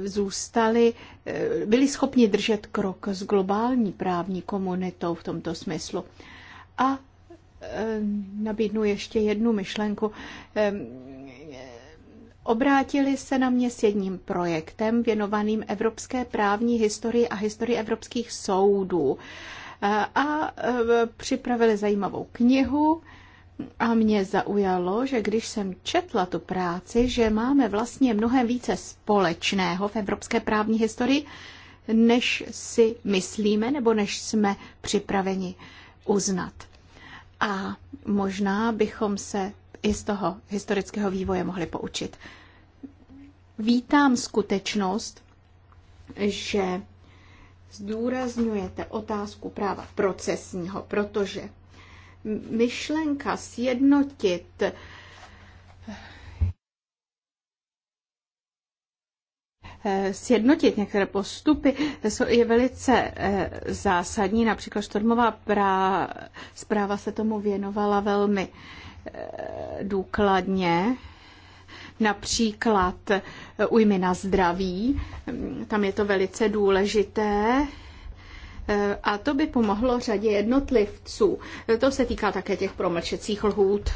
zůstali, eh, byli schopni držet krok s globální právní komunitou v tomto smyslu. A eh, nabídnu ještě jednu myšlenku. Obrátili se na mě s jedním projektem věnovaným evropské právní historii a historii evropských soudů. A připravili zajímavou knihu, a mě zaujalo, že když jsem četla tu práci, že máme vlastně mnohem více společného v evropské právní historii, než si myslíme nebo než jsme připraveni uznat. A možná bychom se i z toho historického vývoje mohli poučit. Vítám skutečnost, že zdůrazňujete otázku práva procesního, protože myšlenka sjednotit sjednotit některé postupy je velice eh, zásadní. Například Štormová zpráva se tomu věnovala velmi Eh, důkladně, například ujmy eh, na zdraví, mm, tam je to velice důležité, eh, a to by pomohlo řadě jednotlivců. To se týká také těch promlčecích lhůt.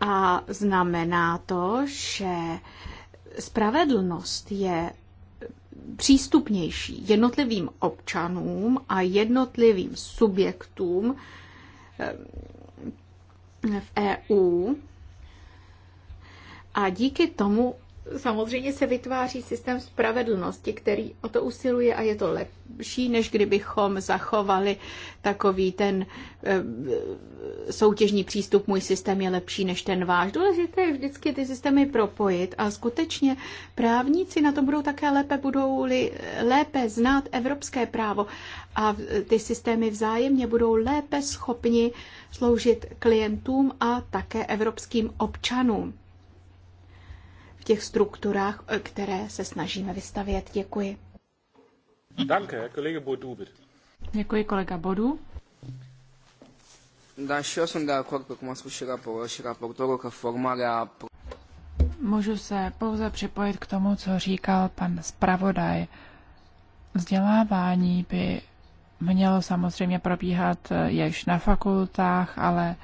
A znamená to, že spravedlnost je přístupnější jednotlivým občanům a jednotlivým subjektům, v EU. A díky tomu samozřejmě se vytváří systém spravedlnosti, který o to usiluje a je to lepší, než kdybychom zachovali takový ten eh, soutěžní přístup, můj systém je lepší než ten váš. Důležité je vždycky ty systémy propojit a skutečně právníci na to budou také lépe, budou-li lépe znát evropské právo a ty systémy vzájemně budou lépe schopni sloužit klientům a také evropským občanům těch strukturách, eh, které se snažíme vystavět. Děkuji. Danke, kolega Bodu. Děkuji, kolega Bodu. Můžu se pouze připojit k tomu, co říkal pan zpravodaj. Vzdělávání by mělo samozřejmě probíhat eh, jež na fakultách, ale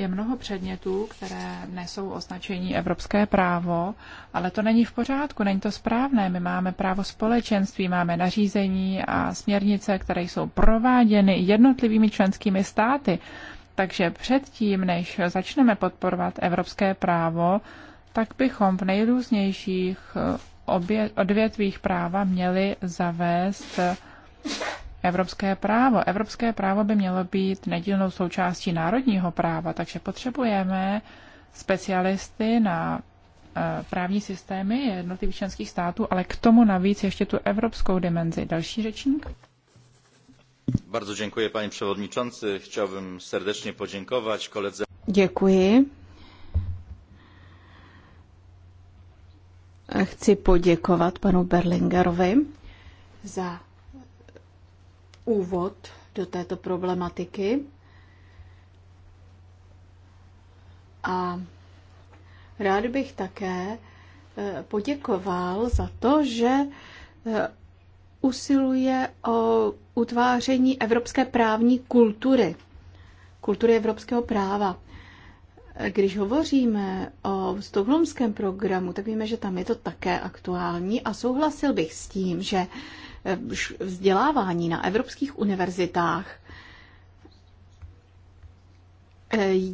je mnoho předmětů, které nesou označení evropské právo, ale to není v pořádku, není to správné. My máme právo společenství, máme nařízení a směrnice, které jsou prováděny jednotlivými členskými státy. Takže předtím, než začneme podporovat evropské právo, tak bychom v nejrůznějších eh, odvětvích práva měli zavést evropské právo. Evropské právo by mělo být nedílnou součástí národního práva, takže potřebujeme specialisty na e, právní systémy jednotlivých členských států, ale k tomu navíc ještě tu evropskou dimenzi. Další řečník. Bardzo paní panie chtěl bych srdečně poděkovat koledze. Děkuji. Chci poděkovat panu Berlingerovi za úvod do této problematiky. A rád bych také eh, poděkoval za to, že eh, usiluje o utváření evropské právní kultury, kultury evropského práva. Když hovoříme o stokholmském programu, tak víme, že tam je to také aktuální a souhlasil bych s tím, že vzdělávání na evropských univerzitách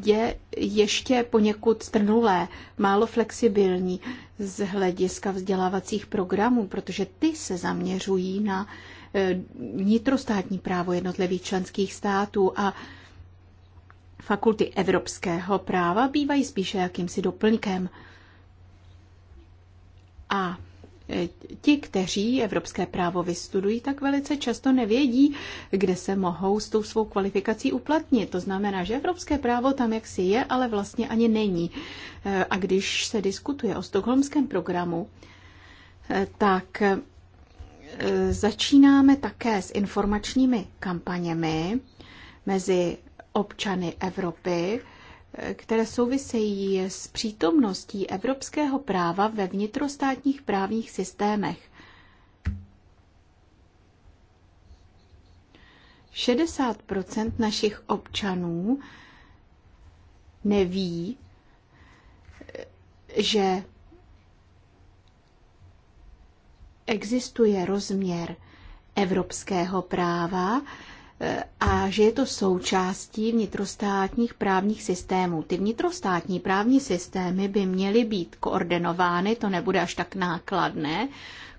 je ještě poněkud strnulé, málo flexibilní z hlediska vzdělávacích programů, protože ty se zaměřují na eh, vnitrostátní právo jednotlivých členských států a fakulty evropského práva bývají spíše jakýmsi doplňkem. A Ti, kteří evropské právo vystudují, tak velice často nevědí, kde se mohou s tou svou kvalifikací uplatnit. To znamená, že evropské právo tam jaksi je, ale vlastně ani není. Eh, a když se diskutuje o stokholmském programu, eh, tak eh, začínáme také s informačními kampaněmi mezi občany Evropy, které souvisejí s přítomností evropského práva ve vnitrostátních právních systémech. 60 našich občanů neví, že existuje rozměr evropského práva, a že je to součástí vnitrostátních právních systémů. Ty vnitrostátní právní systémy by měly být koordinovány, to nebude až tak nákladné.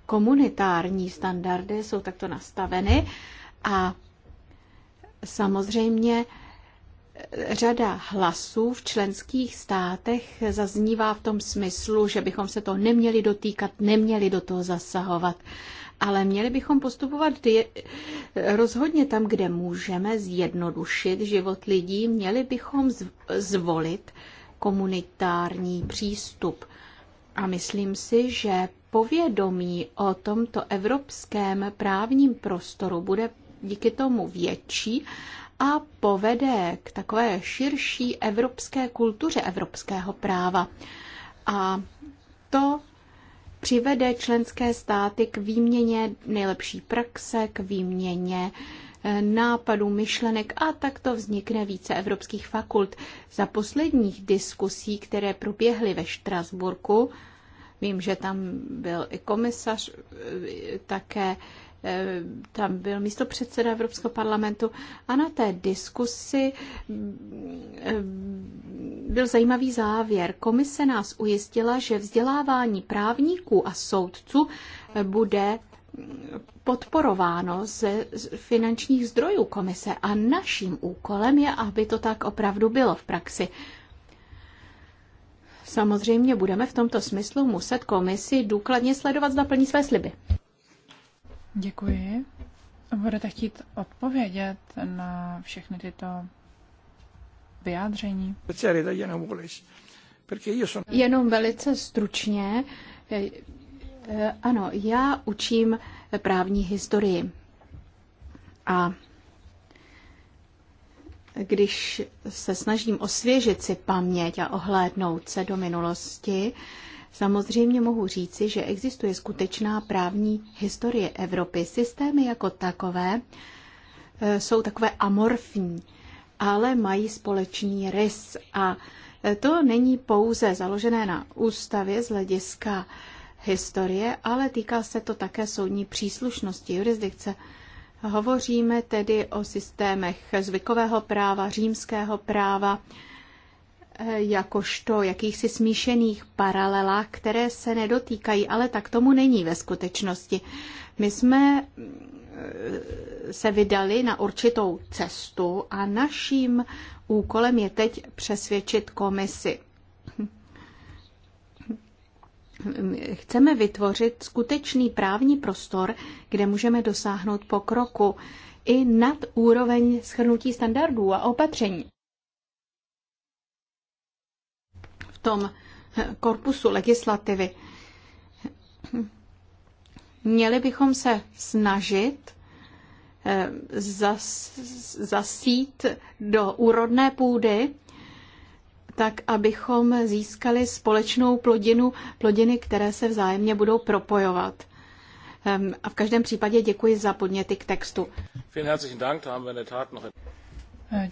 Komunitární standardy jsou takto nastaveny a samozřejmě řada hlasů v členských státech zaznívá v tom smyslu, že bychom se to neměli dotýkat, neměli do toho zasahovat ale měli bychom postupovat eh, rozhodně tam, kde můžeme zjednodušit život lidí, měli bychom zvolit komunitární přístup. A myslím si, že povědomí o tomto evropském právním prostoru bude díky tomu větší a povede k takové širší evropské kultuře evropského práva. A to přivede členské státy k výměně nejlepší praxe, k výměně eh, nápadů, myšlenek a takto vznikne více evropských fakult. Za posledních diskusí, které proběhly ve Štrasburku, vím, že tam byl i komisař, eh, také Eh, tam byl místo předseda Evropského parlamentu a na té diskusi eh, byl zajímavý závěr. Komise nás ujistila, že vzdělávání právníků a soudců eh, bude podporováno ze finančních zdrojů komise a naším úkolem je, aby to tak opravdu bylo v praxi. Samozřejmě budeme v tomto smyslu muset komisi důkladně sledovat, zda plní své sliby. Děkuji. Budete chtít odpovědět na všechny tyto vyjádření? No Jenom velice stručně. Eh, ano, já učím právní historii. A když se snažím osvěžit si paměť a ohlédnout se do minulosti, Samozřejmě mohu říci, že existuje skutečná právní historie Evropy. Systémy jako takové eh, jsou takové amorfní, ale mají společný rys. A eh, to není pouze založené na ústavě z hlediska historie, ale týká se to také soudní příslušnosti jurisdikce. Hovoříme tedy o systémech zvykového práva, římského práva, jakožto jakýchsi smíšených paralelách, které se nedotýkají, ale tak tomu není ve skutečnosti. My jsme eh, se vydali na určitou cestu a naším úkolem je teď přesvědčit komisi. Chceme vytvořit skutečný právní prostor, kde můžeme dosáhnout pokroku i nad úroveň schrnutí standardů a opatření. v tom korpusu legislativy. Měli bychom se snažit eh, zasít do úrodné půdy, tak abychom získali společnou plodinu, plodiny, které se vzájemně budou propojovat. Ehm, a v každém případě děkuji za podněty k textu.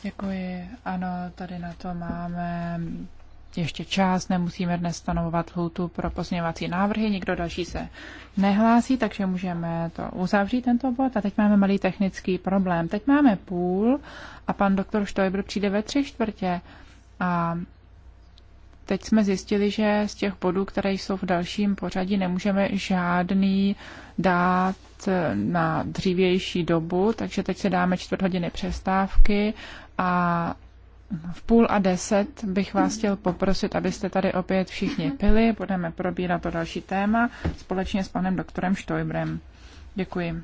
Děkuji. Ano, tady na to máme ještě čas, nemusíme dnes stanovovat lhůtu pro pozměňovací návrhy, nikdo další se nehlásí, takže můžeme to uzavřít tento bod. A teď máme malý technický problém. Teď máme půl a pan doktor Štojbr přijde ve tři čtvrtě a teď jsme zjistili, že z těch bodů, které jsou v dalším pořadí, nemůžeme žádný dát na dřívější dobu, takže teď se dáme čtvrt hodiny přestávky a v půl a deset bych vás chtěl poprosit, abyste tady opět všichni pili. Budeme probírat to další téma společně s panem doktorem Štojbrem. Děkuji.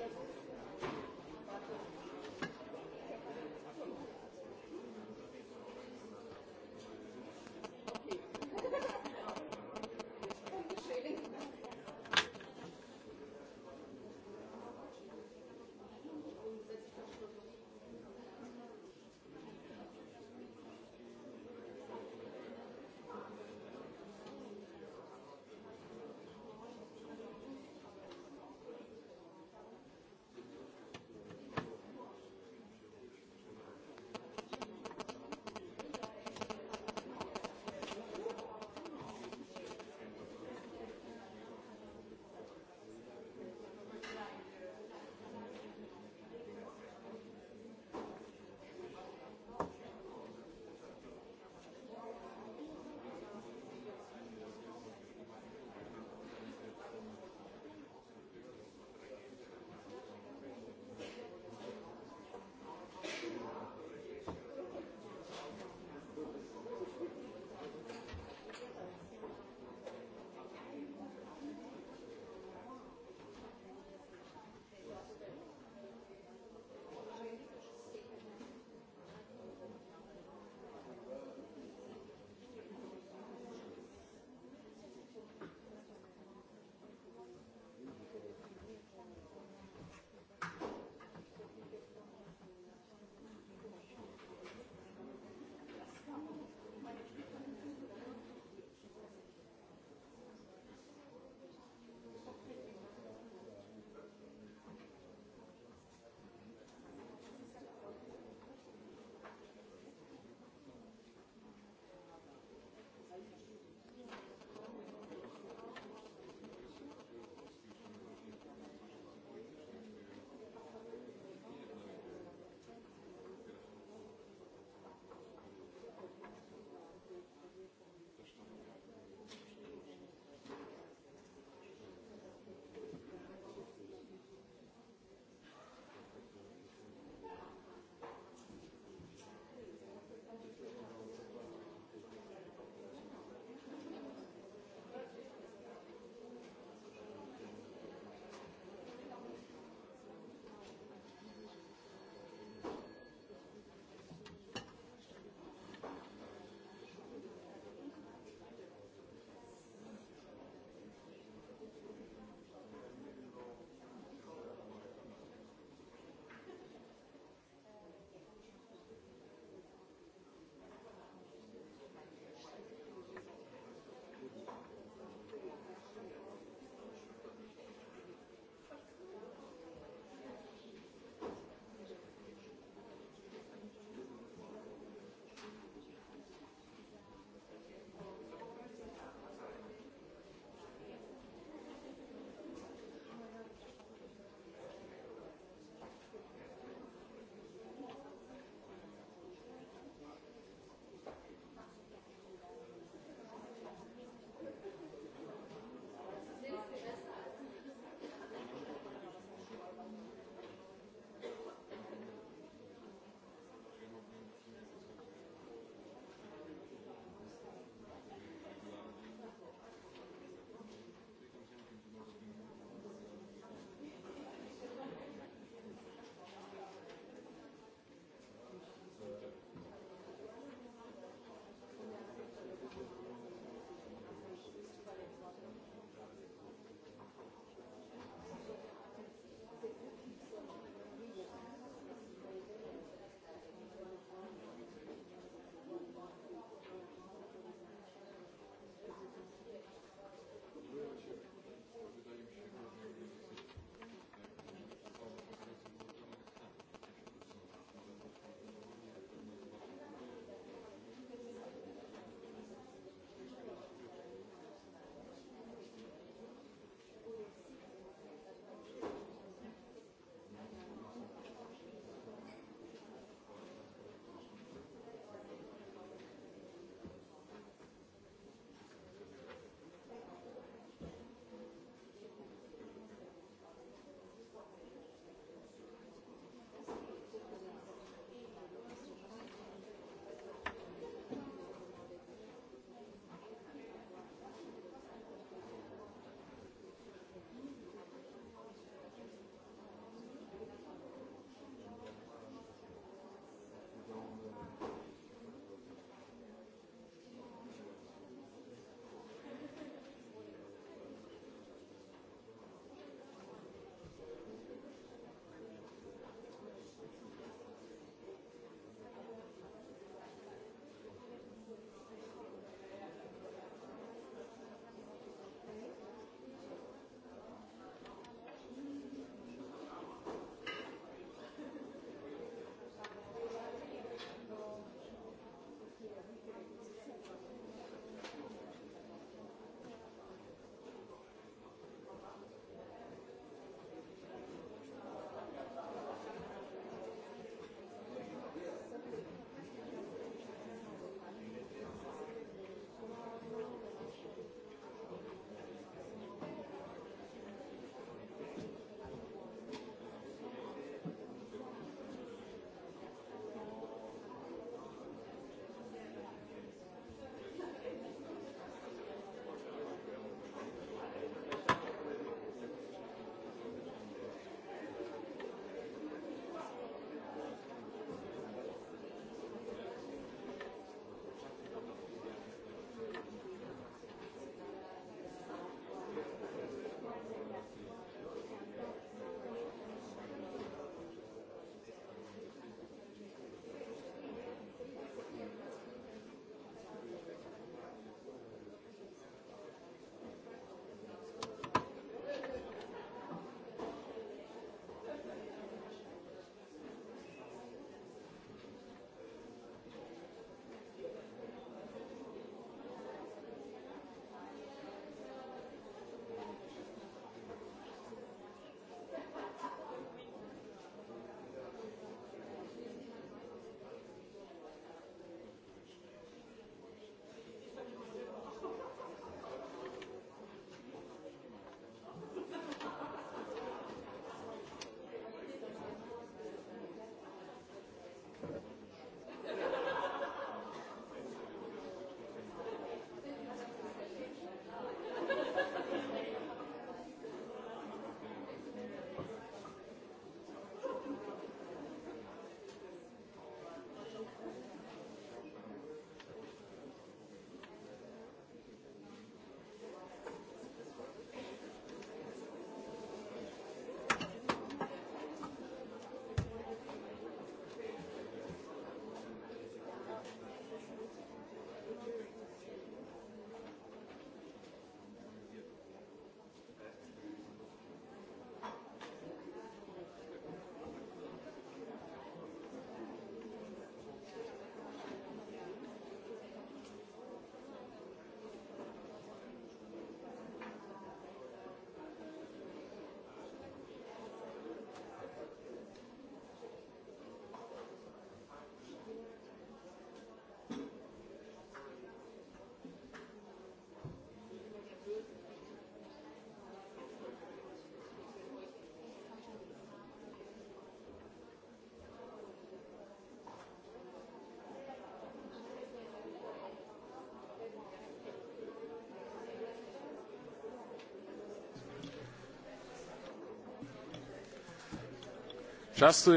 Vás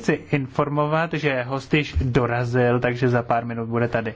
chci informovat, že host již dorazil, takže za pár minut bude tady.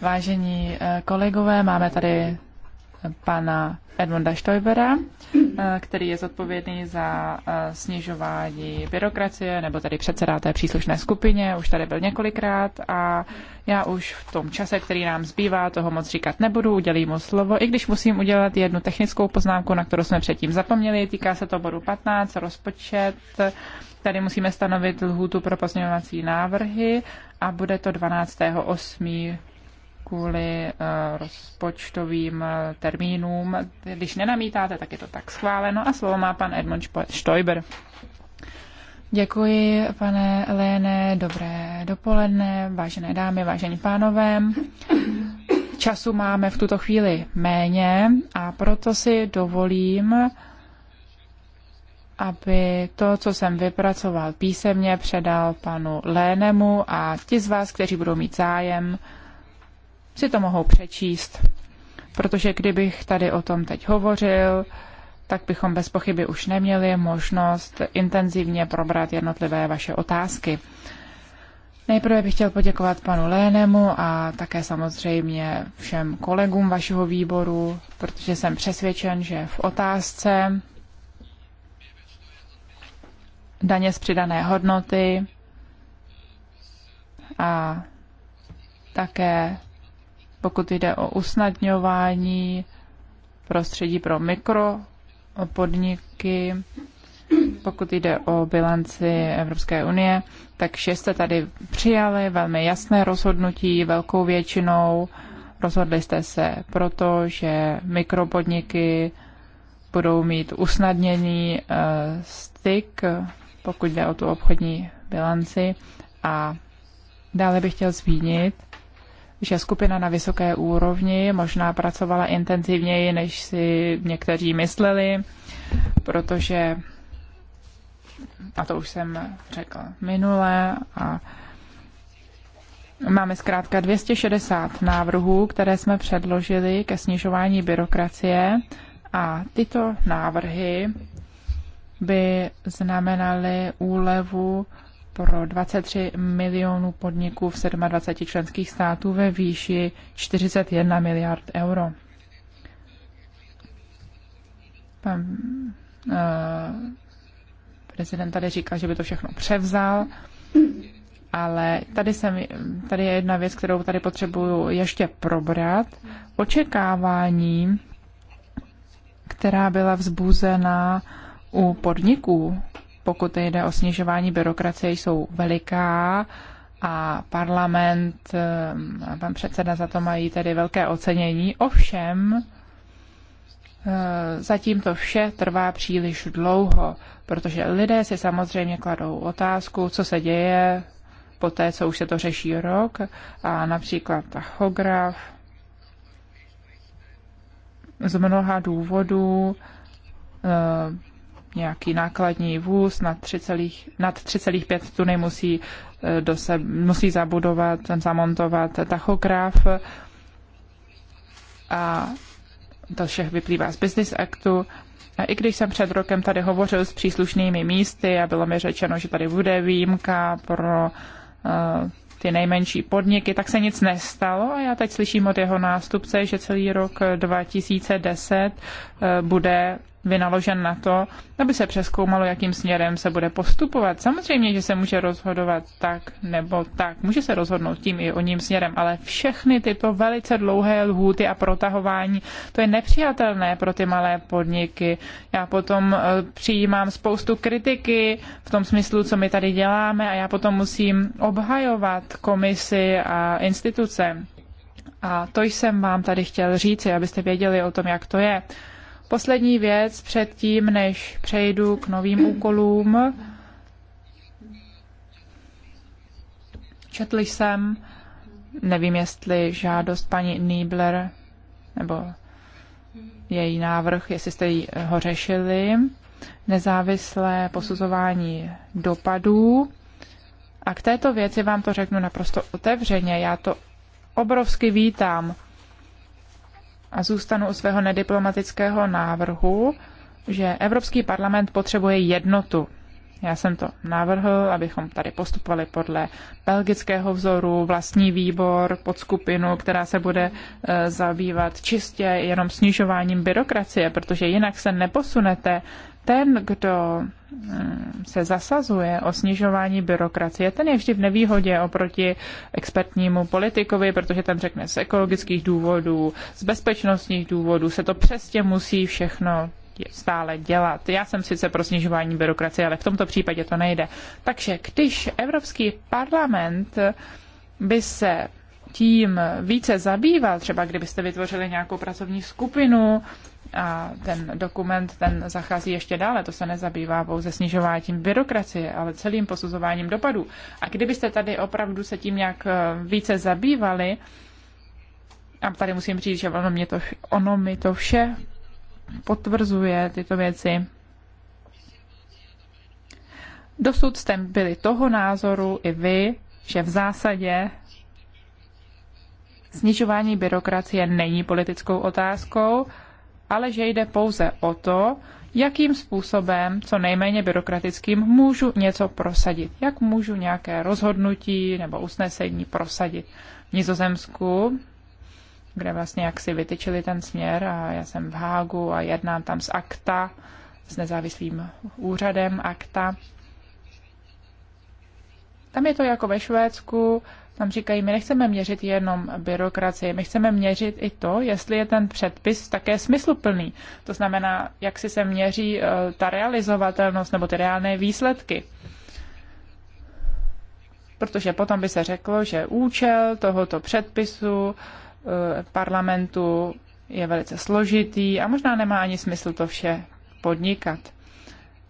Vážení eh, kolegové, máme tady eh, pana Edmunda Stoibera, eh, který je zodpovědný za snižování byrokracie, nebo tady předsedá té příslušné skupině, už tady byl několikrát a já už v tom čase, který nám zbývá, toho moc říkat nebudu, udělím mu slovo, i když musím udělat jednu technickou poznámku, na kterou jsme předtím zapomněli, týká se to bodu 15, rozpočet Tady musíme stanovit lhůtu pro pozměňovací návrhy a bude to 12.8 kvůli eh, rozpočtovým eh, termínům. Když nenamítáte, tak je to tak schváleno. A slovo má pan Edmund Stoiber. Děkuji, pane Léne, dobré dopoledne, vážené dámy, vážení pánové. Času máme v tuto chvíli méně a proto si dovolím aby to, co jsem vypracoval písemně, předal panu Lénemu a ti z vás, kteří budou mít zájem, si to mohou přečíst. Protože kdybych tady o tom teď hovořil, tak bychom bez pochyby už neměli možnost intenzivně probrat jednotlivé vaše otázky. Nejprve bych chtěl poděkovat panu Lénemu a také samozřejmě všem kolegům vašeho výboru, protože jsem přesvědčen, že v otázce daně z přidané hodnoty a také pokud jde o usnadňování prostředí pro mikropodniky, pokud jde o bilanci Evropské unie, vše jste tady přijali velmi jasné rozhodnutí velkou většinou. Rozhodli jste se proto, že mikropodniky budou mít usnadněný eh, styk pokud jde o tu obchodní bilanci. A dále bych chtěl zmínit, že skupina na vysoké úrovni možná pracovala intenzivněji, než si někteří mysleli, protože, a to už jsem řekl minule, a Máme zkrátka 260 návrhů, které jsme předložili ke snižování byrokracie a tyto návrhy by znamenaly úlevu pro 23 milionů podniků v 27 členských států ve výši 41 miliard euro. Pan uh, prezident tady říkal, že by to všechno převzal, ale tady, jsem, tady je jedna věc, kterou tady potřebuju ještě probrat. Očekávání, která byla vzbuzená uh, u podniků, pokud jde o snižování byrokracie, jsou veliká a parlament eh, a pan předseda za to mají tedy velké ocenění. Ovšem, eh, zatím to vše trvá příliš dlouho, protože lidé si samozřejmě kladou otázku, co se děje po té, co už se to řeší rok, a například tachograf z mnoha důvodů eh, nějaký nákladní vůz nad 3,5 tuny musí, eh, do se, musí zabudovat, zamontovat tachograf a to všech vyplývá z Business Actu. A i když jsem před rokem tady hovořil s příslušnými místy a bylo mi řečeno, že tady bude výjimka pro uh, ty nejmenší podniky, tak se nic nestalo a já teď slyším od jeho nástupce, že celý rok 2010 eh, bude vynaložen na to, aby se přeskoumalo, jakým směrem se bude postupovat. Samozřejmě, že se může rozhodovat tak nebo tak. Může se rozhodnout tím i o ním směrem, ale všechny tyto velice dlouhé lhůty a protahování, to je nepřijatelné pro ty malé podniky. Já potom eh, přijímám spoustu kritiky v tom smyslu, co my tady děláme a já potom musím obhajovat komisi a instituce. A to jsem vám tady chtěl říci, abyste věděli o tom, jak to je. Poslední věc předtím, než přejdu k novým úkolům. Četl jsem, nevím jestli žádost paní Niebler nebo její návrh, jestli jste ji eh, ho řešili, nezávislé posuzování dopadů. A k této věci vám to řeknu naprosto otevřeně. Já to obrovsky vítám a zůstanu u svého nediplomatického návrhu, že Evropský parlament potřebuje jednotu. Já jsem to navrhl, abychom tady postupovali podle belgického vzoru, vlastní výbor, podskupinu, která se bude e, zabývat čistě jenom snižováním byrokracie, protože jinak se neposunete ten, kdo mm, se zasazuje o snižování byrokracie, ten je vždy v nevýhodě oproti expertnímu politikovi, protože ten řekne z ekologických důvodů, z bezpečnostních důvodů, se to přesně musí všechno stále dělat. Já jsem sice pro snižování byrokracie, ale v tomto případě to nejde. Takže když Evropský parlament by se tím více zabýval, třeba kdybyste vytvořili nějakou pracovní skupinu, a ten dokument ten zachází ještě dále, to se nezabývá pouze snižováním byrokracie, ale celým posuzováním dopadů. A kdybyste tady opravdu se tím nějak eh, více zabývali, a tady musím říct, že ono, mě to, ono mi to vše potvrzuje tyto věci. Dosud jste byli toho názoru i vy, že v zásadě snižování byrokracie není politickou otázkou ale že jde pouze o to, jakým způsobem, co nejméně byrokratickým, můžu něco prosadit. Jak můžu nějaké rozhodnutí nebo usnesení prosadit. V Nizozemsku, kde vlastně jak si vytyčili ten směr a já jsem v Hágu a jednám tam s akta, s nezávislým úřadem akta. Tam je to jako ve Švédsku, tam říkají, my nechceme měřit jenom byrokracii, my chceme měřit i to, jestli je ten předpis také smysluplný. To znamená, jak si se měří eh, ta realizovatelnost nebo ty reálné výsledky protože potom by se řeklo, že účel tohoto předpisu eh, parlamentu je velice složitý a možná nemá ani smysl to vše podnikat.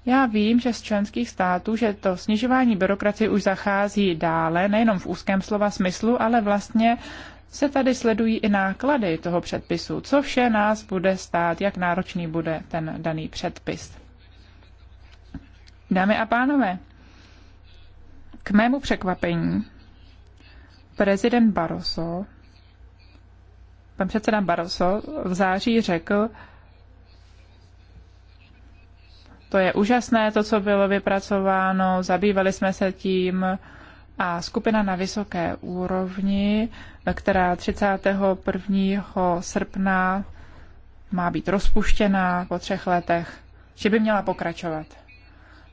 Já vím, že z členských států, že to snižování byrokracie už zachází dále, nejenom v úzkém slova smyslu, ale vlastně se tady sledují i náklady toho předpisu. Co vše nás bude stát, jak náročný bude ten daný předpis. Dámy a pánové, k mému překvapení prezident Barroso, pan předseda Barroso v září řekl, to je úžasné, to, co bylo vypracováno, zabývali jsme se tím a skupina na vysoké úrovni, která 31. srpna má být rozpuštěná po třech letech, že by měla pokračovat.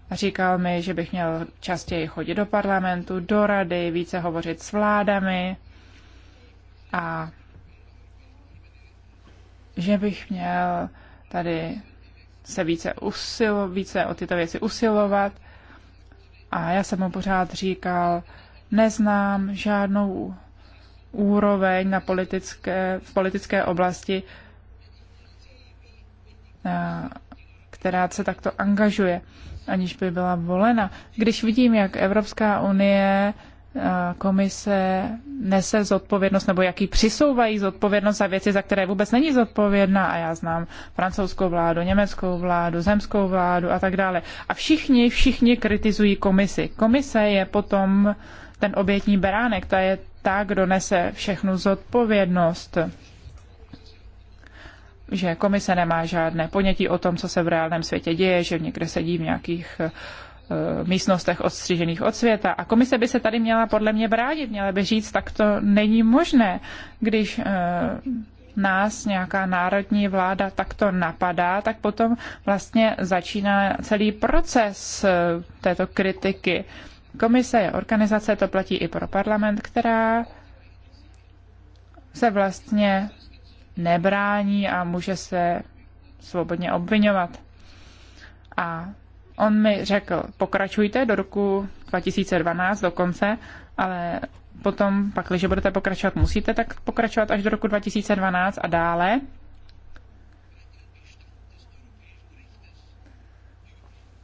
A říkal mi, že bych měl častěji chodit do parlamentu, do rady, více hovořit s vládami a že bych měl tady se více, usilo, více o tyto věci usilovat. A já jsem mu pořád říkal, neznám žádnou úroveň na politické, v politické oblasti, která se takto angažuje, aniž by byla volena. Když vidím, jak Evropská unie Eh, komise nese zodpovědnost, nebo jaký přisouvají zodpovědnost za věci, za které vůbec není zodpovědná. A já znám francouzskou vládu, německou vládu, zemskou vládu a tak dále. A všichni, všichni kritizují komisi. Komise je potom ten obětní beránek, ta je ta, kdo nese všechnu zodpovědnost že komise nemá žádné ponětí o tom, co se v reálném světě děje, že někde sedí v nějakých uh, Eh, místnostech odstřížených od světa. A komise by se tady měla podle mě bránit, měla by říct, tak to není možné, když eh, nás nějaká národní vláda takto napadá, tak potom vlastně začíná celý proces eh, této kritiky. Komise je organizace, to platí i pro parlament, která se vlastně nebrání a může se svobodně obvinovat. A On mi řekl, pokračujte do roku 2012 dokonce, ale potom, pak, když budete pokračovat, musíte tak pokračovat až do roku 2012 a dále.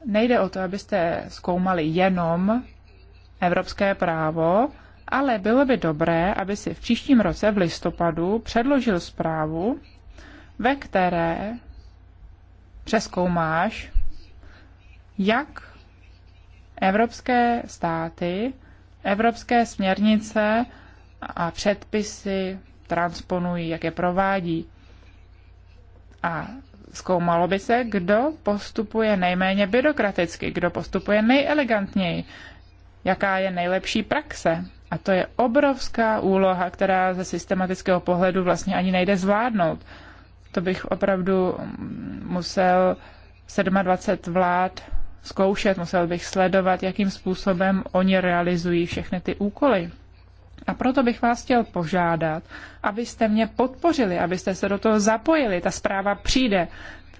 Nejde o to, abyste zkoumali jenom evropské právo, ale bylo by dobré, aby si v příštím roce v listopadu předložil zprávu, ve které přeskoumáš jak evropské státy, evropské směrnice a předpisy transponují, jak je provádí. A zkoumalo by se, kdo postupuje nejméně byrokraticky, kdo postupuje nejelegantněji, jaká je nejlepší praxe. A to je obrovská úloha, která ze systematického pohledu vlastně ani nejde zvládnout. To bych opravdu mm, musel 27 vlád zkoušet, musel bych sledovat, jakým způsobem oni realizují všechny ty úkoly. A proto bych vás chtěl požádat, abyste mě podpořili, abyste se do toho zapojili. Ta zpráva přijde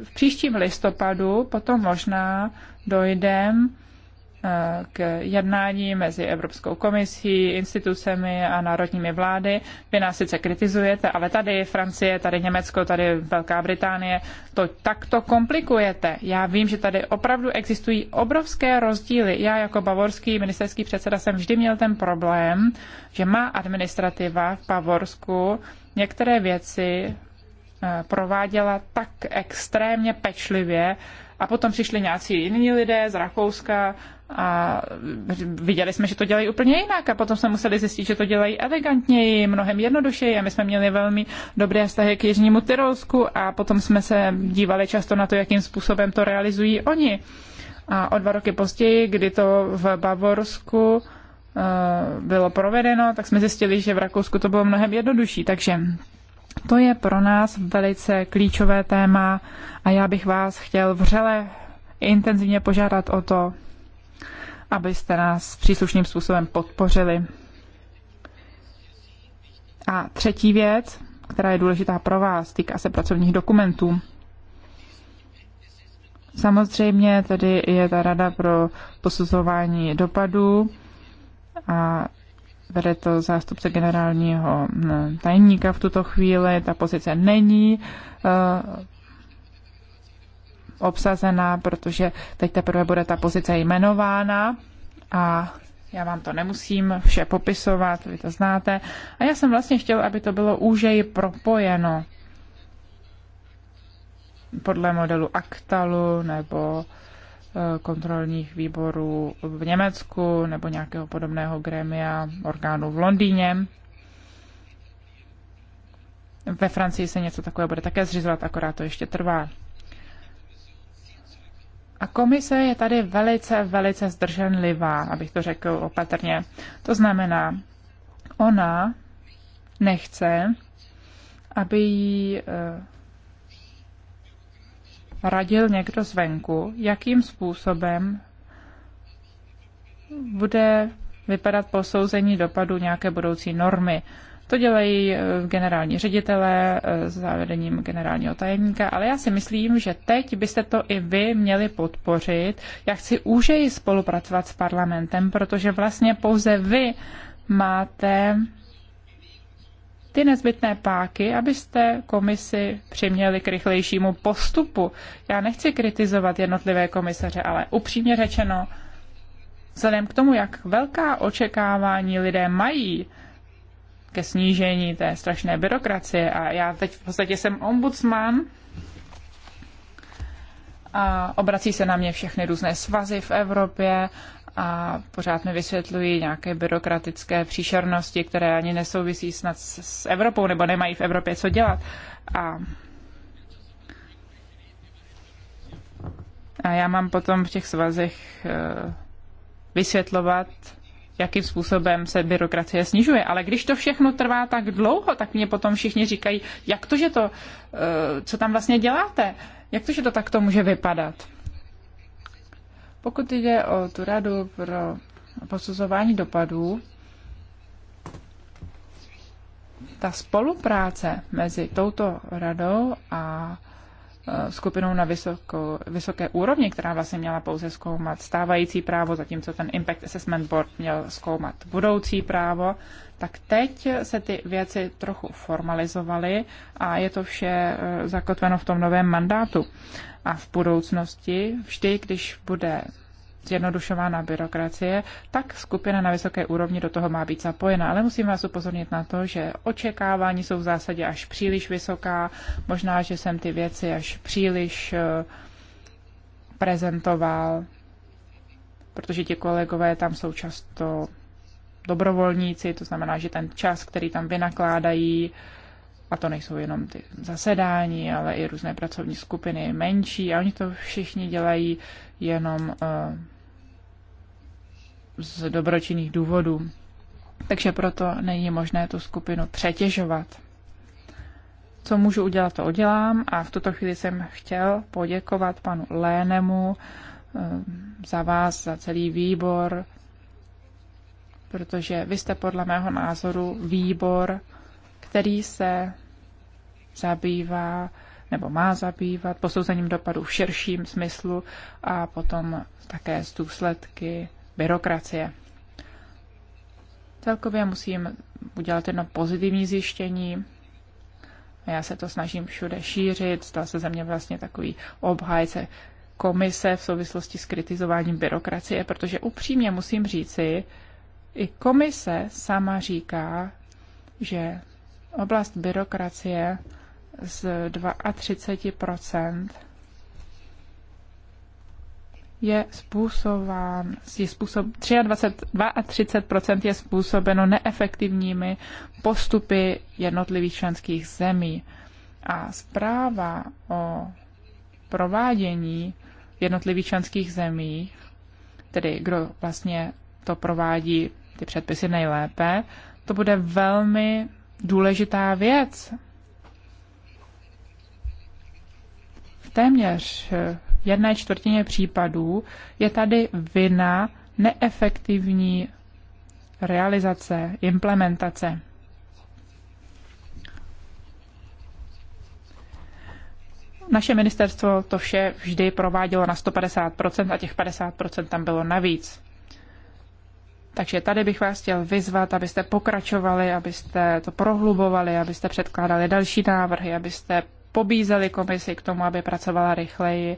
v příštím listopadu, potom možná dojdem k jednání mezi Evropskou komisí, institucemi a národními vlády. Vy nás sice kritizujete, ale tady Francie, tady Německo, tady Velká Británie, to takto komplikujete. Já vím, že tady opravdu existují obrovské rozdíly. Já jako bavorský ministerský předseda jsem vždy měl ten problém, že má administrativa v Bavorsku některé věci eh, prováděla tak extrémně pečlivě, a potom přišli nějací jiní lidé z Rakouska a viděli jsme, že to dělají úplně jinak a potom jsme museli zjistit, že to dělají elegantněji, mnohem jednodušeji a my jsme měli velmi dobré vztahy k Jižnímu Tyrolsku a potom jsme se dívali často na to, jakým způsobem to realizují oni. A o dva roky později, kdy to v Bavorsku eh, bylo provedeno, tak jsme zjistili, že v Rakousku to bylo mnohem jednodušší. Takže to je pro nás velice klíčové téma a já bych vás chtěl vřele intenzivně požádat o to, abyste nás příslušným způsobem podpořili. A třetí věc, která je důležitá pro vás, týká se pracovních dokumentů. Samozřejmě tady je ta rada pro posuzování dopadů a vede to zástupce generálního tajemníka v tuto chvíli. Ta pozice není eh, obsazená, protože teď teprve bude ta pozice jmenována a já vám to nemusím vše popisovat, vy to znáte. A já jsem vlastně chtěl, aby to bylo úžeji propojeno podle modelu Aktalu nebo eh, kontrolních výborů v Německu nebo nějakého podobného grémia orgánu v Londýně. Ve Francii se něco takového bude také zřizovat, akorát to ještě trvá. A komise je tady velice, velice zdrženlivá, abych to řekl opatrně. To znamená, ona nechce, aby jí eh, radil někdo zvenku, jakým způsobem bude vypadat posouzení dopadu nějaké budoucí normy. To dělají eh, generální ředitelé eh, s závedením generálního tajemníka, ale já si myslím, že teď byste to i vy měli podpořit. Já chci úžeji spolupracovat s parlamentem, protože vlastně pouze vy máte ty nezbytné páky, abyste komisi přiměli k rychlejšímu postupu. Já nechci kritizovat jednotlivé komisaře, ale upřímně řečeno, vzhledem k tomu, jak velká očekávání lidé mají ke snížení té strašné byrokracie. A já teď v podstatě jsem ombudsman a obrací se na mě všechny různé svazy v Evropě a pořád mi vysvětlují nějaké byrokratické příšernosti, které ani nesouvisí snad s Evropou nebo nemají v Evropě co dělat. A a já mám potom v těch svazech eh, vysvětlovat jakým způsobem se byrokracie snižuje. Ale když to všechno trvá tak dlouho, tak mě potom všichni říkají, jak to, že to, eh, co tam vlastně děláte, jak to, že to takto může vypadat. Pokud jde o tu radu pro posuzování dopadů, ta spolupráce mezi touto radou a Eh, skupinou na vysoko, vysoké úrovni, která vlastně měla pouze zkoumat stávající právo, zatímco ten Impact Assessment Board měl zkoumat budoucí právo, tak teď se ty věci trochu formalizovaly a je to vše eh, zakotveno v tom novém mandátu. A v budoucnosti, vždy, když bude zjednodušována byrokracie, tak skupina na vysoké úrovni do toho má být zapojena. Ale musím vás upozornit na to, že očekávání jsou v zásadě až příliš vysoká, možná, že jsem ty věci až příliš eh, prezentoval, protože ti kolegové tam jsou často dobrovolníci, to znamená, že ten čas, který tam vynakládají, a to nejsou jenom ty zasedání, ale i různé pracovní skupiny menší a oni to všichni dělají jenom uh, z dobročinných důvodů. Takže proto není možné tu skupinu přetěžovat. Co můžu udělat, to udělám a v tuto chvíli jsem chtěl poděkovat panu Lénemu eh, za vás, za celý výbor, protože vy jste podle mého názoru výbor, který se zabývá nebo má zabývat posouzením dopadu v širším smyslu a potom také z důsledky byrokracie. Celkově musím udělat jedno pozitivní zjištění. Já se to snažím všude šířit. Stal se ze mě vlastně takový obhájce komise v souvislosti s kritizováním byrokracie, protože upřímně musím říci, i komise sama říká, že oblast byrokracie z 32 je způsobán, je způsob, 23, 32% je způsobeno neefektivními postupy jednotlivých členských zemí. A zpráva o provádění jednotlivých členských zemí, tedy kdo vlastně to provádí ty předpisy nejlépe, to bude velmi důležitá věc. V téměř jedné čtvrtině případů je tady vina neefektivní realizace, implementace. Naše ministerstvo to vše vždy provádělo na 150% a těch 50% tam bylo navíc. Takže tady bych vás chtěl vyzvat, abyste pokračovali, abyste to prohlubovali, abyste předkládali další návrhy, abyste pobízeli komisi k tomu, aby pracovala rychleji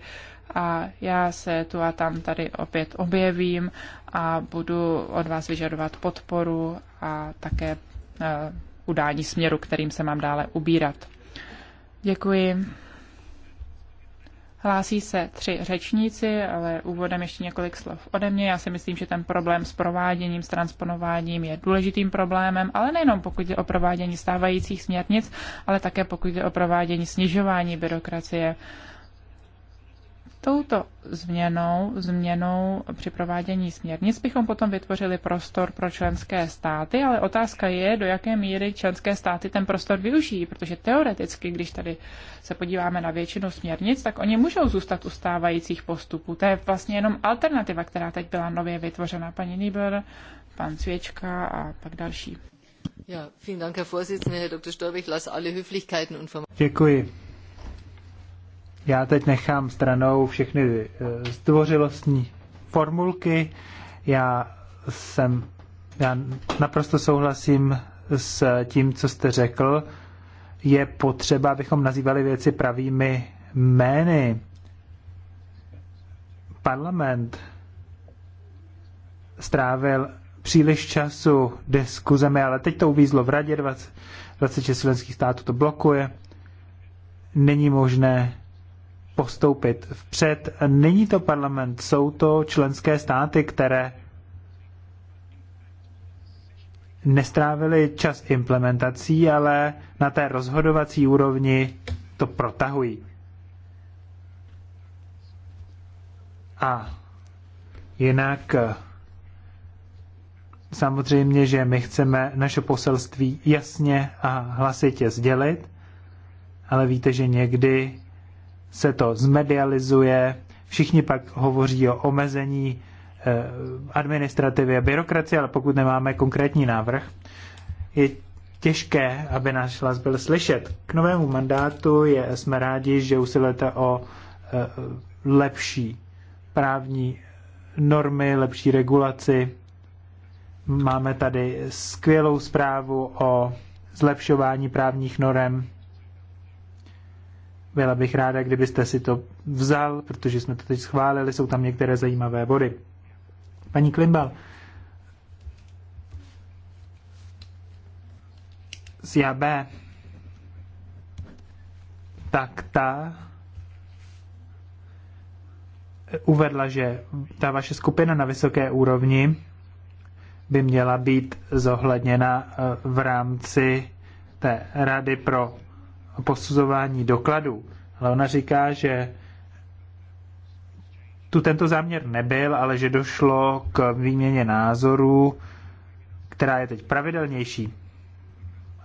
a já se tu a tam tady opět objevím a budu od vás vyžadovat podporu a také eh, udání směru, kterým se mám dále ubírat. Děkuji. Hlásí se tři řečníci, ale úvodem ještě několik slov ode mě. Já si myslím, že ten problém s prováděním, s transponováním je důležitým problémem, ale nejenom pokud je o provádění stávajících směrnic, ale také pokud je o provádění snižování byrokracie touto změnou, změnou při provádění směrnic bychom potom vytvořili prostor pro členské státy, ale otázka je, do jaké míry členské státy ten prostor využijí, protože teoreticky, když tady se podíváme na většinu směrnic, tak oni můžou zůstat u stávajících postupů. To je vlastně jenom alternativa, která teď byla nově vytvořena. Paní Nýbr, pan Cvěčka a pak další. Děkuji já teď nechám stranou všechny eh, zdvořilostní formulky. Já jsem, já naprosto souhlasím s tím, co jste řekl. Je potřeba, abychom nazývali věci pravými jmény. Parlament strávil příliš času diskuzemi, ale teď to uvízlo v radě 20, 26 členských států to blokuje. Není možné postoupit vpřed. Není to parlament, jsou to členské státy, které nestrávili čas implementací, ale na té rozhodovací úrovni to protahují. A jinak samozřejmě, že my chceme naše poselství jasně a hlasitě sdělit, ale víte, že někdy se to zmedializuje, všichni pak hovoří o omezení eh, administrativy a byrokracie, ale pokud nemáme konkrétní návrh, je těžké, aby náš hlas byl slyšet. K novému mandátu je, jsme rádi, že usilujete o eh, lepší právní normy, lepší regulaci. Máme tady skvělou zprávu o zlepšování právních norem byla bych ráda, kdybyste si to vzal, protože jsme to teď schválili, jsou tam některé zajímavé body. Paní Klimbal, z JAB, tak ta uvedla, že ta vaše skupina na vysoké úrovni by měla být zohledněna eh, v rámci té Rady pro posuzování dokladů. Ale ona říká, že tu tento záměr nebyl, ale že došlo k výměně názorů, která je teď pravidelnější.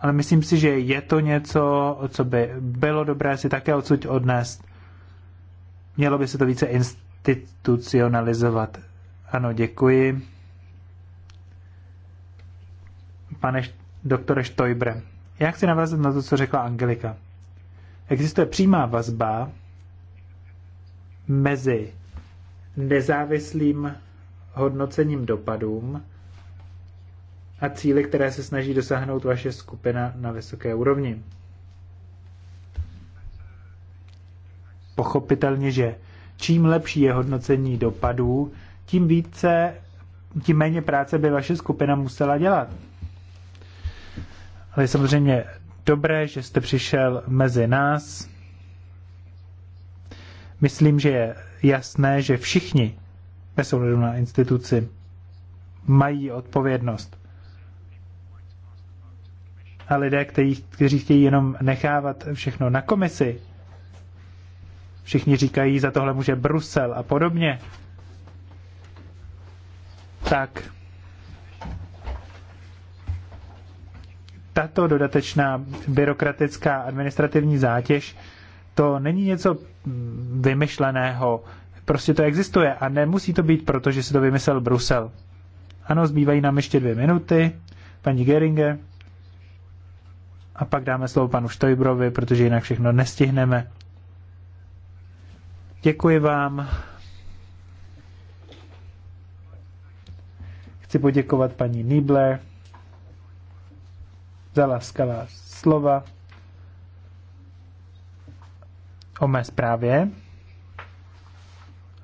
Ale myslím si, že je to něco, co by bylo dobré si také odsud odnést. Mělo by se to více institucionalizovat. Ano, děkuji. Pane doktore Štojbre. Já chci navázat na to, co řekla Angelika. Existuje přímá vazba mezi nezávislým hodnocením dopadům a cíly, které se snaží dosáhnout vaše skupina na vysoké úrovni. Pochopitelně, že čím lepší je hodnocení dopadů, tím více, tím méně práce by vaše skupina musela dělat. Ale je samozřejmě dobré, že jste přišel mezi nás. Myslím, že je jasné, že všichni, bez ohledu na instituci, mají odpovědnost. A lidé, kteří, kteří chtějí jenom nechávat všechno na komisi, všichni říkají, za tohle může Brusel a podobně, tak tato dodatečná byrokratická administrativní zátěž, to není něco vymyšleného, prostě to existuje a nemusí to být, protože si to vymyslel Brusel. Ano, zbývají nám ještě dvě minuty, paní Geringe, a pak dáme slovo panu Štojbrovi, protože jinak všechno nestihneme. Děkuji vám. Chci poděkovat paní Niebler, za laskavá slova o mé zprávě.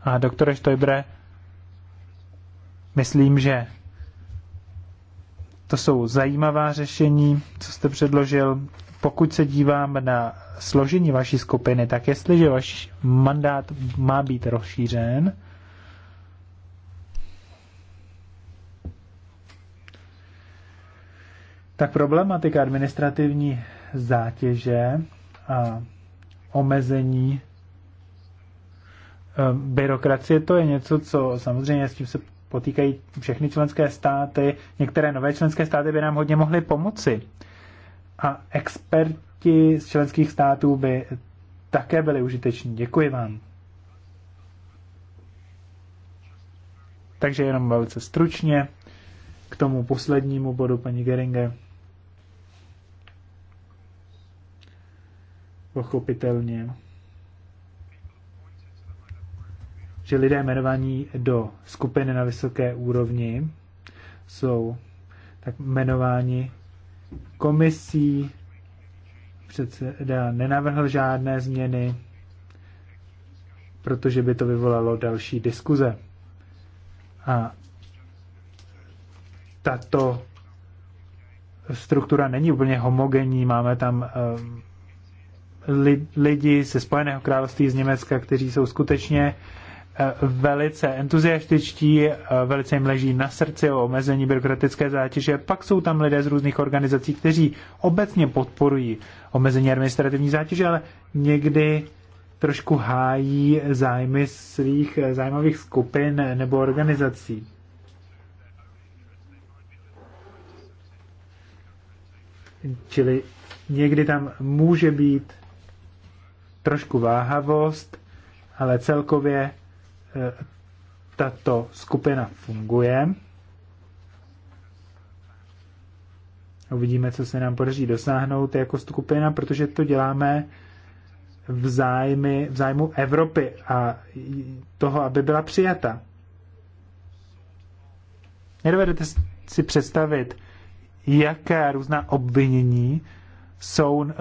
A doktore Štojbre, myslím, že to jsou zajímavá řešení, co jste předložil. Pokud se dívám na složení vaší skupiny, tak jestliže váš mandát má být rozšířen, tak problematika administrativní zátěže a omezení eh, byrokracie, to je něco, co samozřejmě s tím se potýkají všechny členské státy. Některé nové členské státy by nám hodně mohly pomoci. A experti z členských států by také byli užiteční. Děkuji vám. Takže jenom velice stručně k tomu poslednímu bodu paní Geringe. pochopitelně, že lidé jmenovaní do skupiny na vysoké úrovni jsou tak jmenováni komisí, předseda nenavrhl žádné změny, protože by to vyvolalo další diskuze. A tato struktura není úplně homogenní, máme tam um, li, lidi ze Spojeného království, z Německa, kteří jsou skutečně eh, velice entuziastičtí, eh, velice jim leží na srdci o omezení byrokratické zátěže. Pak jsou tam lidé z různých organizací, kteří obecně podporují omezení administrativní zátěže, ale někdy trošku hájí zájmy svých eh, zájmových skupin nebo organizací. Čili někdy tam může být trošku váhavost, ale celkově eh, tato skupina funguje. Uvidíme, co se nám podaří dosáhnout jako skupina, protože to děláme v, zájmy, v zájmu Evropy a toho, aby byla přijata. Nedovedete si představit, jaké různá obvinění jsou eh,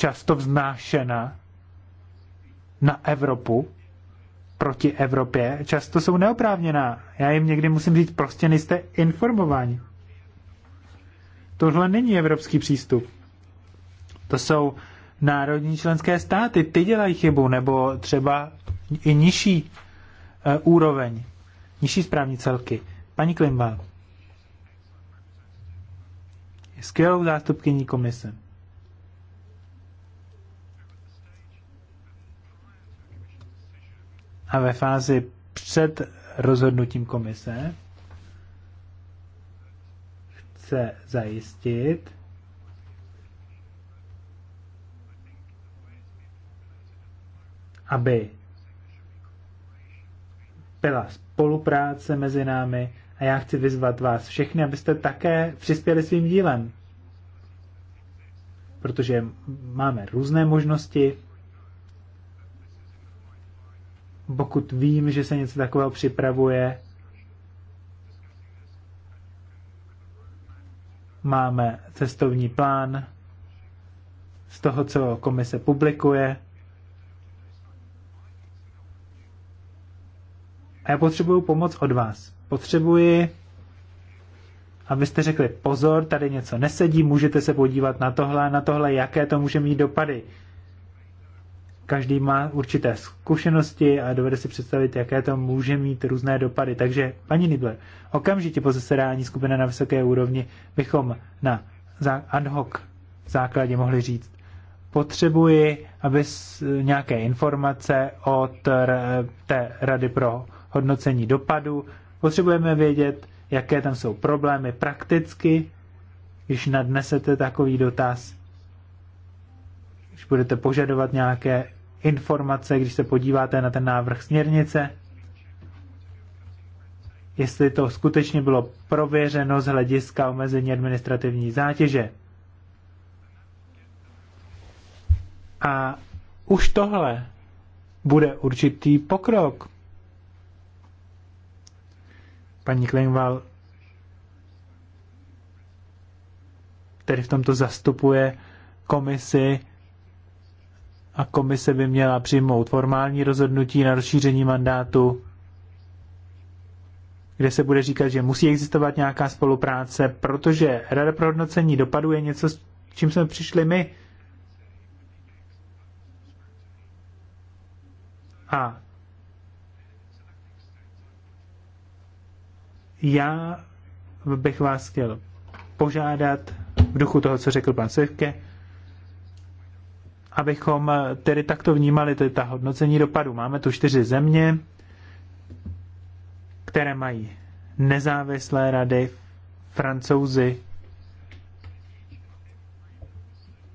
často vznášena na Evropu, proti Evropě, často jsou neoprávněná. Já jim někdy musím říct, prostě nejste informováni. Tohle není evropský přístup. To jsou národní členské státy, ty dělají chybu, nebo třeba i nižší e, úroveň, nižší správní celky. Paní Klimbal je skvělou zástupkyní komise. a ve fázi před rozhodnutím komise chce zajistit, aby byla spolupráce mezi námi a já chci vyzvat vás všechny, abyste také přispěli svým dílem. Protože máme různé možnosti, pokud vím, že se něco takového připravuje, máme cestovní plán z toho, co komise publikuje. A já potřebuju pomoc od vás. Potřebuji, abyste řekli, pozor, tady něco nesedí, můžete se podívat na tohle, na tohle, jaké to může mít dopady každý má určité zkušenosti a dovede si představit, jaké to může mít různé dopady. Takže, paní Nibler, okamžitě po zasedání skupiny na vysoké úrovni bychom na ad hoc základě mohli říct, potřebuji, aby nějaké informace od té Rady pro hodnocení dopadu, potřebujeme vědět, jaké tam jsou problémy prakticky, když nadnesete takový dotaz, když budete požadovat nějaké informace, když se podíváte na ten návrh směrnice, jestli to skutečně bylo prověřeno z hlediska omezení administrativní zátěže. A už tohle bude určitý pokrok. Paní Klingval tedy v tomto zastupuje komisi a komise by měla přijmout formální rozhodnutí na rozšíření mandátu, kde se bude říkat, že musí existovat nějaká spolupráce, protože Rada pro hodnocení dopadu je něco, s čím jsme přišli my. A já bych vás chtěl požádat v duchu toho, co řekl pan Sivke, abychom tedy takto vnímali tedy ta hodnocení dopadu. Máme tu čtyři země, které mají nezávislé rady, francouzi,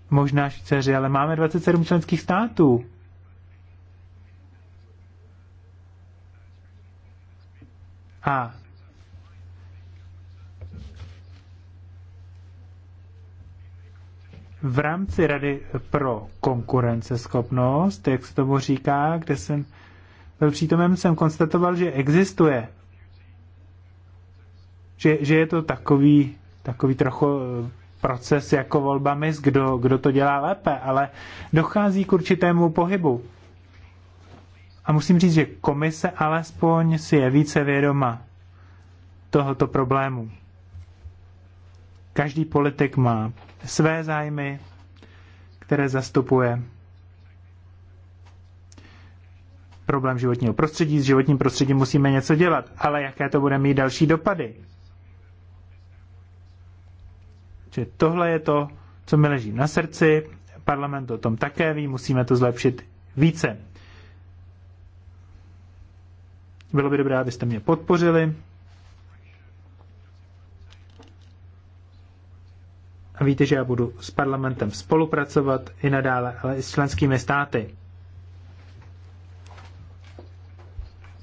možná Švýcaři, ale máme 27 členských států. A v rámci Rady pro konkurenceschopnost, jak se tomu říká, kde jsem byl přítomem, jsem konstatoval, že existuje. Že, že je to takový, takový trochu eh, proces jako volba mis, kdo, kdo to dělá lépe, ale dochází k určitému pohybu. A musím říct, že komise alespoň si je více vědoma tohoto problému. Každý politik má své zájmy, které zastupuje. Problém životního prostředí, s životním prostředím musíme něco dělat, ale jaké to bude mít další dopady? Čiže tohle je to, co mi leží na srdci, parlament o tom také ví, musíme to zlepšit více. Bylo by dobré, abyste mě podpořili. A víte, že já budu s parlamentem spolupracovat i nadále, ale i s členskými státy.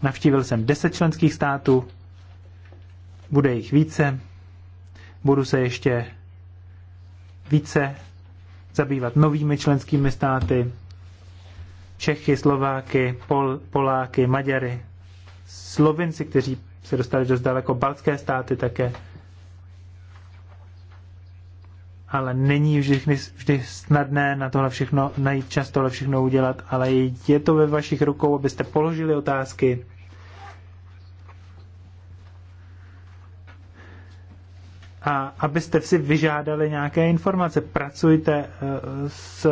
Navštívil jsem deset členských států, bude jich více, budu se ještě více zabývat novými členskými státy, Čechy, Slováky, Pol, Poláky, Maďary, Slovinci, kteří se dostali dost daleko, Balské státy také ale není vždy, vždy snadné na tohle všechno, najít čas tohle všechno udělat, ale je to ve vašich rukou, abyste položili otázky. A abyste si vyžádali nějaké informace. Pracujte eh, s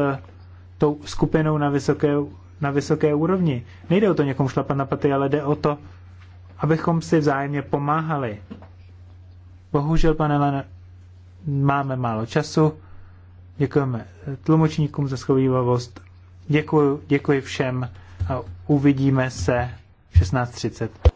tou skupinou na vysoké, na vysoké úrovni. Nejde o to někomu šlapat na paty, ale jde o to, abychom si vzájemně pomáhali. Bohužel, pane Lene, máme málo času. Děkujeme tlumočníkům za schovývavost. Děkuji, děkuji všem a uvidíme se v 16.30.